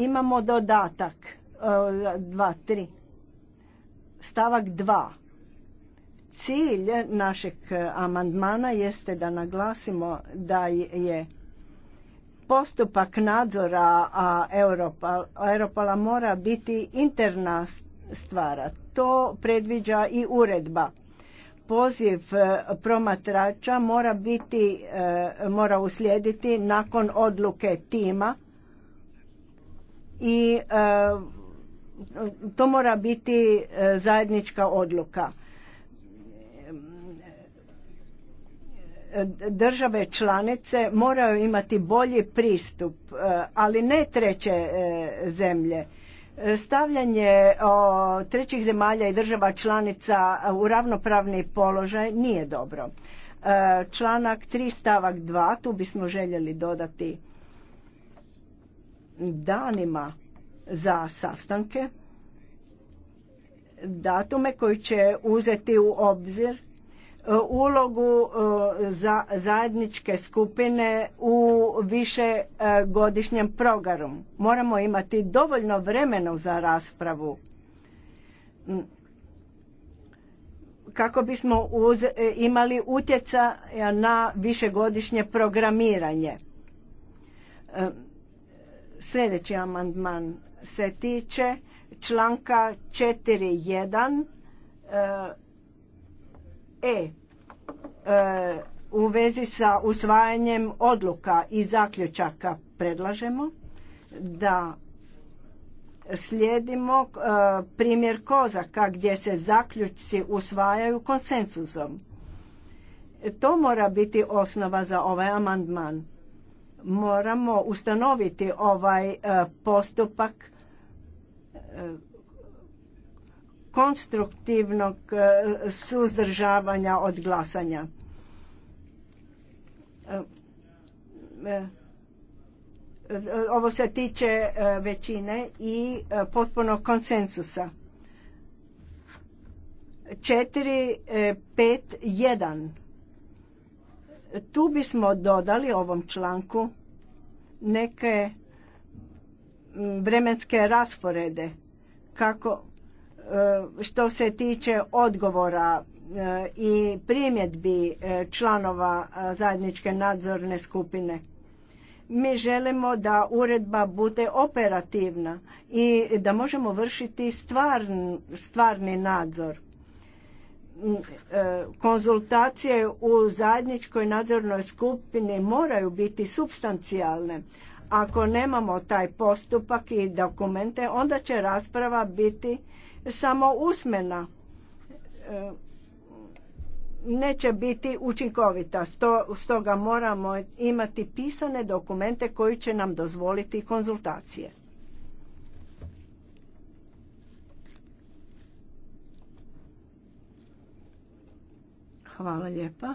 Imamo dodatak e, dva tri, stavak 2. Cilj našeg e, amandmana jeste da naglasimo da je postupak nadzora a Europala, mora biti interna stvara. To predviđa i uredba. Poziv e, promatrača mora mora uslijediti nakon odluke tima i e, to mora biti e, zajednička odluka. Države članice moraju imati bolji pristup, e, ali ne treće zemlje. Stavljanje trećih zemalja i država članica u ravnopravni položaj nije dobro. Članak 3 stavak 2, tu bismo željeli dodati danima za sastanke, datume koji će uzeti u obzir e, ulogu e, za zajedničke skupine u više e, godišnjem programu. Moramo imati dovoljno vremena za raspravu mm. kako bismo imali utjeca na višegodišnje programiranje. Sljedeći amandman se tiče članka 4.1 e, e u vezi sa usvajanjem odluka i zaključaka predlažemo da slijedimo e, primjer Kozaka gdje se zaključci usvajaju konsensuzom. To mora biti osnova za ovaj amandman moramo ustanoviti ovaj e, postupak e, konstruktivnog e, suzdržavanja od glasanja. Ovo se tiče većine i potpunog konsensusa. Četiri, pet, jedan. Tu bismo dodali ovom članku neke vremenske rasporede kako e, što se tiče odgovora e, i primjedbi e, članova zajedničke nadzorne skupine. Mi želimo da uredba bude operativna i da možemo vršiti stvarni nadzor konzultacije u zajedničkoj nadzornoj skupini moraju biti substancijalne. Ako nemamo taj postupak i dokumente, onda će rasprava biti samo usmena. E, neće biti učinkovita. Stoga moramo imati pisane dokumente koji će nam dozvoliti konzultacije. Hvala lijepa.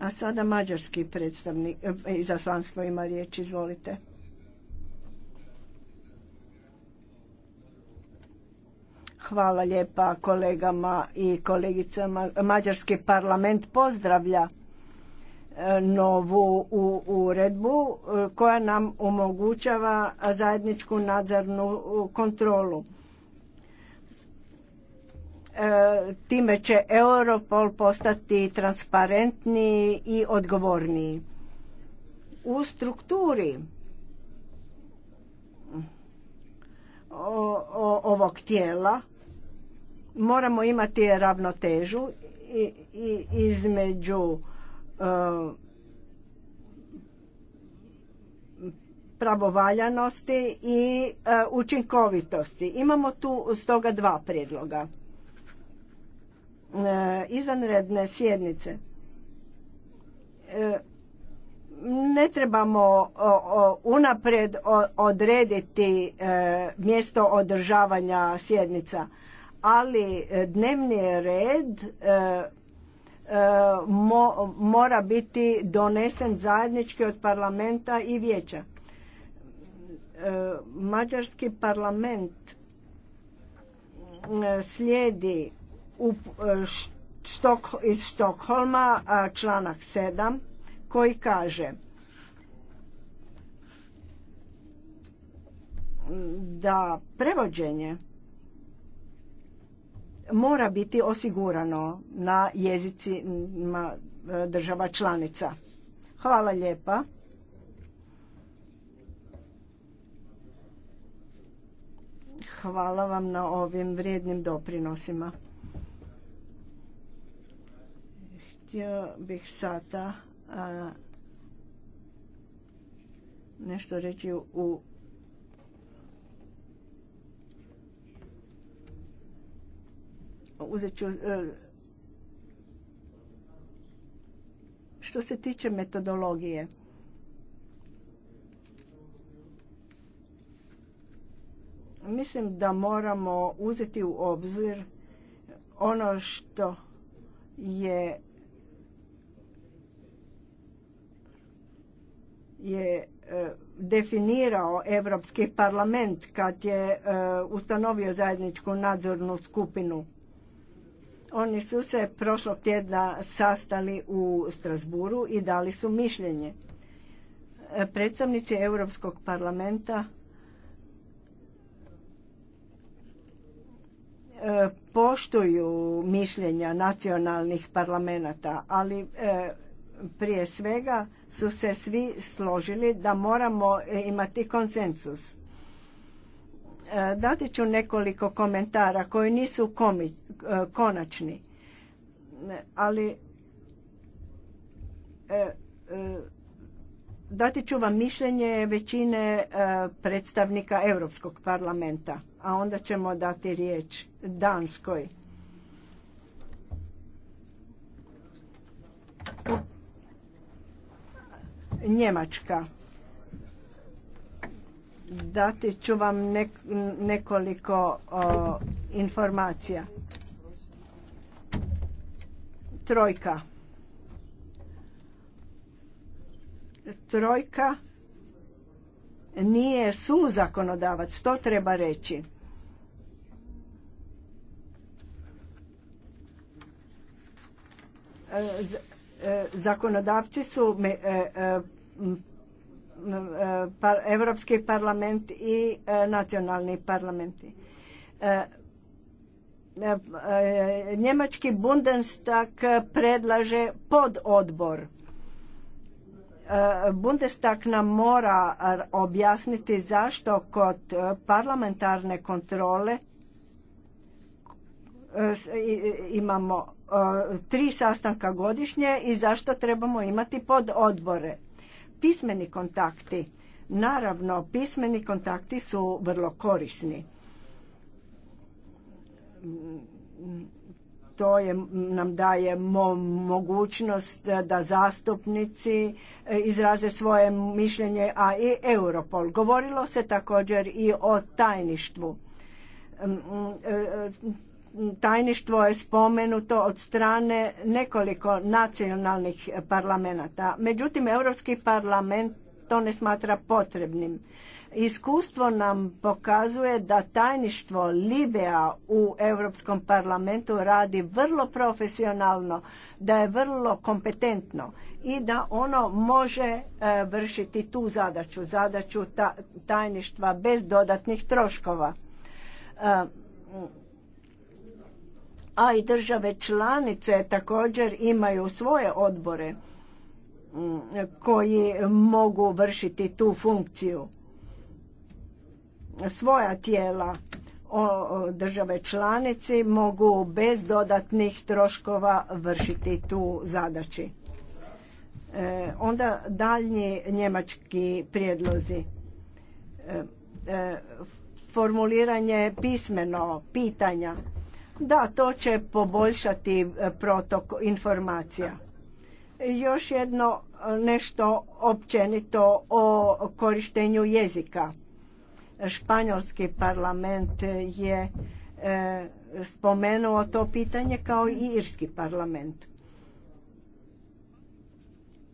A sada mađarski predstavnik e, izaslanstvo ima riječ, izvolite. Hvala lijepa kolegama i kolegicama. Mađarski parlament pozdravlja e, novu uredbu e, koja nam omogućava zajedničku nadzornu kontrolu. E, time će Europol postati transparentniji i odgovorniji. U strukturi ovog tijela moramo imati ravnotežu između e, pravovaljanosti i e, učinkovitosti. Imamo tu stoga dva prijedloga. E, izvanredne sjednice e, ne trebamo unaprijed odrediti e, mjesto održavanja sjednica, ali dnevni red mora biti donesen zajednički od parlamenta i vijeća. Mađarski parlament slijedi E, iz Stokholma članak 7, koji kaže da prevođenje mora biti osigurano na jezicima e, država članica. Hvala lijepa. Hvala vam na ovim vrijednim doprinosima. Htio bih sada nešto reći u uzet ću e, što se tiče metodologije mislim da moramo uzeti u obzir ono što je je e, definirao Europski parlament kad je e, ustanovio zajedničku nadzornu skupinu. Oni su se prošlog tjedna sastali u Strasburu i dali su mišljenje. E, predstavnici Europskog parlamenta poštuju mišljenja nacionalnih parlamenta, ali prije svega su se svi složili da moramo e, imati konsensus. E, dati ću nekoliko komentara koji nisu komi, e, konačni, ali dati ću vam mišljenje većine predstavnika Europskog parlamenta, a onda ćemo dati riječ Danskoj. Njemačka. Dati ću vam nekoliko informacija. Trojka. Trojka nije zakonodavac, to treba reći. Zakonodavci su Europski e, e, e, pa, parlament i nacionalni parlamenti. Njemački Bundestag predlaže pododbor. Bundestag nam mora objasniti zašto kod parlamentarne kontrole imamo E, tri sastanka godišnje i zašto trebamo imati pododbore. Pismeni kontakti. Naravno, pismeni kontakti su vrlo korisni. To je, nam daje mogućnost da zastupnici e, izraze svoje mišljenje, a i Europol. Govorilo se također i o tajništvu e, tajništvo je spomenuto od strane nekoliko nacionalnih parlamenta. Međutim, Europski parlament to ne smatra potrebnim. Iskustvo nam pokazuje da tajništvo Libea u Europskom parlamentu radi vrlo profesionalno, da je vrlo kompetentno i da ono može e, vršiti tu zadaću, zadaću tajništva bez dodatnih troškova e, a i države članice također imaju svoje odbore koji mogu vršiti tu funkciju. Svoja tijela države članici mogu bez dodatnih troškova vršiti tu zadaći. E, onda daljnji njemački prijedlozi. E, e, formuliranje pismeno pitanja da, to će poboljšati e, protok informacija. Još jedno e, nešto općenito o korištenju jezika. Španjolski parlament je e, spomenuo to pitanje kao i irski parlament.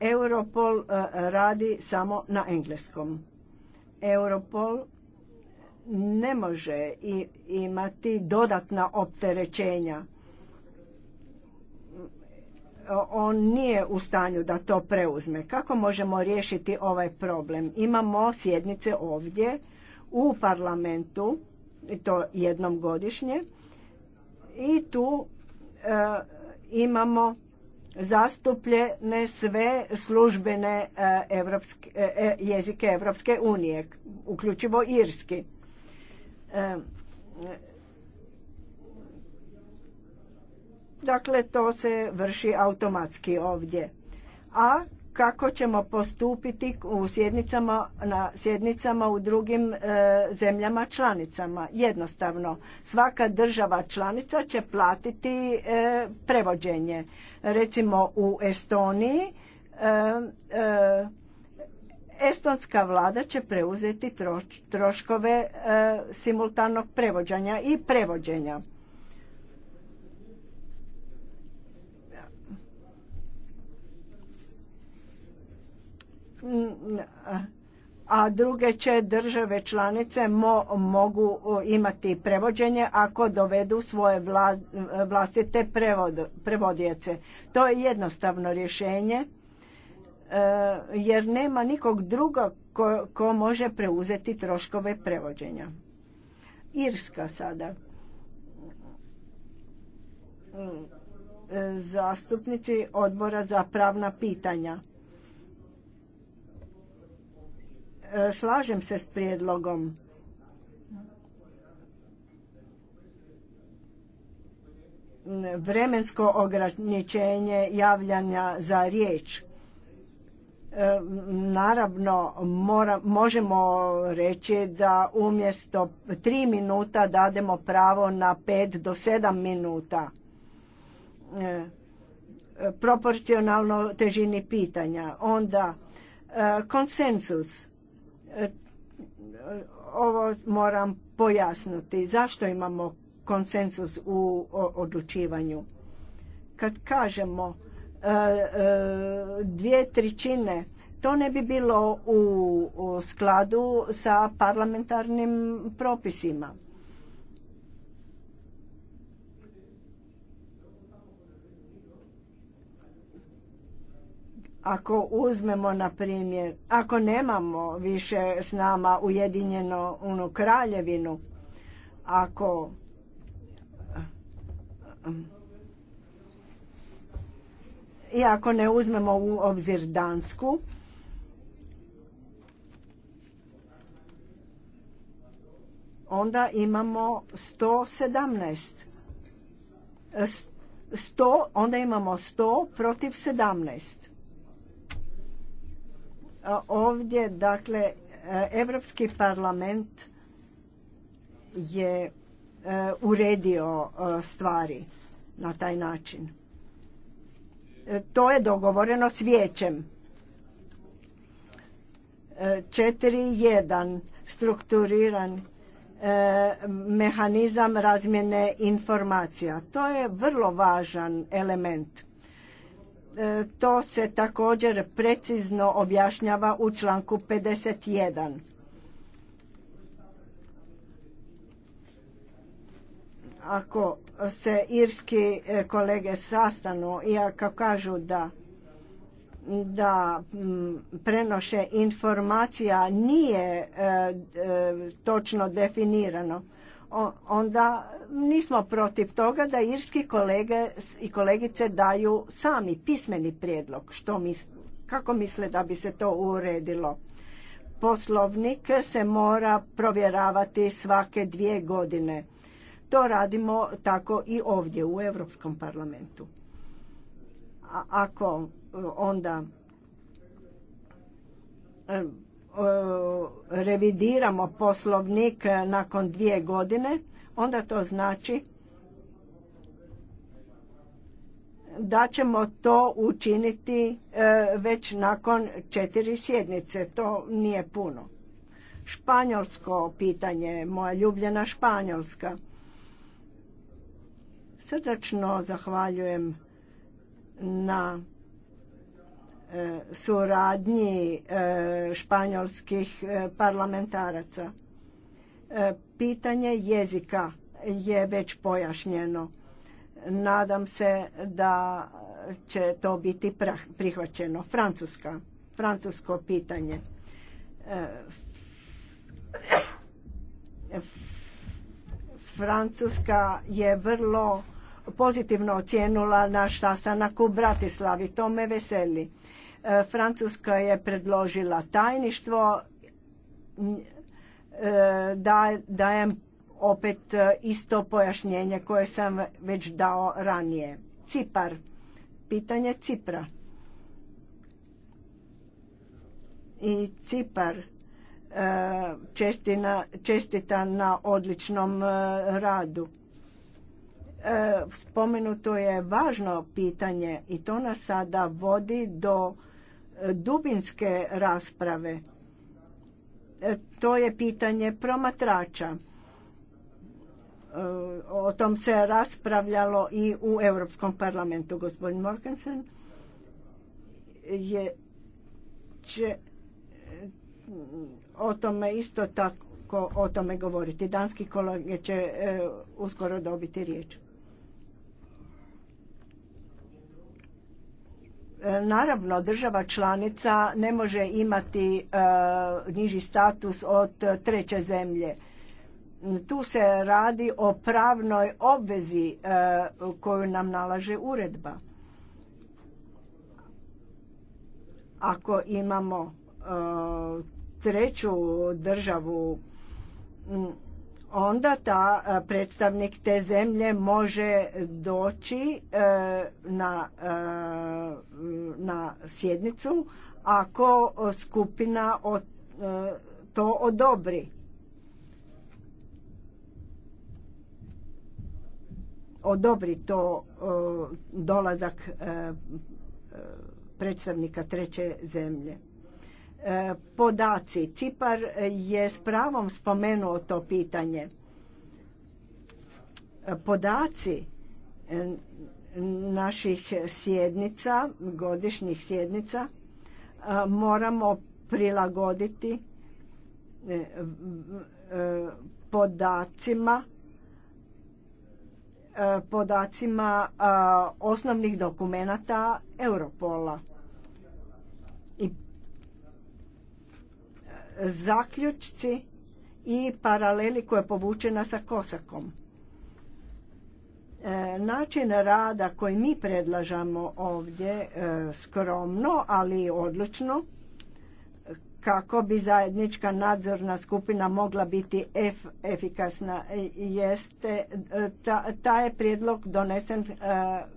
Europol radi samo na engleskom. Europol ne može imati dodatna opterećenja. On nije u stanju da to preuzme. Kako možemo riješiti ovaj problem? Imamo sjednice ovdje u parlamentu, to jednom godišnje, i tu e, imamo zastupljene sve službene e, evropske, e, jezike Evropske unije, uključivo irski. E, dakle, to se vrši automatski ovdje. A kako ćemo postupiti u sjednicama, na sjednicama u drugim e, zemljama članicama. Jednostavno, svaka država članica će platiti e, prevođenje. Recimo u Estoniji Estonska vlada će preuzeti troškove e, simultanog prevođenja i prevođenja. A druge će države članice mogu imati prevođenje ako dovedu svoje e, vlastite prevodjece. To je jednostavno rješenje E, jer nema nikog druga ko, ko može preuzeti troškove prevođenja. Irska sada. E, zastupnici odbora za pravna pitanja. E, slažem se s prijedlogom. Vremensko ograničenje javljanja za riječ Naravno, mora, možemo reći da umjesto tri minuta dademo pravo na pet do sedam minuta. E, proporcionalno težini pitanja. Onda, e, konsensus. E, ovo moram pojasniti. Zašto imamo konsensus u odlučivanju? Kad kažemo E, e, dvije trećine to ne bi bilo u skladu sa parlamentarnim propisima ako uzmemo na primjer ako nemamo više s nama ujedinjeno unu kraljevinu ako i ako ne uzmemo u obzir Dansku, onda imamo 117. 100, onda imamo 100 protiv 17. Ovdje, dakle, Evropski parlament je e, uredio e, stvari na taj način. To je dogovoreno s vijećem. 4.1. Strukturiran e, mehanizam razmjene informacija. To je vrlo važan element. E, to se također precizno objašnjava u članku 51 ako se irski e, kolege sastanu i ako kažu da da prenoše informacija nije e, e, točno definirano onda nismo protiv toga da irski kolege i kolegice daju sami pismeni prijedlog što misle, kako misle da bi se to uredilo poslovnik se mora provjeravati svake dvije godine to radimo tako i ovdje u Europskom parlamentu. A ako e, onda e, e, revidiramo poslovnik nakon dvije godine, onda to znači da ćemo to učiniti već nakon četiri sjednice. To nije puno. Španjolsko pitanje, moja ljubljena Španjolska. Srdačno zahvaljujem na e, suradnji e, španjolskih e, parlamentaraca. Pitanje jezika je već pojašnjeno. Nadam se da će to biti prihvaćeno. Francuska, francusko pitanje. Francuska je vrlo pozitivno ocijenila naš sastanak u Bratislavi. To me veseli. E, Francuska je predložila tajništvo. E, da, dajem opet e, isto pojašnjenje koje sam već dao ranije. Cipar. Pitanje Cipra. I Cipar čestina, čestita na odličnom radu. E, spomenuto je važno pitanje i to nas sada vodi do e, dubinske rasprave. E, to je pitanje promatrača. O tom se raspravljalo i u Europskom parlamentu. Gospodin Morkensen je će o tome isto tako o tome govoriti. Danski kolege će uskoro dobiti riječ. E, naravno, država članica ne može imati e, niži status od treće zemlje. Tu se radi o pravnoj obvezi e, koju nam nalaže uredba. Ako imamo treću državu onda ta e, predstavnik te zemlje može doći e, na, e, na sjednicu ako skupina to odobri. Odobri to dolazak predstavnika treće zemlje. E, podaci. Cipar je s pravom spomenuo to pitanje. Podaci e, naših sjednica, godišnjih sjednica, e, moramo prilagoditi podacima podacima osnovnih dokumenata Europola. zaključci i paraleli koja je povučena sa kosakom. E, način rada koji mi predlažemo ovdje e, skromno, ali odlučno, kako bi zajednička nadzorna skupina mogla biti efikasna e, jeste taj ta je prijedlog donesen e,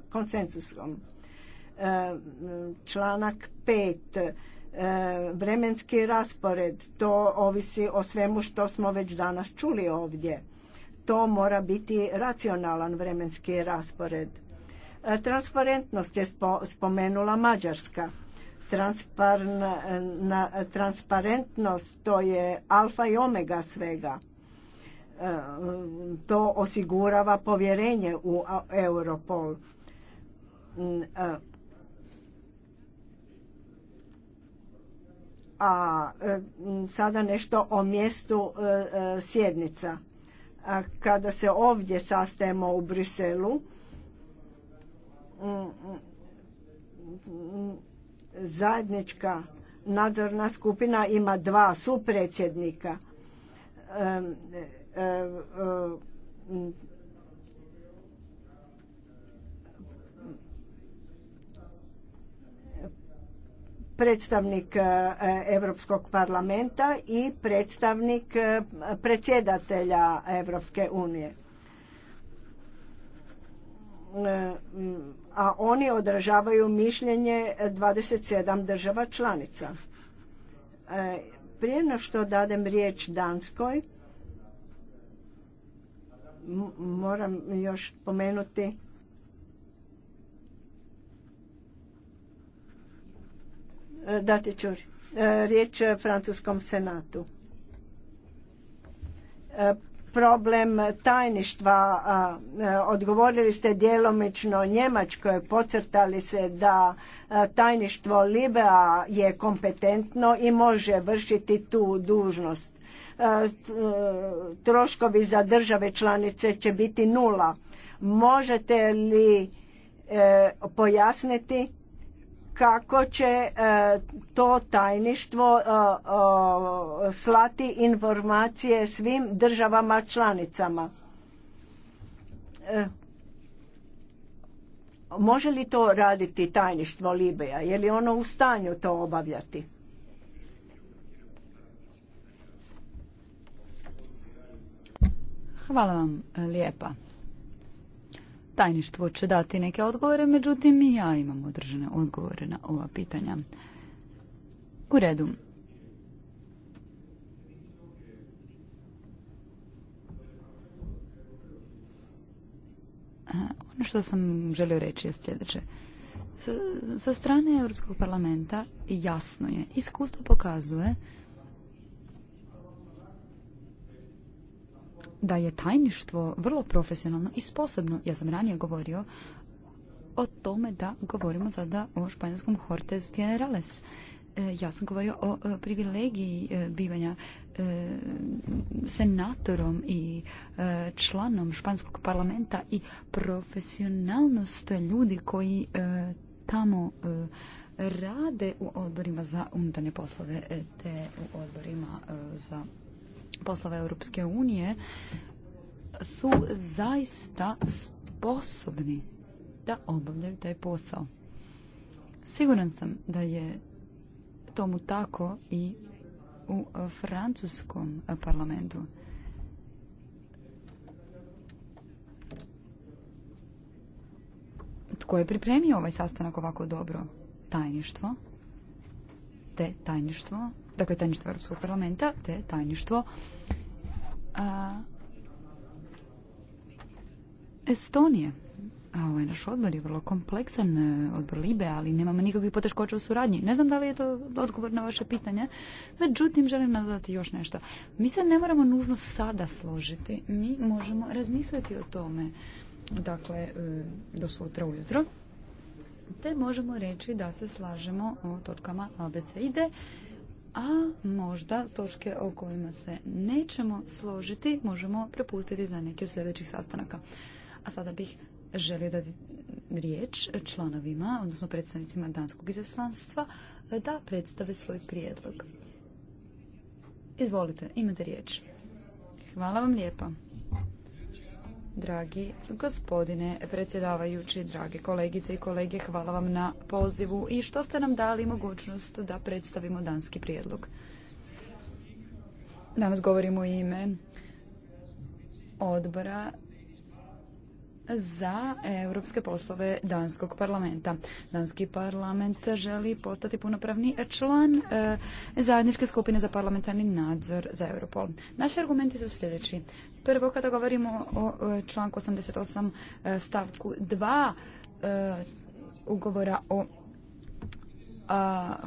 konsenzusom. članak 5 E, vremenski raspored, to ovisi o svemu što smo već danas čuli ovdje. To mora biti racionalan vremenski raspored. E, transparentnost je spomenula Mađarska. Transparentnost to je alfa i omega svega. E, to osigurava povjerenje u Europol A e, sada nešto o mjestu e, e, sjednica. Kada se ovdje sastajemo u Briselu, zajednička nadzorna skupina ima dva supredsjednika predstavnik e, Europskog parlamenta i predstavnik e, predsjedatelja Europske unije. E, a oni održavaju mišljenje 27 država članica. Prije no što dadem riječ Danskoj, moram još spomenuti dati ću e, riječ Francuskom senatu. E, problem tajništva, e, odgovorili ste djelomično Njemačkoj, pocrtali se da tajništvo Libea je kompetentno i može vršiti tu dužnost. Troškovi za države članice će biti nula. Možete li pojasniti kako će e, to tajništvo e, e, slati informacije svim državama članicama. Može li to raditi tajništvo Libeja? Je li ono u stanju to obavljati? Hvala vam lijepa. Tajništvo će dati neke odgovore, međutim i ja imam održene odgovore na ova pitanja. U redu. Ono što sam želio reći je sljedeće. Sa strane Europskog parlamenta jasno je, iskustvo pokazuje da je tajništvo vrlo profesionalno i sposobno. Ja sam ranije govorio o tome da govorimo sada o španjolskom Hortes Generales. E, ja sam govorio o, e, privilegiji e, bivanja senatorom i članom španskog parlamenta i profesionalnost ljudi koji tamo rade u odborima za unutarnje poslove te u odborima za poslova Europske unije su zaista sposobni da obavljaju taj posao. Siguran sam da je tomu tako i u francuskom parlamentu. Tko je pripremio ovaj sastanak ovako dobro? Tajništvo. Te tajništvo dakle tajništvo Europskog parlamenta te tajništvo Estonije. A ovaj naš odbor je vrlo kompleksan, e, odbor Libe, ali nemamo nikakvih poteškoća u suradnji. Ne znam da li je to odgovor na vaše pitanje, međutim želim nadodati još nešto. Mi se ne moramo nužno sada složiti, mi možemo razmisliti o tome, dakle, e, do sutra ujutro, te možemo reći da se slažemo o točkama ABC i D, a možda točke o kojima se nećemo složiti možemo prepustiti za neke od sljedećih sastanaka. A sada bih želio dati riječ članovima, odnosno predstavnicima danskog izaslanstva, da predstave svoj prijedlog. Izvolite, imate riječ. Hvala vam lijepa. Dragi gospodine predsjedavajući, drage kolegice i kolege, hvala vam na pozivu i što ste nam dali mogućnost da predstavimo danski prijedlog. Danas govorimo ime odbora za europske poslove Danskog parlamenta. Danski parlament želi postati punopravni član e, zajedničke skupine za parlamentarni nadzor za Europol. Naši argumenti su sljedeći. Prvo, kada govorimo o e, članku 88 e, stavku 2 e, ugovora o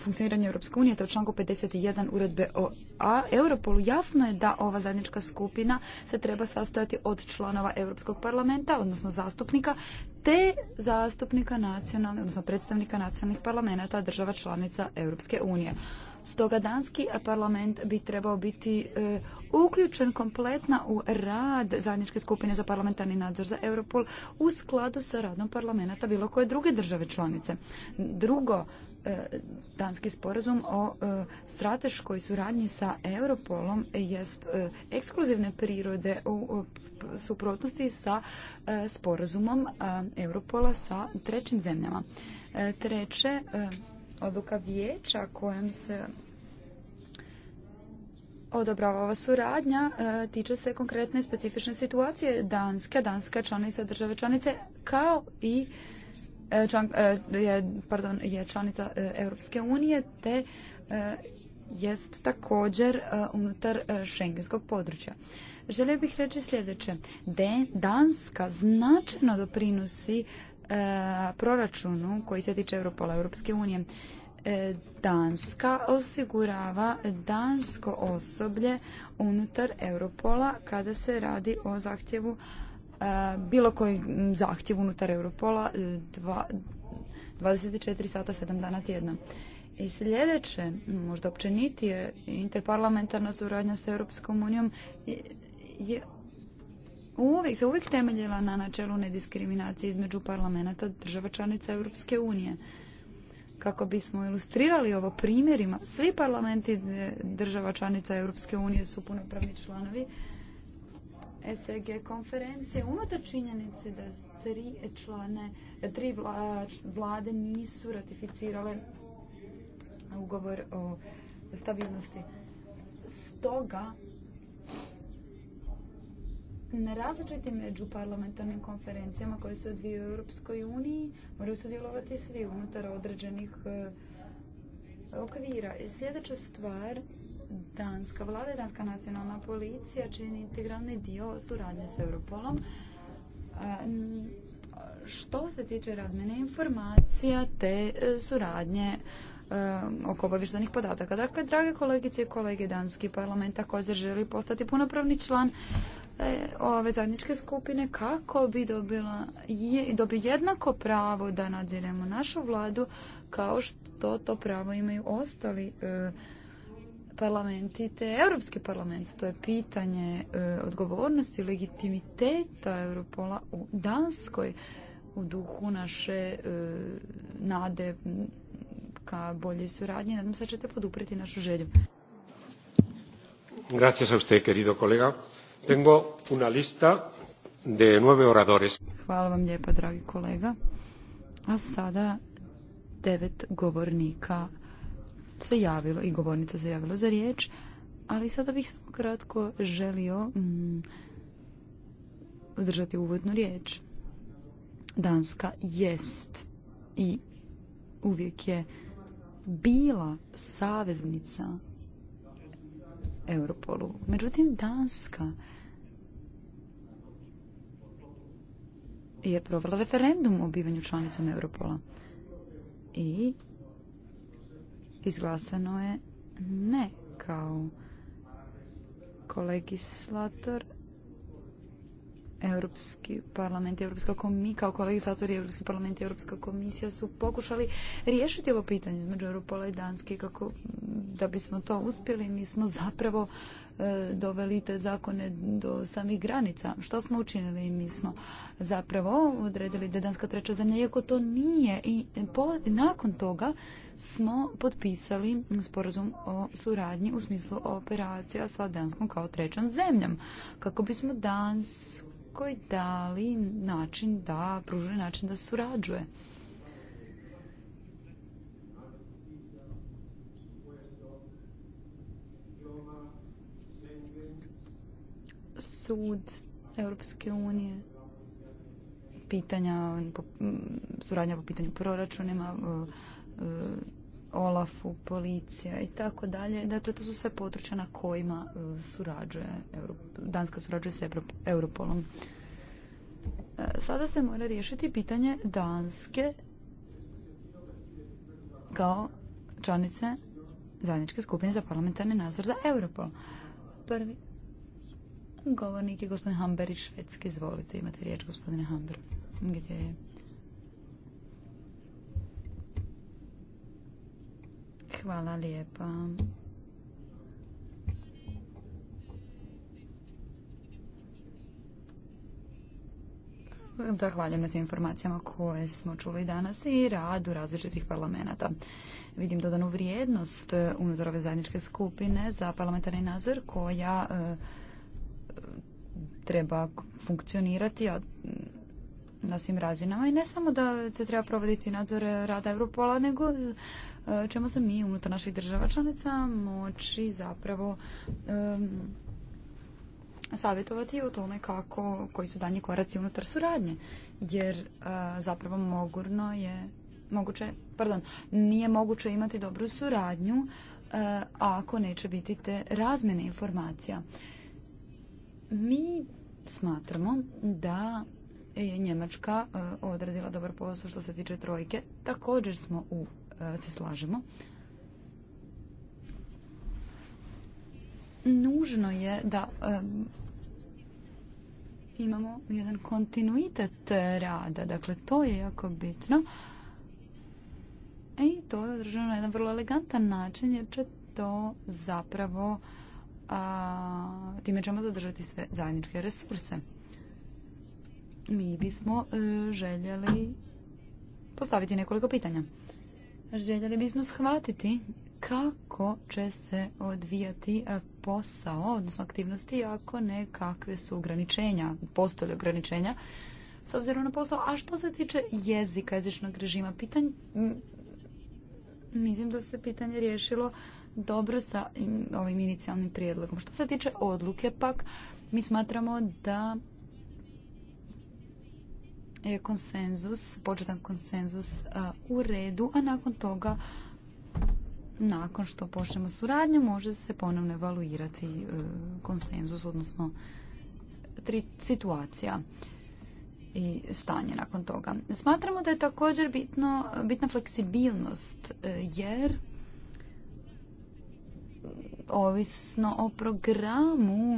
funkcioniranju Europske unije, te u članku 51 uredbe o a, Europolu, jasno je da ova zajednička skupina se treba sastojati od članova Europskog parlamenta, odnosno zastupnika, te zastupnika nacionalnih odnosno predstavnika nacionalnih parlamenta država članica Europske unije. Stoga danski parlament bi trebao biti e, uključen kompletna u rad zajedničke skupine za parlamentarni nadzor za Europol u skladu sa radom parlamenta bilo koje druge države članice. Drugo, e, danski sporazum o e, strateškoj suradnji sa Europolom jest ekskluzivne prirode u, u suprotnosti sa sporazumom Europola sa trećim zemljama. Treće, odluka vijeća kojem se odobrava ova suradnja e, tiče se konkretne specifične situacije Danske, Danska članica države članice kao i e, e, je, pardon, je članica Europske unije te jest također unutar šengenskog područja. Želio bih reći sljedeće. Danska značajno doprinosi E, proračunu koji se tiče Europola Europske unije. E, Danska osigurava dansko osoblje unutar Europola kada se radi o zahtjevu e, bilo koji zahtjev unutar Europola 24 sata 7 dana tjedna. I sljedeće, možda općenitije, interparlamentarna suradnja s Europskom unijom je uvijek se uvijek temeljila na načelu nediskriminacije između parlamenta država članica Europske unije. Kako bismo ilustrirali ovo primjerima, svi parlamenti država članica Europske unije su punopravni članovi SEG konferencije unutar činjenice da tri člane, tri vlade nisu ratificirale ugovor o stabilnosti. Stoga na različitim međuparlamentarnim konferencijama koje se odvijaju u Europskoj uniji moraju sudjelovati svi unutar određenih e, okvira. Sljedeća stvar, Danska vlada i Danska nacionalna policija čini integralni dio suradnje s Europolom. E, što se tiče razmjene informacija te e, suradnje oko obavištenih podataka. Dakle, drage kolegice i kolege, Danski parlament također želi postati punopravni član E, ove zajedničke skupine kako bi dobila dobi jednako pravo da nadziremo našu vladu kao što to pravo imaju ostali e, parlamenti te Europski parlament. To je pitanje e, odgovornosti i legitimiteta Europola u Danskoj u duhu naše nade ka bolje suradnje. Nadam se da ćete poduprijeti našu želju. Gracias a usted, querido kolega. Hvala vam lijepa, dragi kolega. A sada devet govornika se javilo i govornica se javila za riječ, ali sada bih samo kratko želio održati mm, uvodnu riječ. Danska jest i uvijek je bila saveznica Europolu. Međutim, Danska je provela referendum o bivanju članicom Europola. I izglasano je ne kao kolegislator Europski parlament i Europska komisija, kao kolegislator i Europski parlament i Europska komisija su pokušali riješiti ovo pitanje između Europola i Danske kako da bismo to uspjeli mi smo zapravo E, doveli te zakone do samih granica. Što smo učinili? Mi smo zapravo odredili da je Danska treća zemlja, iako to nije. I nakon toga smo potpisali sporazum o suradnji u smislu operacija sa Danskom kao trećom zemljom. Kako bismo Danskoj dali način da, pružili način da surađuje. sud Europske unije, pitanja, suradnja po pitanju proračunima, e, e, Olafu, policija i tako dalje. Dakle, to su sve područja na kojima e, surađuje, Danska surađuje s Europolom. Sada se mora riješiti pitanje Danske kao članice zajedničke skupine za parlamentarni nadzor za Europol. Prvi Govornik je gospodin Hamber iz Švedske. Izvolite, imate riječ gospodine Hamber. Gdje Hvala lijepa. Zahvaljujem na svim informacijama koje smo čuli danas i radu različitih parlamenta. Vidim dodanu vrijednost unutar ove zajedničke skupine za parlamentarni nadzor koja e, treba funkcionirati na svim razinama i ne samo da se treba provoditi nadzore rada Europola, nego ćemo e, se mi unutar naših država članica moći zapravo savjetovati o tome kako, koji su danji koraci unutar suradnje. Jer e, zapravo mogurno je moguće, pardon, nije moguće imati dobru suradnju e, ako neće biti te razmjene informacija. Mi smatramo da je Njemačka e, odradila dobar posao što se tiče trojke. Također smo u, e, se slažemo. Nužno je da e, imamo jedan kontinuitet rada. Dakle, to je jako bitno. I to je održano na jedan vrlo elegantan način jer će to zapravo a time ćemo zadržati sve zajedničke resurse. Mi bismo e, željeli postaviti nekoliko pitanja. Željeli bismo shvatiti kako će se odvijati e, posao, odnosno aktivnosti, ako ne kakve su ograničenja, postoje li ograničenja s obzirom na posao. A što se tiče jezika, jezičnog režima, pitanje, mislim da se pitanje riješilo dobro sa ovim inicijalnim prijedlogom. Što se tiče odluke pak, mi smatramo da je konsenzus, početan konsenzus u redu, a nakon toga nakon što počnemo suradnju može se ponovno evaluirati e, konsenzus, odnosno tri situacija i stanje nakon toga. Smatramo da je također bitno, bitna fleksibilnost e, jer ovisno o programu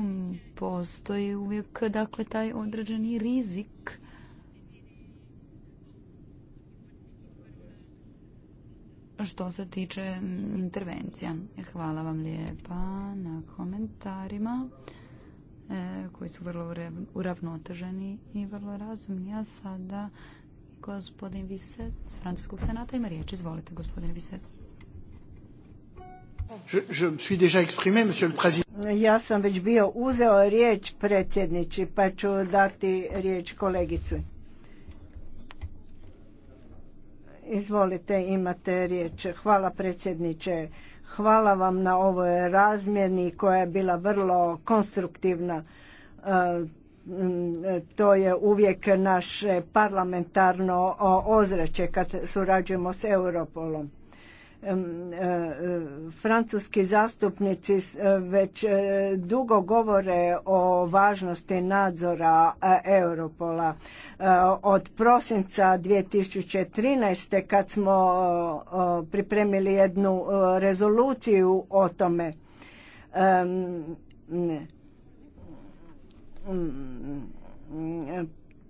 postoji uvijek dakle taj određeni rizik što se tiče intervencija. Hvala vam lijepa na komentarima e, koji su vrlo uravnoteženi i vrlo razumni. A sada gospodin Viset iz Francuskog senata ima riječ. Izvolite gospodine Viset. Ja sam već bio uzeo riječ predsjedniči, pa ću dati riječ kolegici. Izvolite, imate riječ. Hvala predsjedniče. Hvala vam na ovoj razmjeni koja je bila vrlo konstruktivna. E, mm, to je uvijek naše parlamentarno ozračje kad surađujemo s Europolom E, e, francuski zastupnici e, već dugo govore o važnosti nadzora Europola. Od prosinca 2013. kad smo pripremili jednu rezoluciju o tome,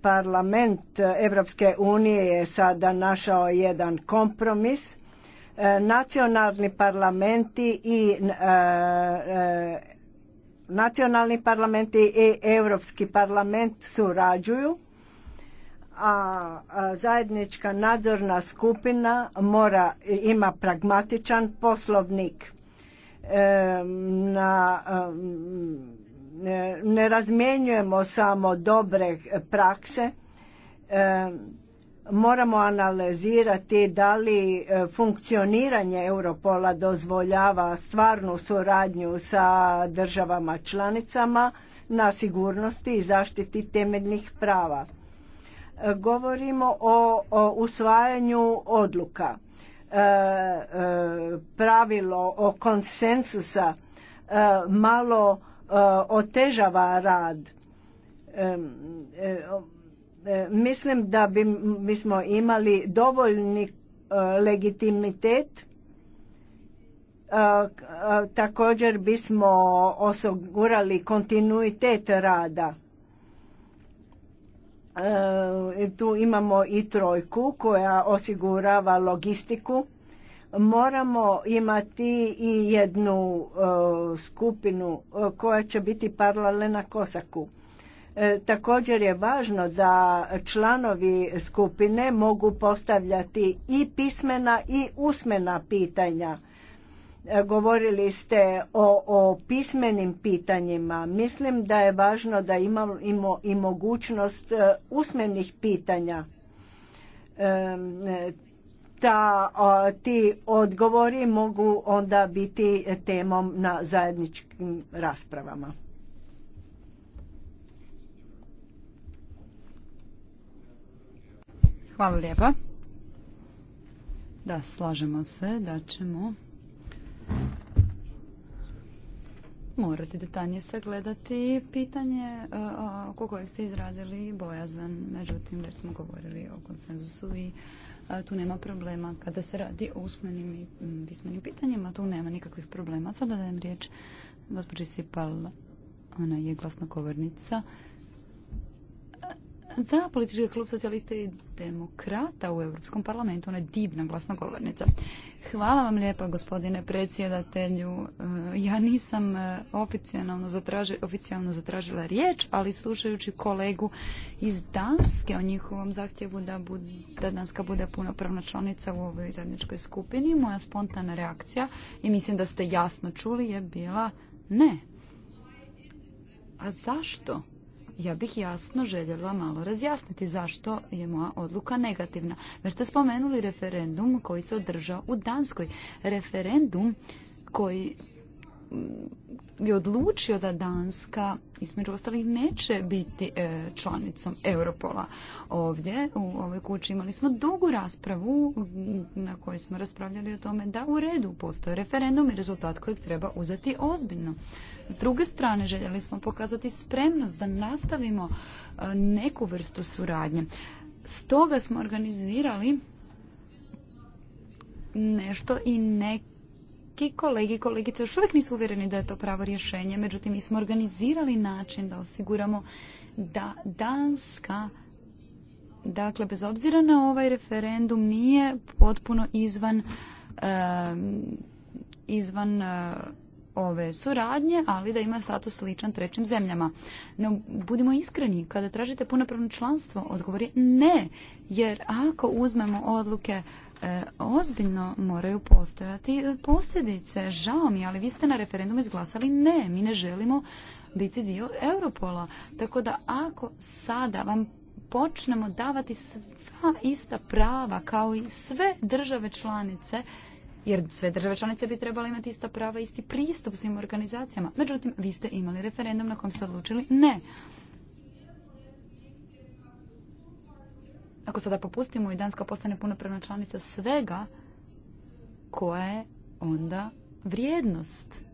parlament Evropske unije je sada našao jedan kompromis E, nacionalni parlamenti i e, e, nacionalni parlamenti i Europski parlament surađuju a zajednička nadzorna skupina mora ima pragmatičan poslovnik na ne razmjenjujemo samo dobre prakse moramo analizirati da li e, funkcioniranje Europola dozvoljava stvarnu suradnju sa državama članicama na sigurnosti i zaštiti temeljnih prava. E, govorimo o, usvajanju odluka. E, pravilo o konsensusa malo otežava rad E, mislim da bi, bismo imali dovoljni e, legitimitet e, također bismo osigurali kontinuitet rada. Tu imamo i trojku koja osigurava logistiku. Moramo imati i jednu skupinu koja će biti paralelna Kosaku. E, također je važno da članovi skupine mogu postavljati i pismena i usmena pitanja. E, govorili ste o, o pismenim pitanjima. Mislim da je važno da imamo i mogućnost e, usmenih pitanja. Ta, ti odgovori mogu onda biti temom na zajedničkim raspravama. Hvala lijepa. Da, slažemo se da ćemo morati detaljnije sagledati pitanje e, oko kojeg ste izrazili bojazan. Međutim, već smo govorili o konsenzusu i e, tu nema problema. Kada se radi o usmenim i pismenim pitanjima, tu nema nikakvih problema. Sada dajem riječ gospođi Sipal, ona je govornica za politički klub socijalista i demokrata u Europskom parlamentu. Ona je divna glasnogovornica. Hvala vam lijepa gospodine predsjedatelju. E, ja nisam e, oficijalno, zatražila riječ, ali slušajući kolegu iz Danske o njihovom zahtjevu da, Danska bude punopravna članica u ovoj zajedničkoj skupini, moja spontana reakcija i mislim da ste jasno čuli je bila ne. A zašto? ja bih jasno željela malo razjasniti zašto je moja odluka negativna. Već ste spomenuli referendum koji se održao u Danskoj. Referendum koji mm, je odlučio da Danska između ostalih neće biti e, članicom Europola. Ovdje u ovoj kući imali smo dugu raspravu mm, na kojoj smo raspravljali o tome da u redu postoje referendum i rezultat kojeg treba uzeti ozbiljno. S druge strane, željeli smo pokazati spremnost da nastavimo e, neku vrstu suradnje. Stoga smo organizirali nešto i neki kolegi i kolegice još uvijek nisu uvjereni da je to pravo rješenje, međutim mi smo organizirali način da osiguramo da Danska dakle bez obzira na ovaj referendum nije potpuno izvan e, izvan e, ove suradnje, ali da ima status sličan trećim zemljama. No, budimo iskreni, kada tražite punopravno članstvo, odgovor je ne, jer ako uzmemo odluke e, ozbiljno moraju postojati posljedice. Žao mi, ali vi ste na referendum izglasali ne, mi ne želimo biti dio Europola. Tako da ako sada vam počnemo davati sva ista prava kao i sve države članice, jer sve države članice bi trebale imati ista prava, isti pristup svim organizacijama. Međutim, vi ste imali referendum na kom ste odlučili ne. Ako sada popustimo i Danska postane punopravna članica svega, koja je onda vrijednost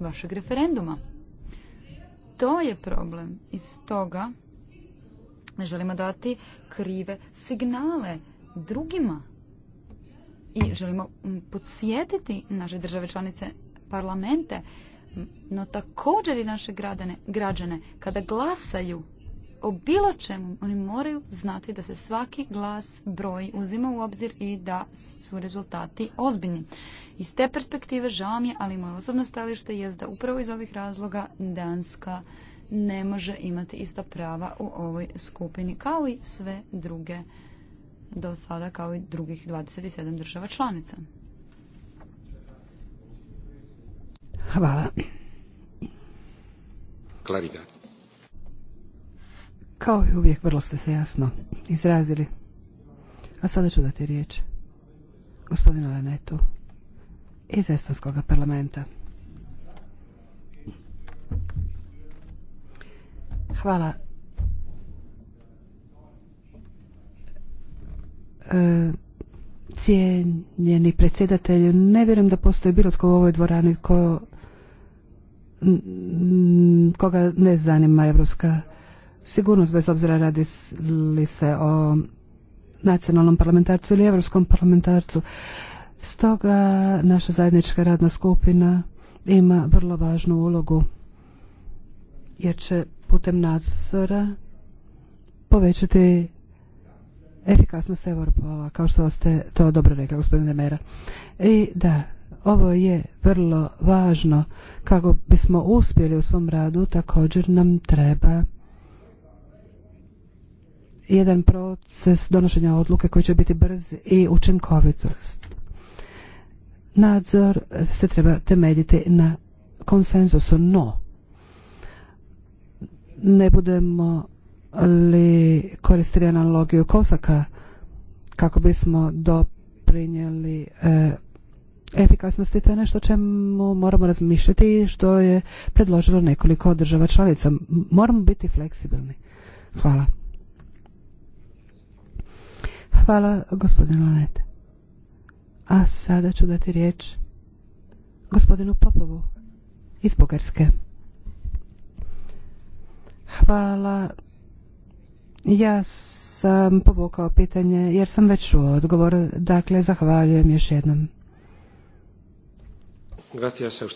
vašeg referenduma? To je problem. Iz toga ne želimo dati krive signale drugima i želimo podsjetiti naše države članice parlamente, no također i naše gradane, građane, kada glasaju o bilo čemu, oni moraju znati da se svaki glas broji, uzima u obzir i da su rezultati ozbiljni. Iz te perspektive žao mi je, ali moje osobno stajalište je da upravo iz ovih razloga Danska ne može imati ista prava u ovoj skupini kao i sve druge do sada kao i drugih 27 država članica. Hvala. Kao i uvijek, vrlo ste se jasno izrazili. A sada ću dati riječ gospodinu Lenetu iz Estonskog parlamenta. Hvala E, cijenjeni predsjedatelju, ne vjerujem da postoji bilo tko u ovoj dvorani ko, koga ne zanima evropska sigurnost, bez obzira radi li se o nacionalnom parlamentarcu ili evropskom parlamentarcu. Stoga naša zajednička radna skupina ima vrlo važnu ulogu jer će putem nadzora povećati efikasnost Europola, kao što ste to dobro rekli, gospodine Mera. I da, ovo je vrlo važno. Kako bismo uspjeli u svom radu, također nam treba jedan proces donošenja odluke koji će biti brz i učinkovitost. Nadzor se treba temeljiti na konsenzusu, no ne budemo li koristili analogiju Kosaka kako bismo doprinijeli e, efikasnosti, to je nešto čemu moramo razmišljati i što je predložilo nekoliko država članica. Moramo biti fleksibilni. Hvala. Hvala gospodin Lanete. A sada ću dati riječ gospodinu Popovu iz Bugarske. Hvala ja sam povukao pitanje jer sam već čuo odgovor. Dakle, zahvaljujem još jednom. Gracias a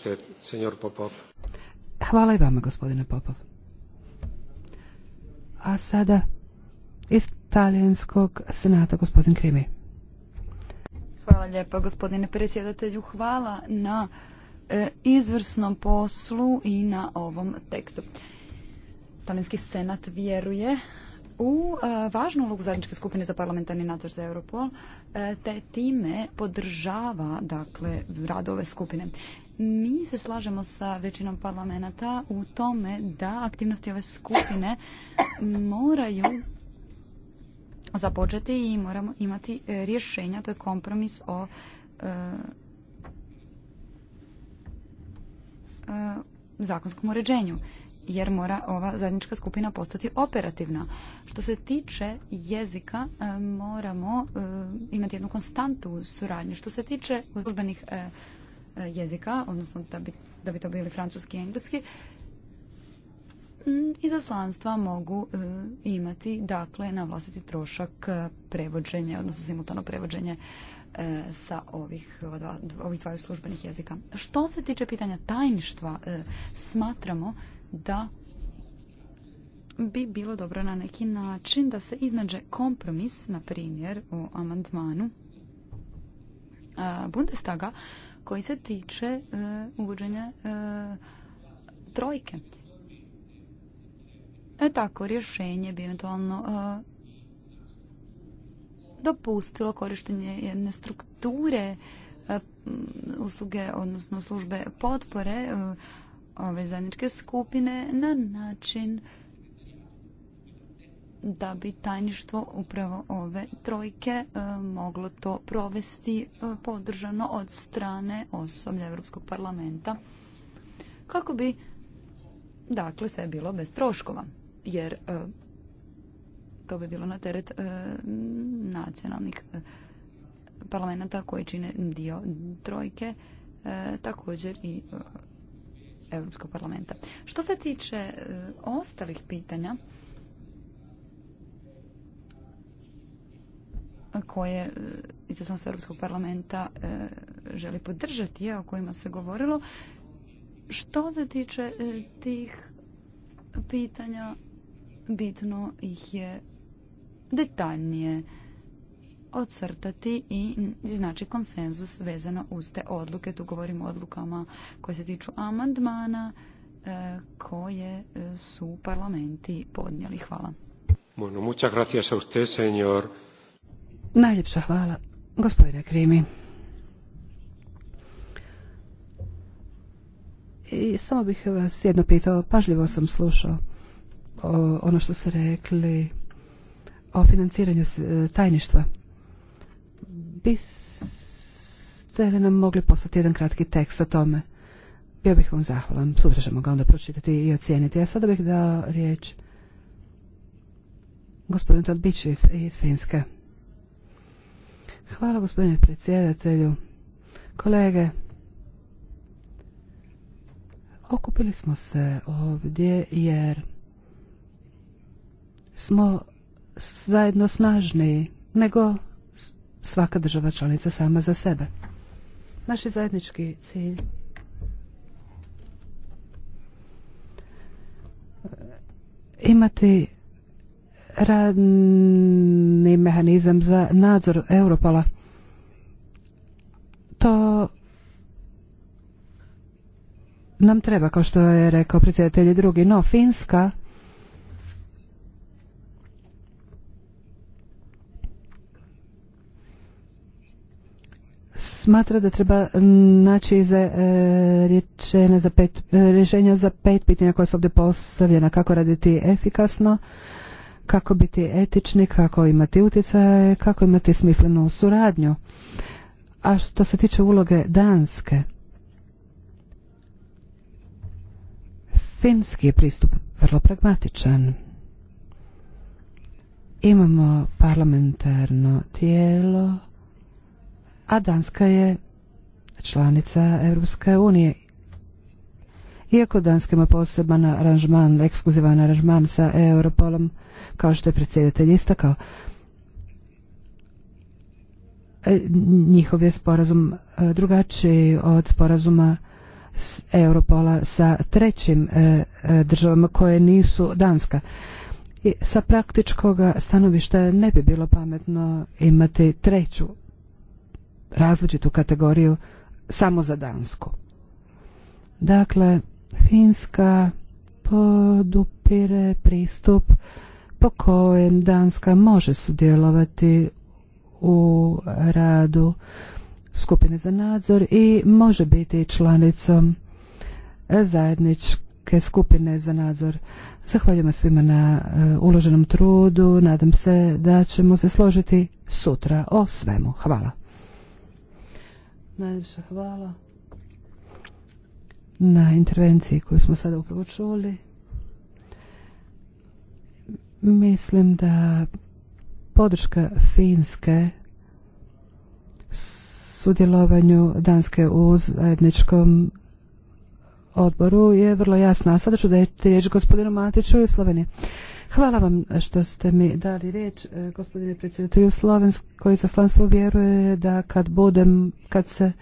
Popov. Hvala i vama, gospodine Popov. A sada iz talijanskog senata, gospodin Krimi. Hvala lijepa, gospodine predsjedatelju. Hvala na e, izvrsnom poslu i na ovom tekstu. Talijanski senat vjeruje u e, važnu ulogu zajedničke skupine za parlamentarni nadzor za Europol, e, te time podržava dakle rad ove skupine. Mi se slažemo sa većinom parlamenta u tome da aktivnosti ove skupine moraju započeti i moramo imati e, rješenja, to je kompromis o zakonskom uređenju jer mora ova zajednička skupina postati operativna. Što se tiče jezika, e, moramo e, imati jednu konstantu suradnju. Što se tiče službenih e, jezika, odnosno da bi, da to bili francuski i engleski, izaslanstva mogu imati dakle na vlastiti trošak prevođenje, odnosno simultano prevođenje sa ovih, ovih dvaju službenih jezika. Što se tiče pitanja tajništva, smatramo da bi bilo dobro na neki način da se iznađe kompromis, na primjer u amandmanu Bundestaga koji se tiče e, uvođenja e, trojke. E tako, rješenje bi eventualno e, dopustilo korištenje jedne strukture usluge, odnosno službe potpore ove zajedničke skupine na način da bi tajništvo upravo ove trojke e, moglo to provesti e, podržano od strane osoblja Europskog parlamenta kako bi dakle sve bilo bez troškova jer e, to bi bilo na teret nacionalnih parlamenta koji čine dio trojke također i Europskog parlamenta. Što se tiče e, ostalih pitanja koje e, sa Europskog parlamenta e, želi podržati, a o kojima se govorilo, što se tiče tih pitanja, bitno ih je detaljnije ocrtati i znači konsenzus vezano uz te odluke. Tu govorimo o odlukama koje se tiču amandmana e, koje e, su parlamenti podnijeli. Hvala. Bueno, muchas gracias a usted, señor. Najljepša hvala, gospodine Krimi. I samo bih vas jedno pitao, pažljivo sam slušao ono što ste rekli o financiranju e, tajništva biste li nam mogli poslati jedan kratki tekst o tome? Bio bih vam zahvalan. Sutra ćemo ga onda pročitati i ocijeniti. A sada bih dao riječ gospodinu Todbiću iz, iz Finske. Hvala gospodine predsjedatelju. Kolege, okupili smo se ovdje jer smo zajedno snažniji nego svaka država članica sama za sebe. Naš je zajednički cilj eh, imati radni mehanizam za nadzor Europola. To nam treba, kao što je rekao predsjedatelj drugi, no Finska smatra da treba mm, naći za, e, za pet, e, rješenja za pet pitanja koja su ovdje postavljena. Kako raditi efikasno, kako biti etični, kako imati utjecaje, kako imati smislenu suradnju. A što se tiče uloge Danske, finski je pristup vrlo pragmatičan. Imamo parlamentarno tijelo a Danska je članica Europske unije. Iako Danska ima poseban aranžman, ekskluzivan aranžman sa Europolom, kao što je predsjedatelj istakao, e, njihov je sporazum e, drugačiji od sporazuma s Europola sa trećim e, državama koje nisu Danska. sa praktičkog stanovišta ne bi bilo pametno imati treću različitu kategoriju samo za Dansku. Dakle, Finska podupire pristup po kojem Danska može sudjelovati u radu skupine za nadzor i može biti članicom zajedničke skupine za nadzor. Zahvaljujem svima na e, uloženom trudu. Nadam se da ćemo se složiti sutra o svemu. Hvala. Najljepša hvala na intervenciji koju smo sada upravo čuli. Mislim da podrška Finske sudjelovanju Danske u zajedničkom odboru je vrlo jasna. A sada ću da je riječ gospodinu Matiću i Slovenije. Hvala vam što ste mi dali riječ, e, gospodine predsjedatelju. sa slanstvo vjeruje da kad budem, kad se,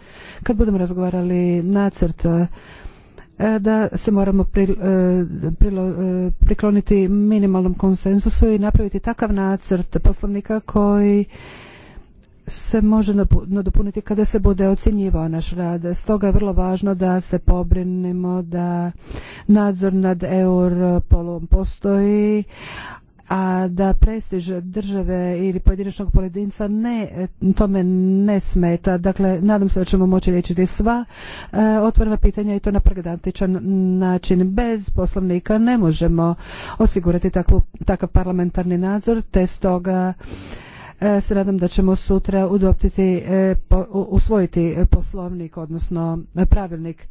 kad budemo razgovarali nacrt e, da se moramo e, prikloniti minimalnom konsensusu i napraviti takav nacrt poslovnika koji se može nadopuniti kada se bude ocjenjivao naš rad. Stoga je vrlo važno da se pobrinimo da nadzor nad Europolom postoji, a da prestiž države ili pojedinačnog pojedinca ne, tome ne smeta. Dakle, nadam se da ćemo moći riječiti sva e, otvorena pitanja i to na pragmatičan način. Bez poslovnika ne možemo osigurati takvu, takav parlamentarni nadzor, te stoga E, s radom da ćemo sutra udoptiti, e, usvojiti poslovnik, odnosno e, pravilnik.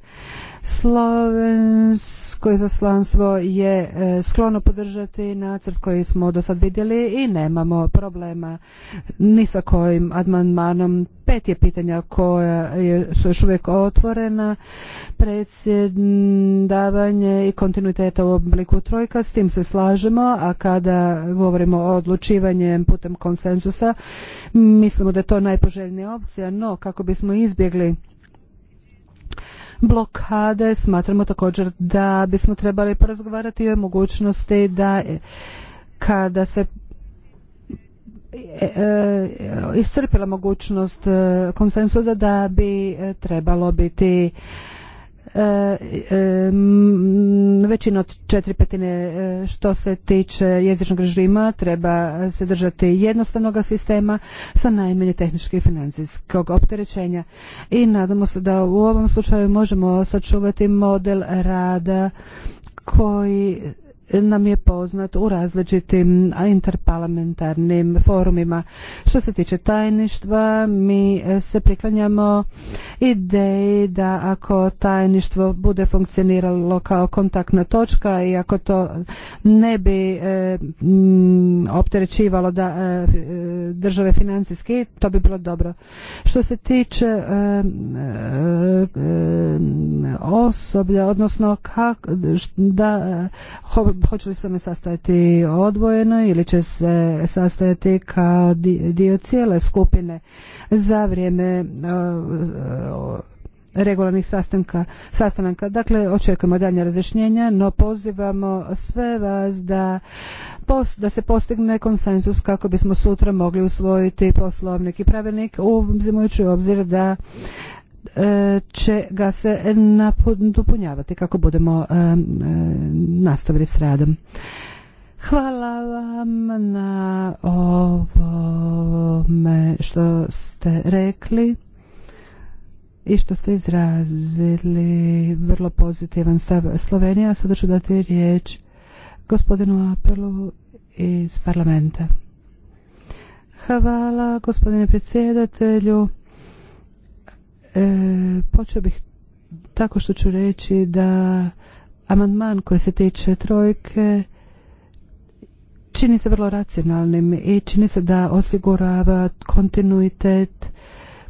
Slovensko izaslanstvo je sklono podržati nacrt koji smo do sad vidjeli i nemamo problema ni sa kojim admanmanom pet je pitanja koja su još uvijek otvorena. Predsjedavanje i kontinuiteta u obliku trojka, s tim se slažemo, a kada govorimo o odlučivanjem putem konsenzusa, mislimo da je to najpoželjnija opcija, no kako bismo izbjegli blokade, smatramo također da bismo trebali porazgovarati o mogućnosti da kada se E, e, iscrpila mogućnost e, konsensusa da bi trebalo biti većina od četiri petine što se tiče jezičnog režima treba se držati jednostavnog sistema sa najmanje tehničkih i financijskog opterećenja i nadamo se da u ovom slučaju možemo sačuvati model rada koji nam je poznat u različitim interparlamentarnim forumima. Što se tiče tajništva, mi e, se priklanjamo ideji da ako tajništvo bude funkcioniralo kao kontaktna točka i ako to ne bi e, opterećivalo da e, države financijski, to bi bilo dobro. Što se tiče e, osoblja, odnosno kak, da hoće li se ne sastajati odvojeno ili će se sastajati kao dio cijele skupine za vrijeme e, e, regularnih sastanka, sastanaka. Dakle, očekujemo dalje razjašnjenja, no pozivamo sve vas da, da se postigne konsensus kako bismo sutra mogli usvojiti poslovnik i pravilnik uzimajući u obzir da E, će ga se dopunjavati kako budemo e, e, nastavili s radom. Hvala vam na ovome što ste rekli i što ste izrazili vrlo pozitivan stav Slovenija. Sada ću dati riječ gospodinu Apelu iz parlamenta. Hvala gospodine predsjedatelju. E, počeo bih tako što ću reći da amandman koji se tiče trojke čini se vrlo racionalnim i čini se da osigurava kontinuitet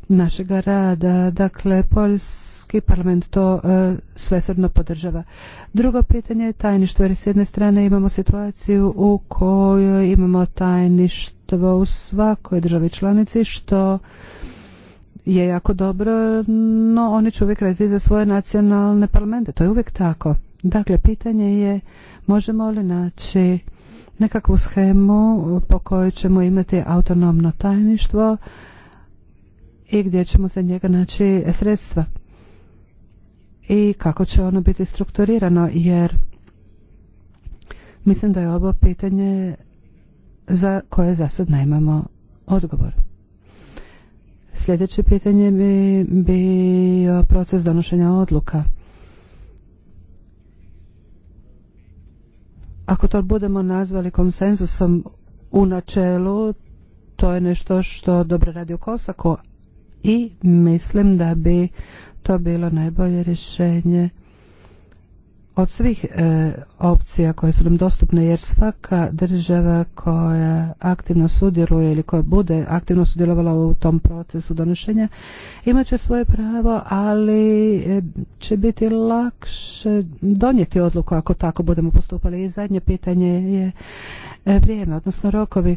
našeg rada. Dakle, Poljski parlament to e, svesrdno podržava. Drugo pitanje je tajništvo, jer s jedne strane imamo situaciju u kojoj imamo tajništvo u svakoj državi članici, što je jako dobro, no oni će uvijek raditi za svoje nacionalne parlamente. To je uvijek tako. Dakle, pitanje je možemo li naći nekakvu schemu po kojoj ćemo imati autonomno tajništvo i gdje ćemo za njega naći sredstva i kako će ono biti strukturirano jer mislim da je ovo pitanje za koje za sad nemamo odgovor. Sljedeće pitanje bi bio proces donošenja odluka. Ako to budemo nazvali konsenzusom u načelu, to je nešto što dobro radi u Kosaku i mislim da bi to bilo najbolje rješenje od svih e, opcija koje su nam dostupne jer svaka država koja aktivno sudjeluje ili koja bude aktivno sudjelovala u tom procesu donošenja imat će svoje pravo ali e, će biti lakše donijeti odluku ako tako budemo postupali i zadnje pitanje je e, vrijeme odnosno rokovi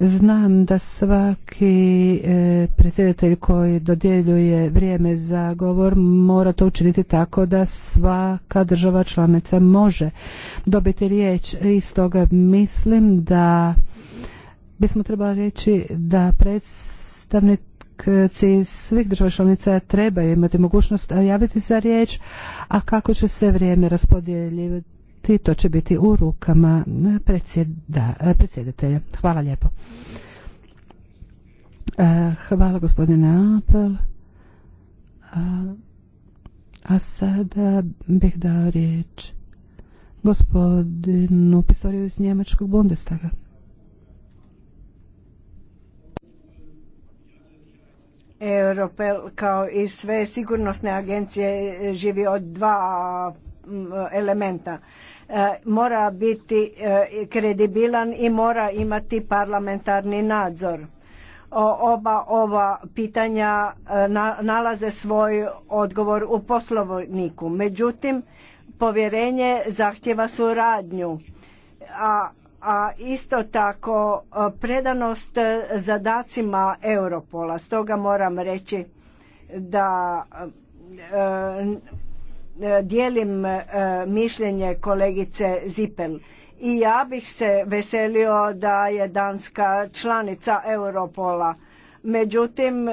Znam da svaki e, predsjedatelj koji dodjeljuje vrijeme za govor mora to učiniti tako da svaka država članica može dobiti riječ i stoga mislim da bismo trebali reći da predstavnik svih država članica trebaju imati mogućnost javiti za riječ, a kako će se vrijeme raspodjeljivati, to će biti u rukama predsjedatelja. Hvala lijepo. E, hvala gospodine Apel. a sada bih dao riječ Gospodin Pistoriju iz Njemačkog Bundestaga. Europel kao i sve sigurnosne agencije živi od dva elementa. E, mora biti e, kredibilan i mora imati parlamentarni nadzor. Oba ova pitanja e, nalaze svoj odgovor u poslovniku. Međutim, Povjerenje zahtjeva suradnju, a, a isto tako predanost zadacima Europola. Stoga moram reći da dijelim mišljenje kolegice Zipel. I ja bih se veselio da je Danska članica Europola. Međutim,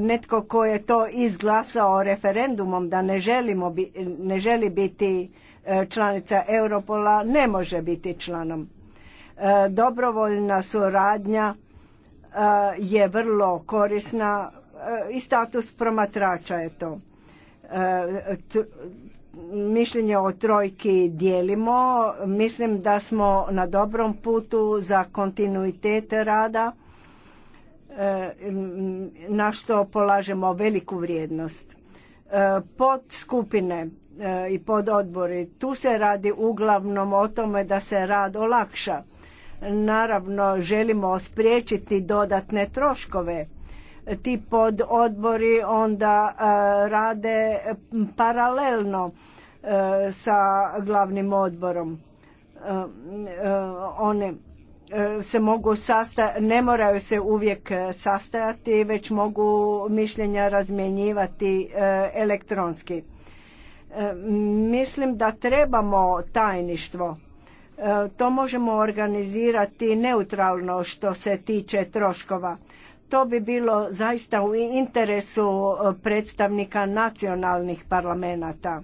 netko ko je to izglasao referendumom da ne, želimo, ne želi biti e, članica Europola ne može biti članom. E, dobrovoljna suradnja e, je vrlo korisna i status promatrača je to. Mišljenje o trojki dijelimo. Mislim da smo na dobrom putu za kontinuitet rada E, na što polažemo veliku vrijednost. E, pod skupine e, i pod odbori, tu se radi uglavnom o tome da se rad olakša. Naravno, želimo spriječiti dodatne troškove. Ti pod odbori onda rade paralelno sa glavnim odborom. One E, se mogu sasta ne moraju se uvijek e, sastajati već mogu mišljenja razmjenjivati e, elektronski mislim da trebamo tajništvo to možemo organizirati neutralno što se tiče troškova to bi bilo zaista u interesu predstavnika nacionalnih parlamenata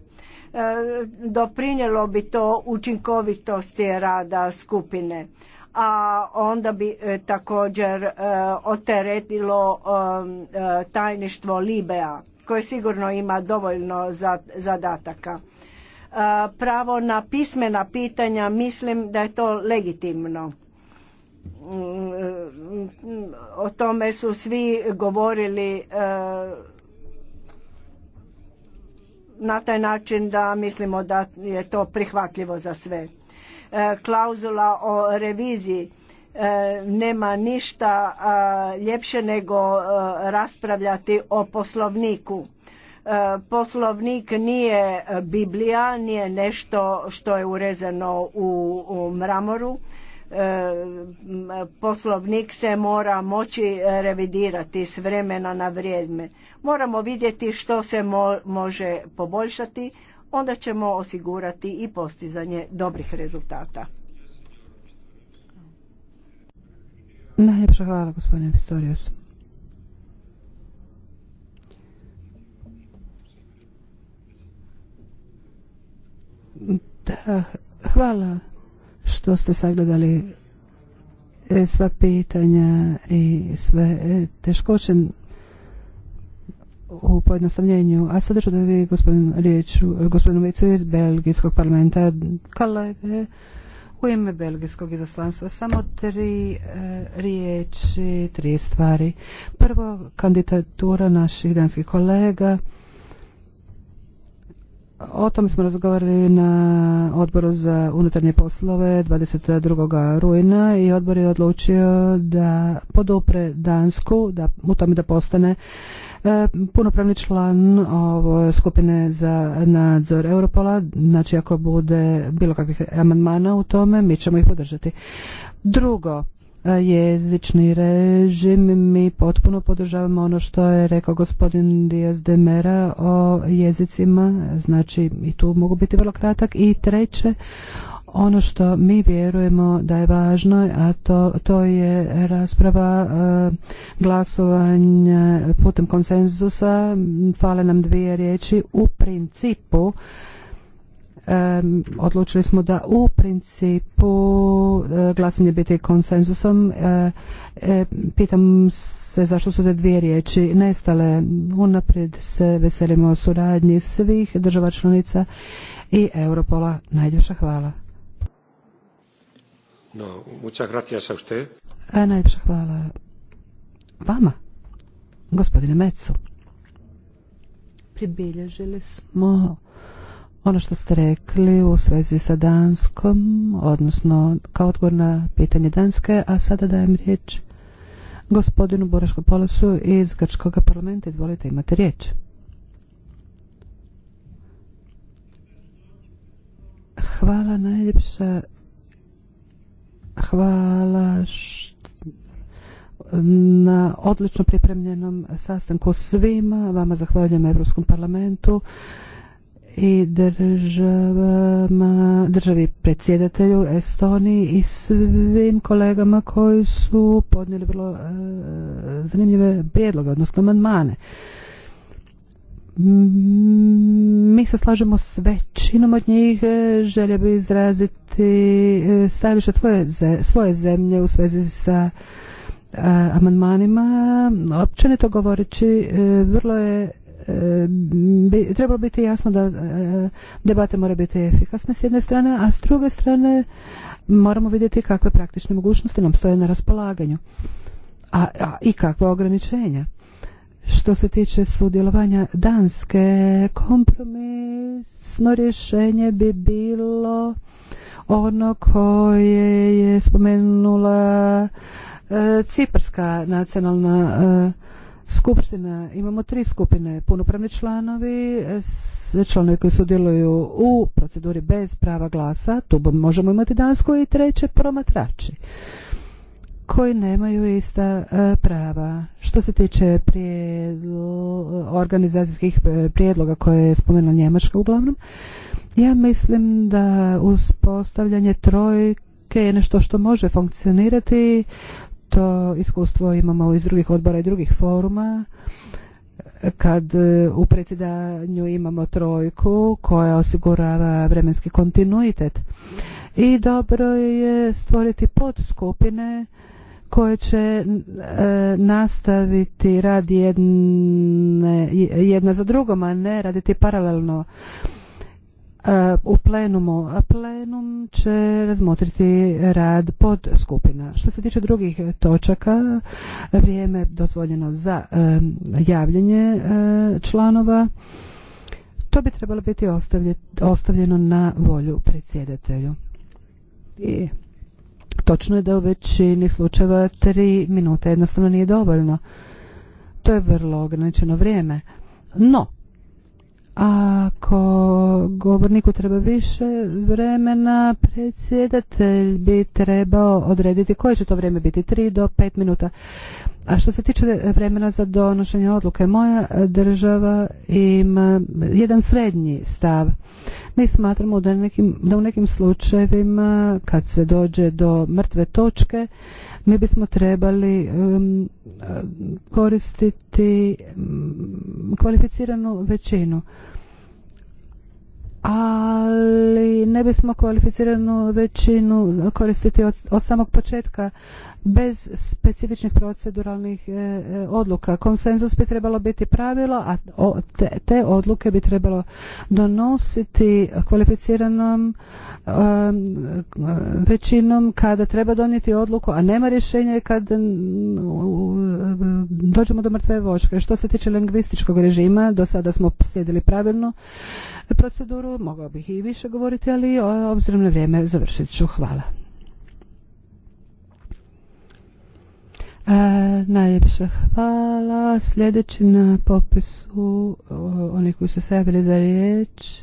doprinjelo bi to učinkovitosti rada skupine a onda bi e, također e, oteretilo e, tajništvo Libea koje sigurno ima dovoljno zadataka. Pravo na pismena pitanja mislim da je to legitimno. Mm, o tome su svi govorili na taj način da mislimo da je to prihvatljivo za sve. E, klauzula o reviziji. E, nema ništa e, ljepše nego raspravljati o poslovniku. Poslovnik nije Biblija, nije nešto što je urezano u, mramoru. Poslovnik se mora moći revidirati s vremena na vrijeme. Moramo vidjeti što se može poboljšati, onda ćemo osigurati i postizanje dobrih rezultata. Najljepša hvala gospodine Pistorius. Da, hvala što ste sagledali e, sva pitanja i sve e, teškoće u pojednostavljenju. A sada ću dati gospodinu, Riječ, gospodinu Vicu iz Belgijskog parlamenta. Kolege, u ime Belgijskog izaslanstva samo tri e, riječi, tri stvari. Prvo, kandidatura naših danskih kolega. O tom smo razgovarali na odboru za unutarnje poslove 22. rujna i odbor je odlučio da podupre Dansku da, u tome da postane E, punopravni član ovo, skupine za nadzor Europola. Znači, ako bude bilo kakvih amandmana u tome, mi ćemo ih podržati. Drugo, e, jezični režim mi potpuno podržavamo ono što je rekao gospodin Diaz de Mera o jezicima znači i tu mogu biti vrlo kratak i treće ono što mi vjerujemo da je važno, a to, to je rasprava e, glasovanja putem konsenzusa, fale nam dvije riječi, u principu e, odlučili smo da u principu e, glasanje biti konsenzusom. pitam se zašto su te dvije riječi nestale. Unaprijed se veselimo suradnji svih država članica i Europola. Najljepša hvala. No, muchas gracias E, najljepša hvala vama, gospodine Mecu. Pribilježili smo ono što ste rekli u svezi sa Danskom, odnosno kao odgovor na pitanje Danske, a sada dajem riječ gospodinu Boraško Polosu iz Grčkog parlamenta. Izvolite, imate riječ. Hvala najljepša Hvala na odlično pripremljenom sastanku svima. Vama zahvaljujem Europskom parlamentu i državama, državi predsjedatelju Estoniji i svim kolegama koji su podnijeli vrlo eh, zanimljive prijedloge, odnosno amandmane. Mm, mi se slažemo s većinom od njih. E, želio bi izraziti e, stajalište svoje zemlje u svezi sa e, amandmanima. Općenito govoreći, vrlo je bi, trebalo biti jasno da debate mora biti efikasne s jedne strane, a s druge strane moramo vidjeti kakve praktične mogućnosti nam stoje na raspolaganju a, a i kakva ograničenja. Što se tiče sudjelovanja Danske, kompromisno rješenje bi bilo ono koje je spomenula e, Ciprska nacionalna e, skupština. Imamo tri skupine. Punopravni članovi, e, članovi koji sudjeluju u proceduri bez prava glasa, tu možemo imati Dansku i treće promatrači koji nemaju ista e, prava. Što se tiče organizacijskih e, prijedloga koje je spomenula Njemačka uglavnom, ja mislim da uz postavljanje trojke je nešto što može funkcionirati. To iskustvo imamo iz drugih odbora i drugih foruma kad e, u predsjedanju imamo trojku koja osigurava vremenski kontinuitet. I dobro je stvoriti podskupine koje će e, nastaviti rad jedne, jedna za drugom, a ne raditi paralelno e, u plenumu. A plenum će razmotriti rad pod skupina. Što se tiče drugih točaka, vrijeme je dozvoljeno za e, javljanje članova. To bi trebalo biti ostavljeno na volju predsjedatelju. I Točno je da u većini slučajeva tri minute jednostavno nije dovoljno. To je vrlo ograničeno vrijeme. No, ako govorniku treba više vremena, predsjedatelj bi trebao odrediti koje će to vrijeme biti, tri do pet minuta. A što se tiče vremena za donošenje odluke, moja država ima jedan srednji stav. Mi smatramo da, nekim, da u nekim slučajevima kad se dođe do mrtve točke, mi bismo trebali um, koristiti um, kvalificiranu većinu ali ne bismo kvalificiranu većinu koristiti od samog početka bez specifičnih proceduralnih e, e, odluka. Konsenzus bi trebalo biti pravilo, a te odluke bi trebalo donositi kvalificiranom većinom kada treba donijeti odluku, a nema rješenja kad dođemo do mrtve vočke. Što se tiče lingvističkog režima, do sada smo slijedili pravilnu proceduru, mogao bih i više govoriti, ali obzirom na vrijeme završit ću. Hvala. E, najljepša hvala. Sljedeći na popisu oni koji su se javili za riječ.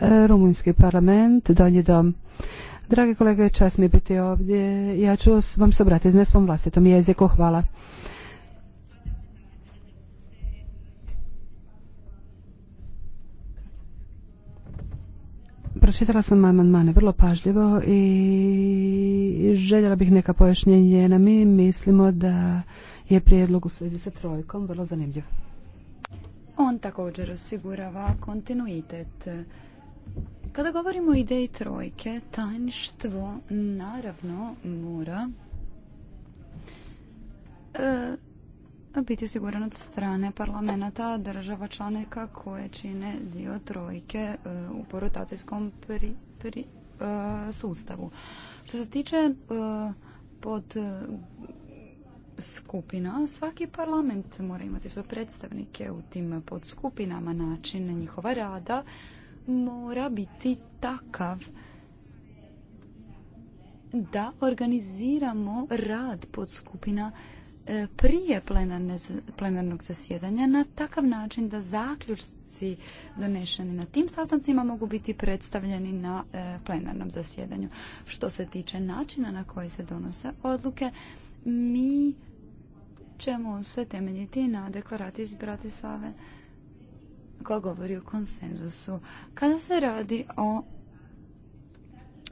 E, Rumunjski parlament, Donji dom. Dragi kolege, čas mi biti ovdje. Ja ću vam se obratiti na svom vlastitom jeziku. Hvala. Pročitala sam amandmane vrlo pažljivo i željela bih neka pojašnjenja. Mi mislimo da je prijedlog u svezi sa trojkom vrlo zanimljiv. On također osigurava kontinuitet. Kada govorimo o ideji trojke, tajništvo naravno mora e, biti siguran od strane parlamenta država članica koje čine dio trojke e, u porotacijskom e, sustavu. Što se tiče e, pod skupina, svaki parlament mora imati svoje predstavnike u tim podskupinama, način njihova rada mora biti takav da organiziramo rad podskupina skupina E, prije plenarnog zasjedanja na takav način da zaključci donešeni na tim sastancima mogu biti predstavljeni na e, plenarnom zasjedanju. Što se tiče načina na koji se donose odluke, mi ćemo se temeljiti na deklaraciji iz Bratislave koja govori o konsenzusu. Kada se radi o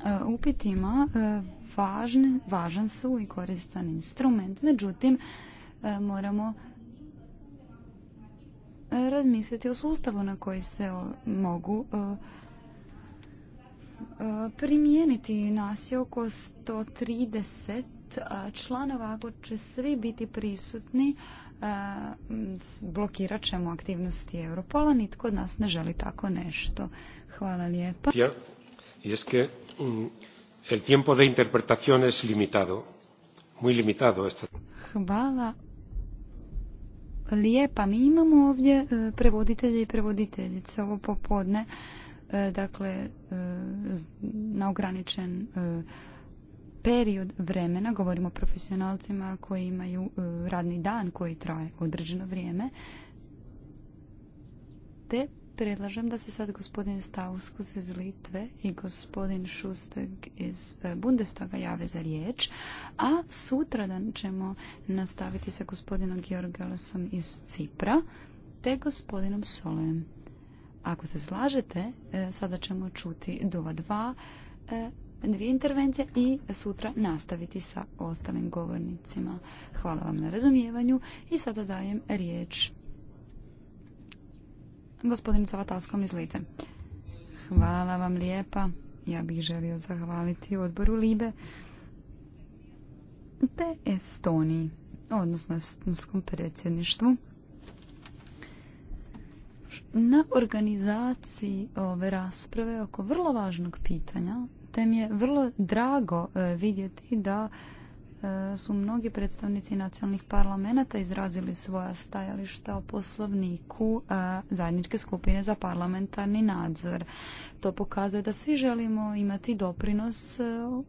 e, upitima važni, važan su i koristan instrument. Međutim, e, moramo e, razmisliti o sustavu na koji se mogu e, primijeniti nas je oko 130 članova ako će svi biti prisutni blokirat ćemo aktivnosti Europola nitko od nas ne želi tako nešto hvala lijepa mm, El tiempo de interpretación limitado. Muy limitado. Hvala. Lijepa, mi imamo ovdje e, prevoditelje i prevoditeljice ovo popodne, e, dakle, e, na ograničen period vremena, govorimo o profesionalcima koji imaju radni dan koji traje određeno vrijeme, te Predlažem da se sad gospodin Stauskus iz Litve i gospodin Šusteg iz e, Bundestaga jave za riječ, a sutradan ćemo nastaviti sa gospodinom Georgelosom iz Cipra te gospodinom Solejem. Ako se slažete, e, sada ćemo čuti dova dva, e, dvije intervencije i sutra nastaviti sa ostalim govornicima. Hvala vam na razumijevanju i sada dajem riječ Gospodin iz izlite. Hvala vam lijepa. Ja bih želio zahvaliti odboru Libe te Estoniji, odnosno estonskom predsjedništvu na organizaciji ove rasprave oko vrlo važnog pitanja, te mi je vrlo drago e, vidjeti da E, su mnogi predstavnici nacionalnih parlamenta izrazili svoja stajališta o poslovniku e, zajedničke skupine za parlamentarni nadzor. To pokazuje da svi želimo imati doprinos e, u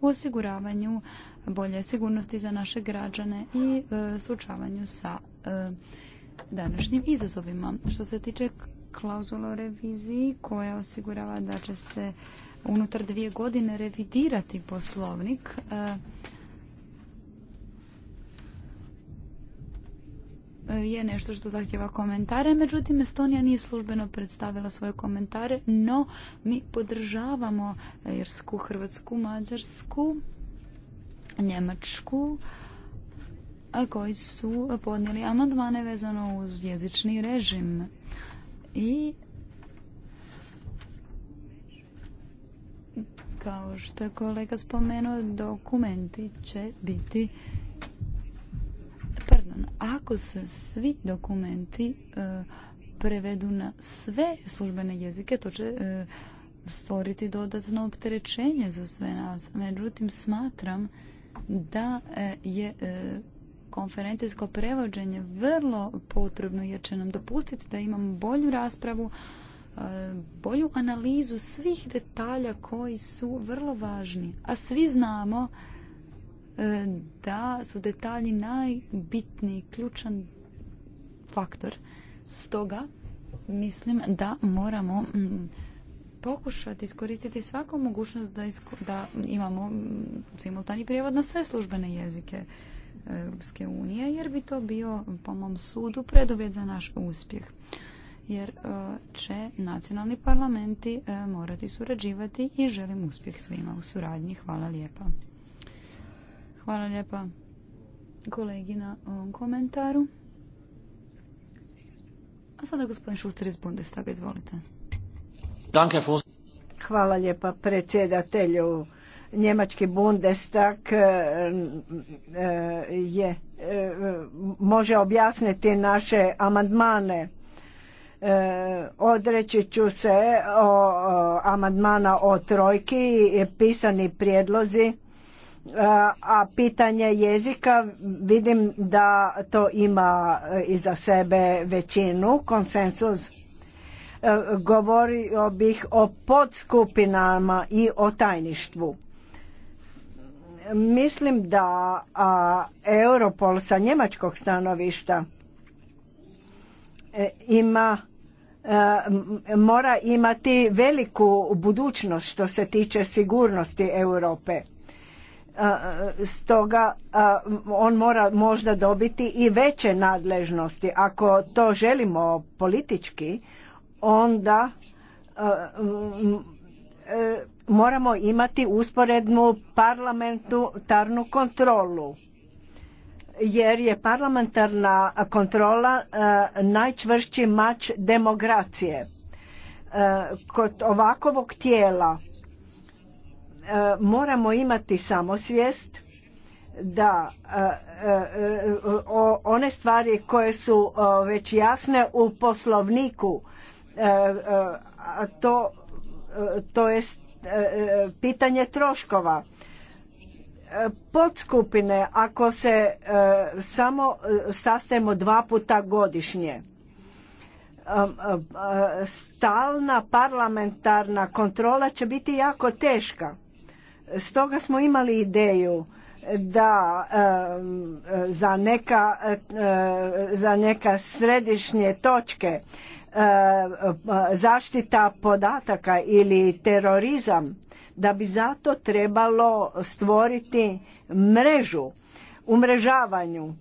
osiguravanju bolje sigurnosti za naše građane i suočavanju sa današnjim izazovima. Što se tiče klauzula o reviziji koja osigurava da će se unutar dvije godine revidirati poslovnik, je nešto što zahtjeva komentare, međutim Estonija nije službeno predstavila svoje komentare, no mi podržavamo Irsku, Hrvatsku, Mađarsku, Njemačku, koji su podnijeli amandmane vezano uz jezični režim. I kao što je kolega spomenuo, dokumenti će biti ako se svi dokumenti e, prevedu na sve službene jezike, to će e, stvoriti dodatno opterećenje za sve nas. Međutim, smatram da e, je konferencijsko prevođenje vrlo potrebno jer će nam dopustiti da imamo bolju raspravu, bolju analizu svih detalja koji su vrlo važni. A svi znamo E, da su detalji najbitniji, ključan faktor. Stoga mislim da moramo mm, pokušati iskoristiti svaku mogućnost da, da imamo mm, simultani prijevod na sve službene jezike Europske unije, jer bi to bio, po mom sudu, preduvjet za naš uspjeh. Jer e, će nacionalni parlamenti e, morati surađivati i želim uspjeh svima u suradnji. Hvala lijepa. Hvala lijepa kolegi na ovom komentaru. A sada gospodin Šuster iz Bundestaga, izvolite. Hvala lijepa predsjedatelju. Njemački Bundestag e, e, je, e, može objasniti naše amandmane. Odreći ću se o amandmana o trojki, pisani prijedlozi E, a pitanje jezika vidim da to ima e, iza sebe većinu, konsensus. E, govorio bih o podskupinama i o tajništvu. Mislim da Europol sa njemačkog stanovišta ima mora imati veliku budućnost što se tiče sigurnosti Europe stoga on mora možda dobiti i veće nadležnosti. Ako to želimo politički, onda e, moramo imati usporednu parlamentarnu kontrolu. Jer je parlamentarna kontrola e, najčvršći mač demokracije. E, kod ovakvog tijela moramo imati samosvijest da e, e, one stvari koje su e, već jasne u poslovniku to, to je pitanje troškova podskupine ako se samo sastajemo dva puta godišnje stalna parlamentarna kontrola će biti jako teška Stoga smo imali ideju da eh, za neka, eh, za neka središnje točke eh, zaštita podataka ili terorizam da bi zato trebalo stvoriti mrežu umrežavanju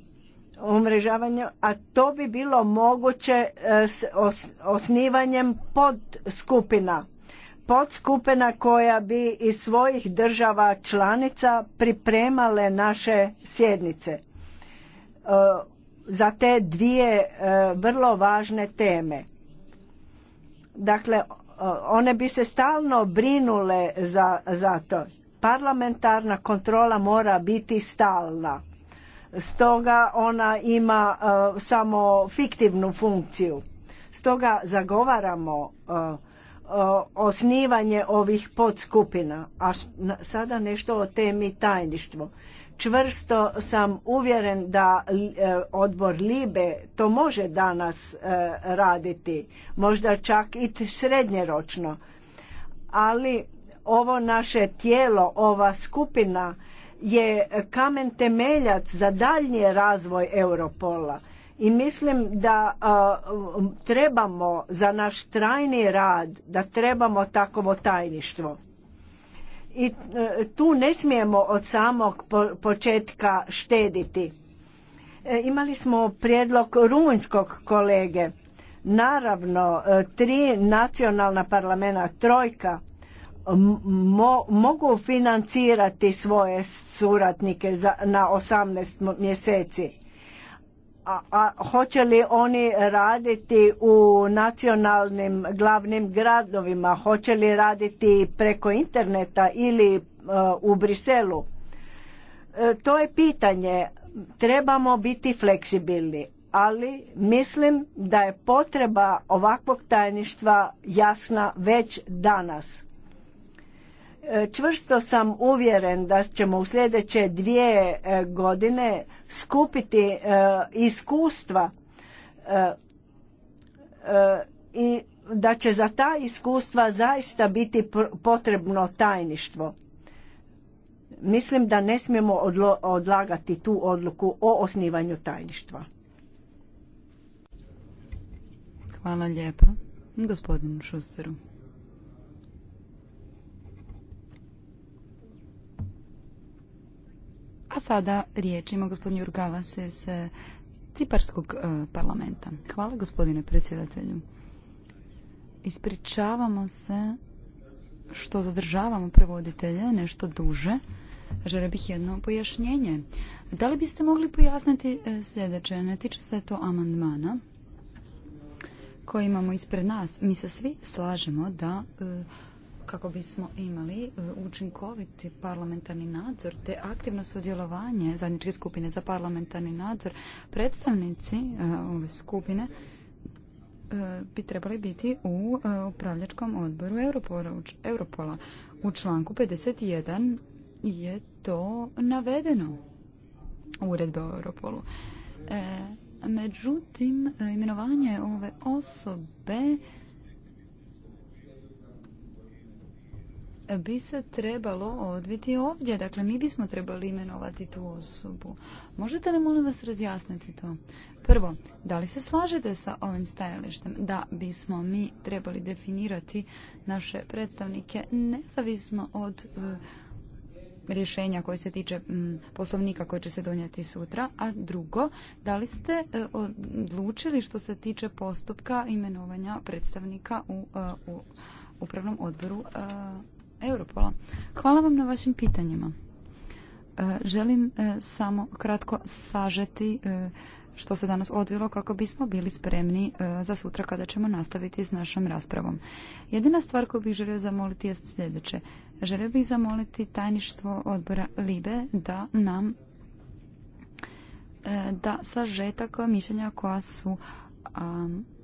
umrežavanju, a to bi bilo moguće s osnivanjem podskupina podskupina koja bi iz svojih država članica pripremale naše sjednice e, za te dvije e, vrlo važne teme. Dakle, one bi se stalno brinule za, za to. Parlamentarna kontrola mora biti stalna. Stoga ona ima e, samo fiktivnu funkciju. Stoga zagovaramo osnivanje ovih podskupina. A sada nešto o temi tajništvo. Čvrsto sam uvjeren da e, odbor Libe to može danas e, raditi, možda čak i srednjeročno. Ali ovo naše tijelo, ova skupina je kamen temeljac za daljnji razvoj Europola i mislim da trebamo za naš trajni rad, da trebamo takovo tajništvo. I e, tu ne smijemo od samog početka štediti. E, imali smo prijedlog rumunjskog kolege. Naravno, e, tri nacionalna parlamenta, trojka, mogu financirati svoje suratnike na 18 mjeseci a, hoće li oni raditi u nacionalnim glavnim gradovima, hoće li raditi preko interneta ili e, u Briselu? E, to je pitanje. Trebamo biti fleksibilni, ali mislim da je potreba ovakvog tajništva jasna već danas Čvrsto sam uvjeren da ćemo u sljedeće dvije e, godine skupiti e, iskustva e, i da će za ta iskustva zaista biti potrebno tajništvo. Mislim da ne smijemo odlagati tu odluku o osnivanju tajništva. Hvala lijepa. Gospodinu Šusteru. A sada riječ ima gospodin Jurgalas iz eh, Ciparskog eh, parlamenta. Hvala gospodine predsjedatelju. Ispričavamo se što zadržavamo prevoditelje nešto duže. Žele bih jedno pojašnjenje. Da li biste mogli pojasniti eh, sljedeće? Ne tiče se to amandmana koji imamo ispred nas. Mi se svi slažemo da kako bismo imali e, učinkoviti parlamentarni nadzor te aktivno sudjelovanje zajedničke skupine za parlamentarni nadzor, predstavnici e, ove skupine e, bi trebali biti u upravljačkom odboru Europola. U članku 51 je to navedeno u uredbe o Europolu. Međutim, imenovanje ove osobe bi se trebalo odviti ovdje. Dakle, mi bismo trebali imenovati tu osobu. Možete li, molim vas, razjasniti to? Prvo, da li se slažete sa ovim stajalištem da bismo mi trebali definirati naše predstavnike nezavisno od e, rješenja koje se tiče poslovnika koji će se donijeti sutra, a drugo, da li ste e, odlučili što se tiče postupka imenovanja predstavnika u, e, upravnom odboru Europola. Hvala vam na vašim pitanjima. E, želim e, samo kratko sažeti e, što se danas odvilo kako bismo bili spremni za sutra kada ćemo nastaviti s našom raspravom. Jedina stvar koju bih želio zamoliti je sljedeće. Želio bih zamoliti tajništvo odbora LIBE da nam da sažetak mišljenja koja su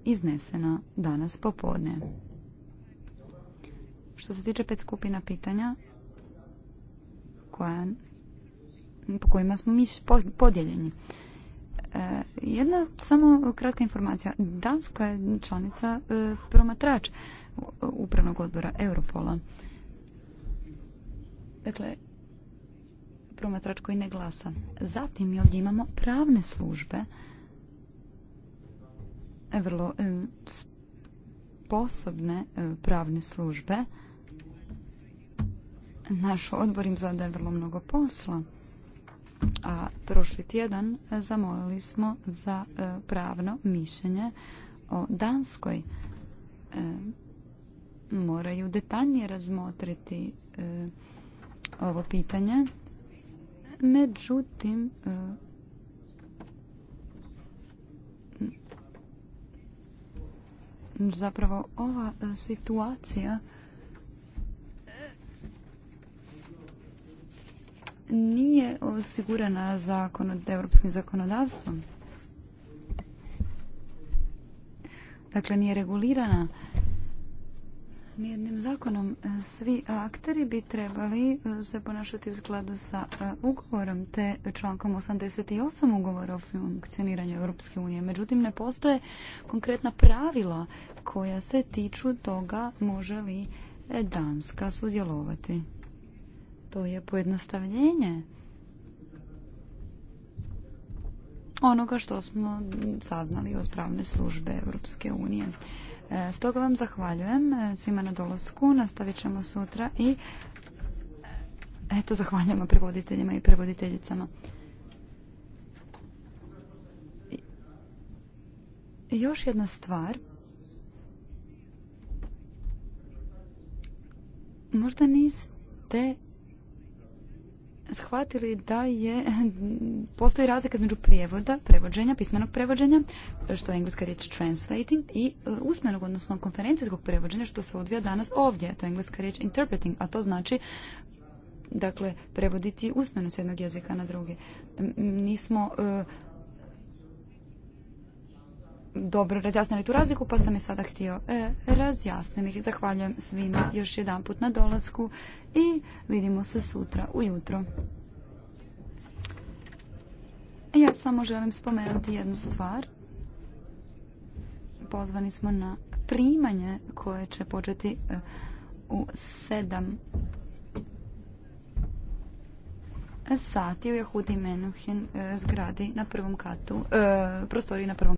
iznesena danas popodne. Što se tiče pet skupina pitanja koja, po kojima smo mi podijeljeni. E, jedna samo kratka informacija. Danska je članica e, promatrač upravnog odbora Europola. Dakle, promatrač koji ne glasa. Zatim mi ovdje imamo pravne službe e, vrlo sposobne pravne službe naš odbor im zadaje vrlo mnogo posla. A prošli tjedan zamolili smo za e, pravno mišljenje o Danskoj. E, moraju detaljnije razmotriti e, ovo pitanje. Međutim, zapravo ova situacija nije osigurana zakon, europskim zakonodavstvom. Dakle, nije regulirana nijednim zakonom. E, svi akteri bi trebali e, se ponašati u skladu sa e, ugovorom te člankom 88 ugovora o funkcioniranju Europske unije. Međutim, ne postoje konkretna pravila koja se tiču toga može li Danska sudjelovati. To je pojednostavljenje onoga što smo saznali od pravne službe Europske unije. E, stoga vam zahvaljujem e, svima na dolasku, nastavit ćemo sutra i e, eto zahvaljujemo prevoditeljima i prevoditeljicama. još jedna stvar. Možda niste shvatili da je, postoji razlika između prijevoda, prevođenja, pismenog prevođenja, što je engleska riječ translating, i e, usmenog, odnosno konferencijskog prevođenja, što se odvija danas ovdje, to je engleska riječ interpreting, a to znači dakle prevoditi usmeno s jednog jezika na drugi. Nismo e, dobro razjasnili tu razliku, pa sam je sada htio e, razjasniti. Zahvaljujem svima još jedan put na dolasku i vidimo se sutra ujutro. Ja samo želim spomenuti jednu stvar. Pozvani smo na primanje koje će početi e, u sedam sati u Jahudi Menuhin e, zgradi na prvom katu, e, prostoriji na prvom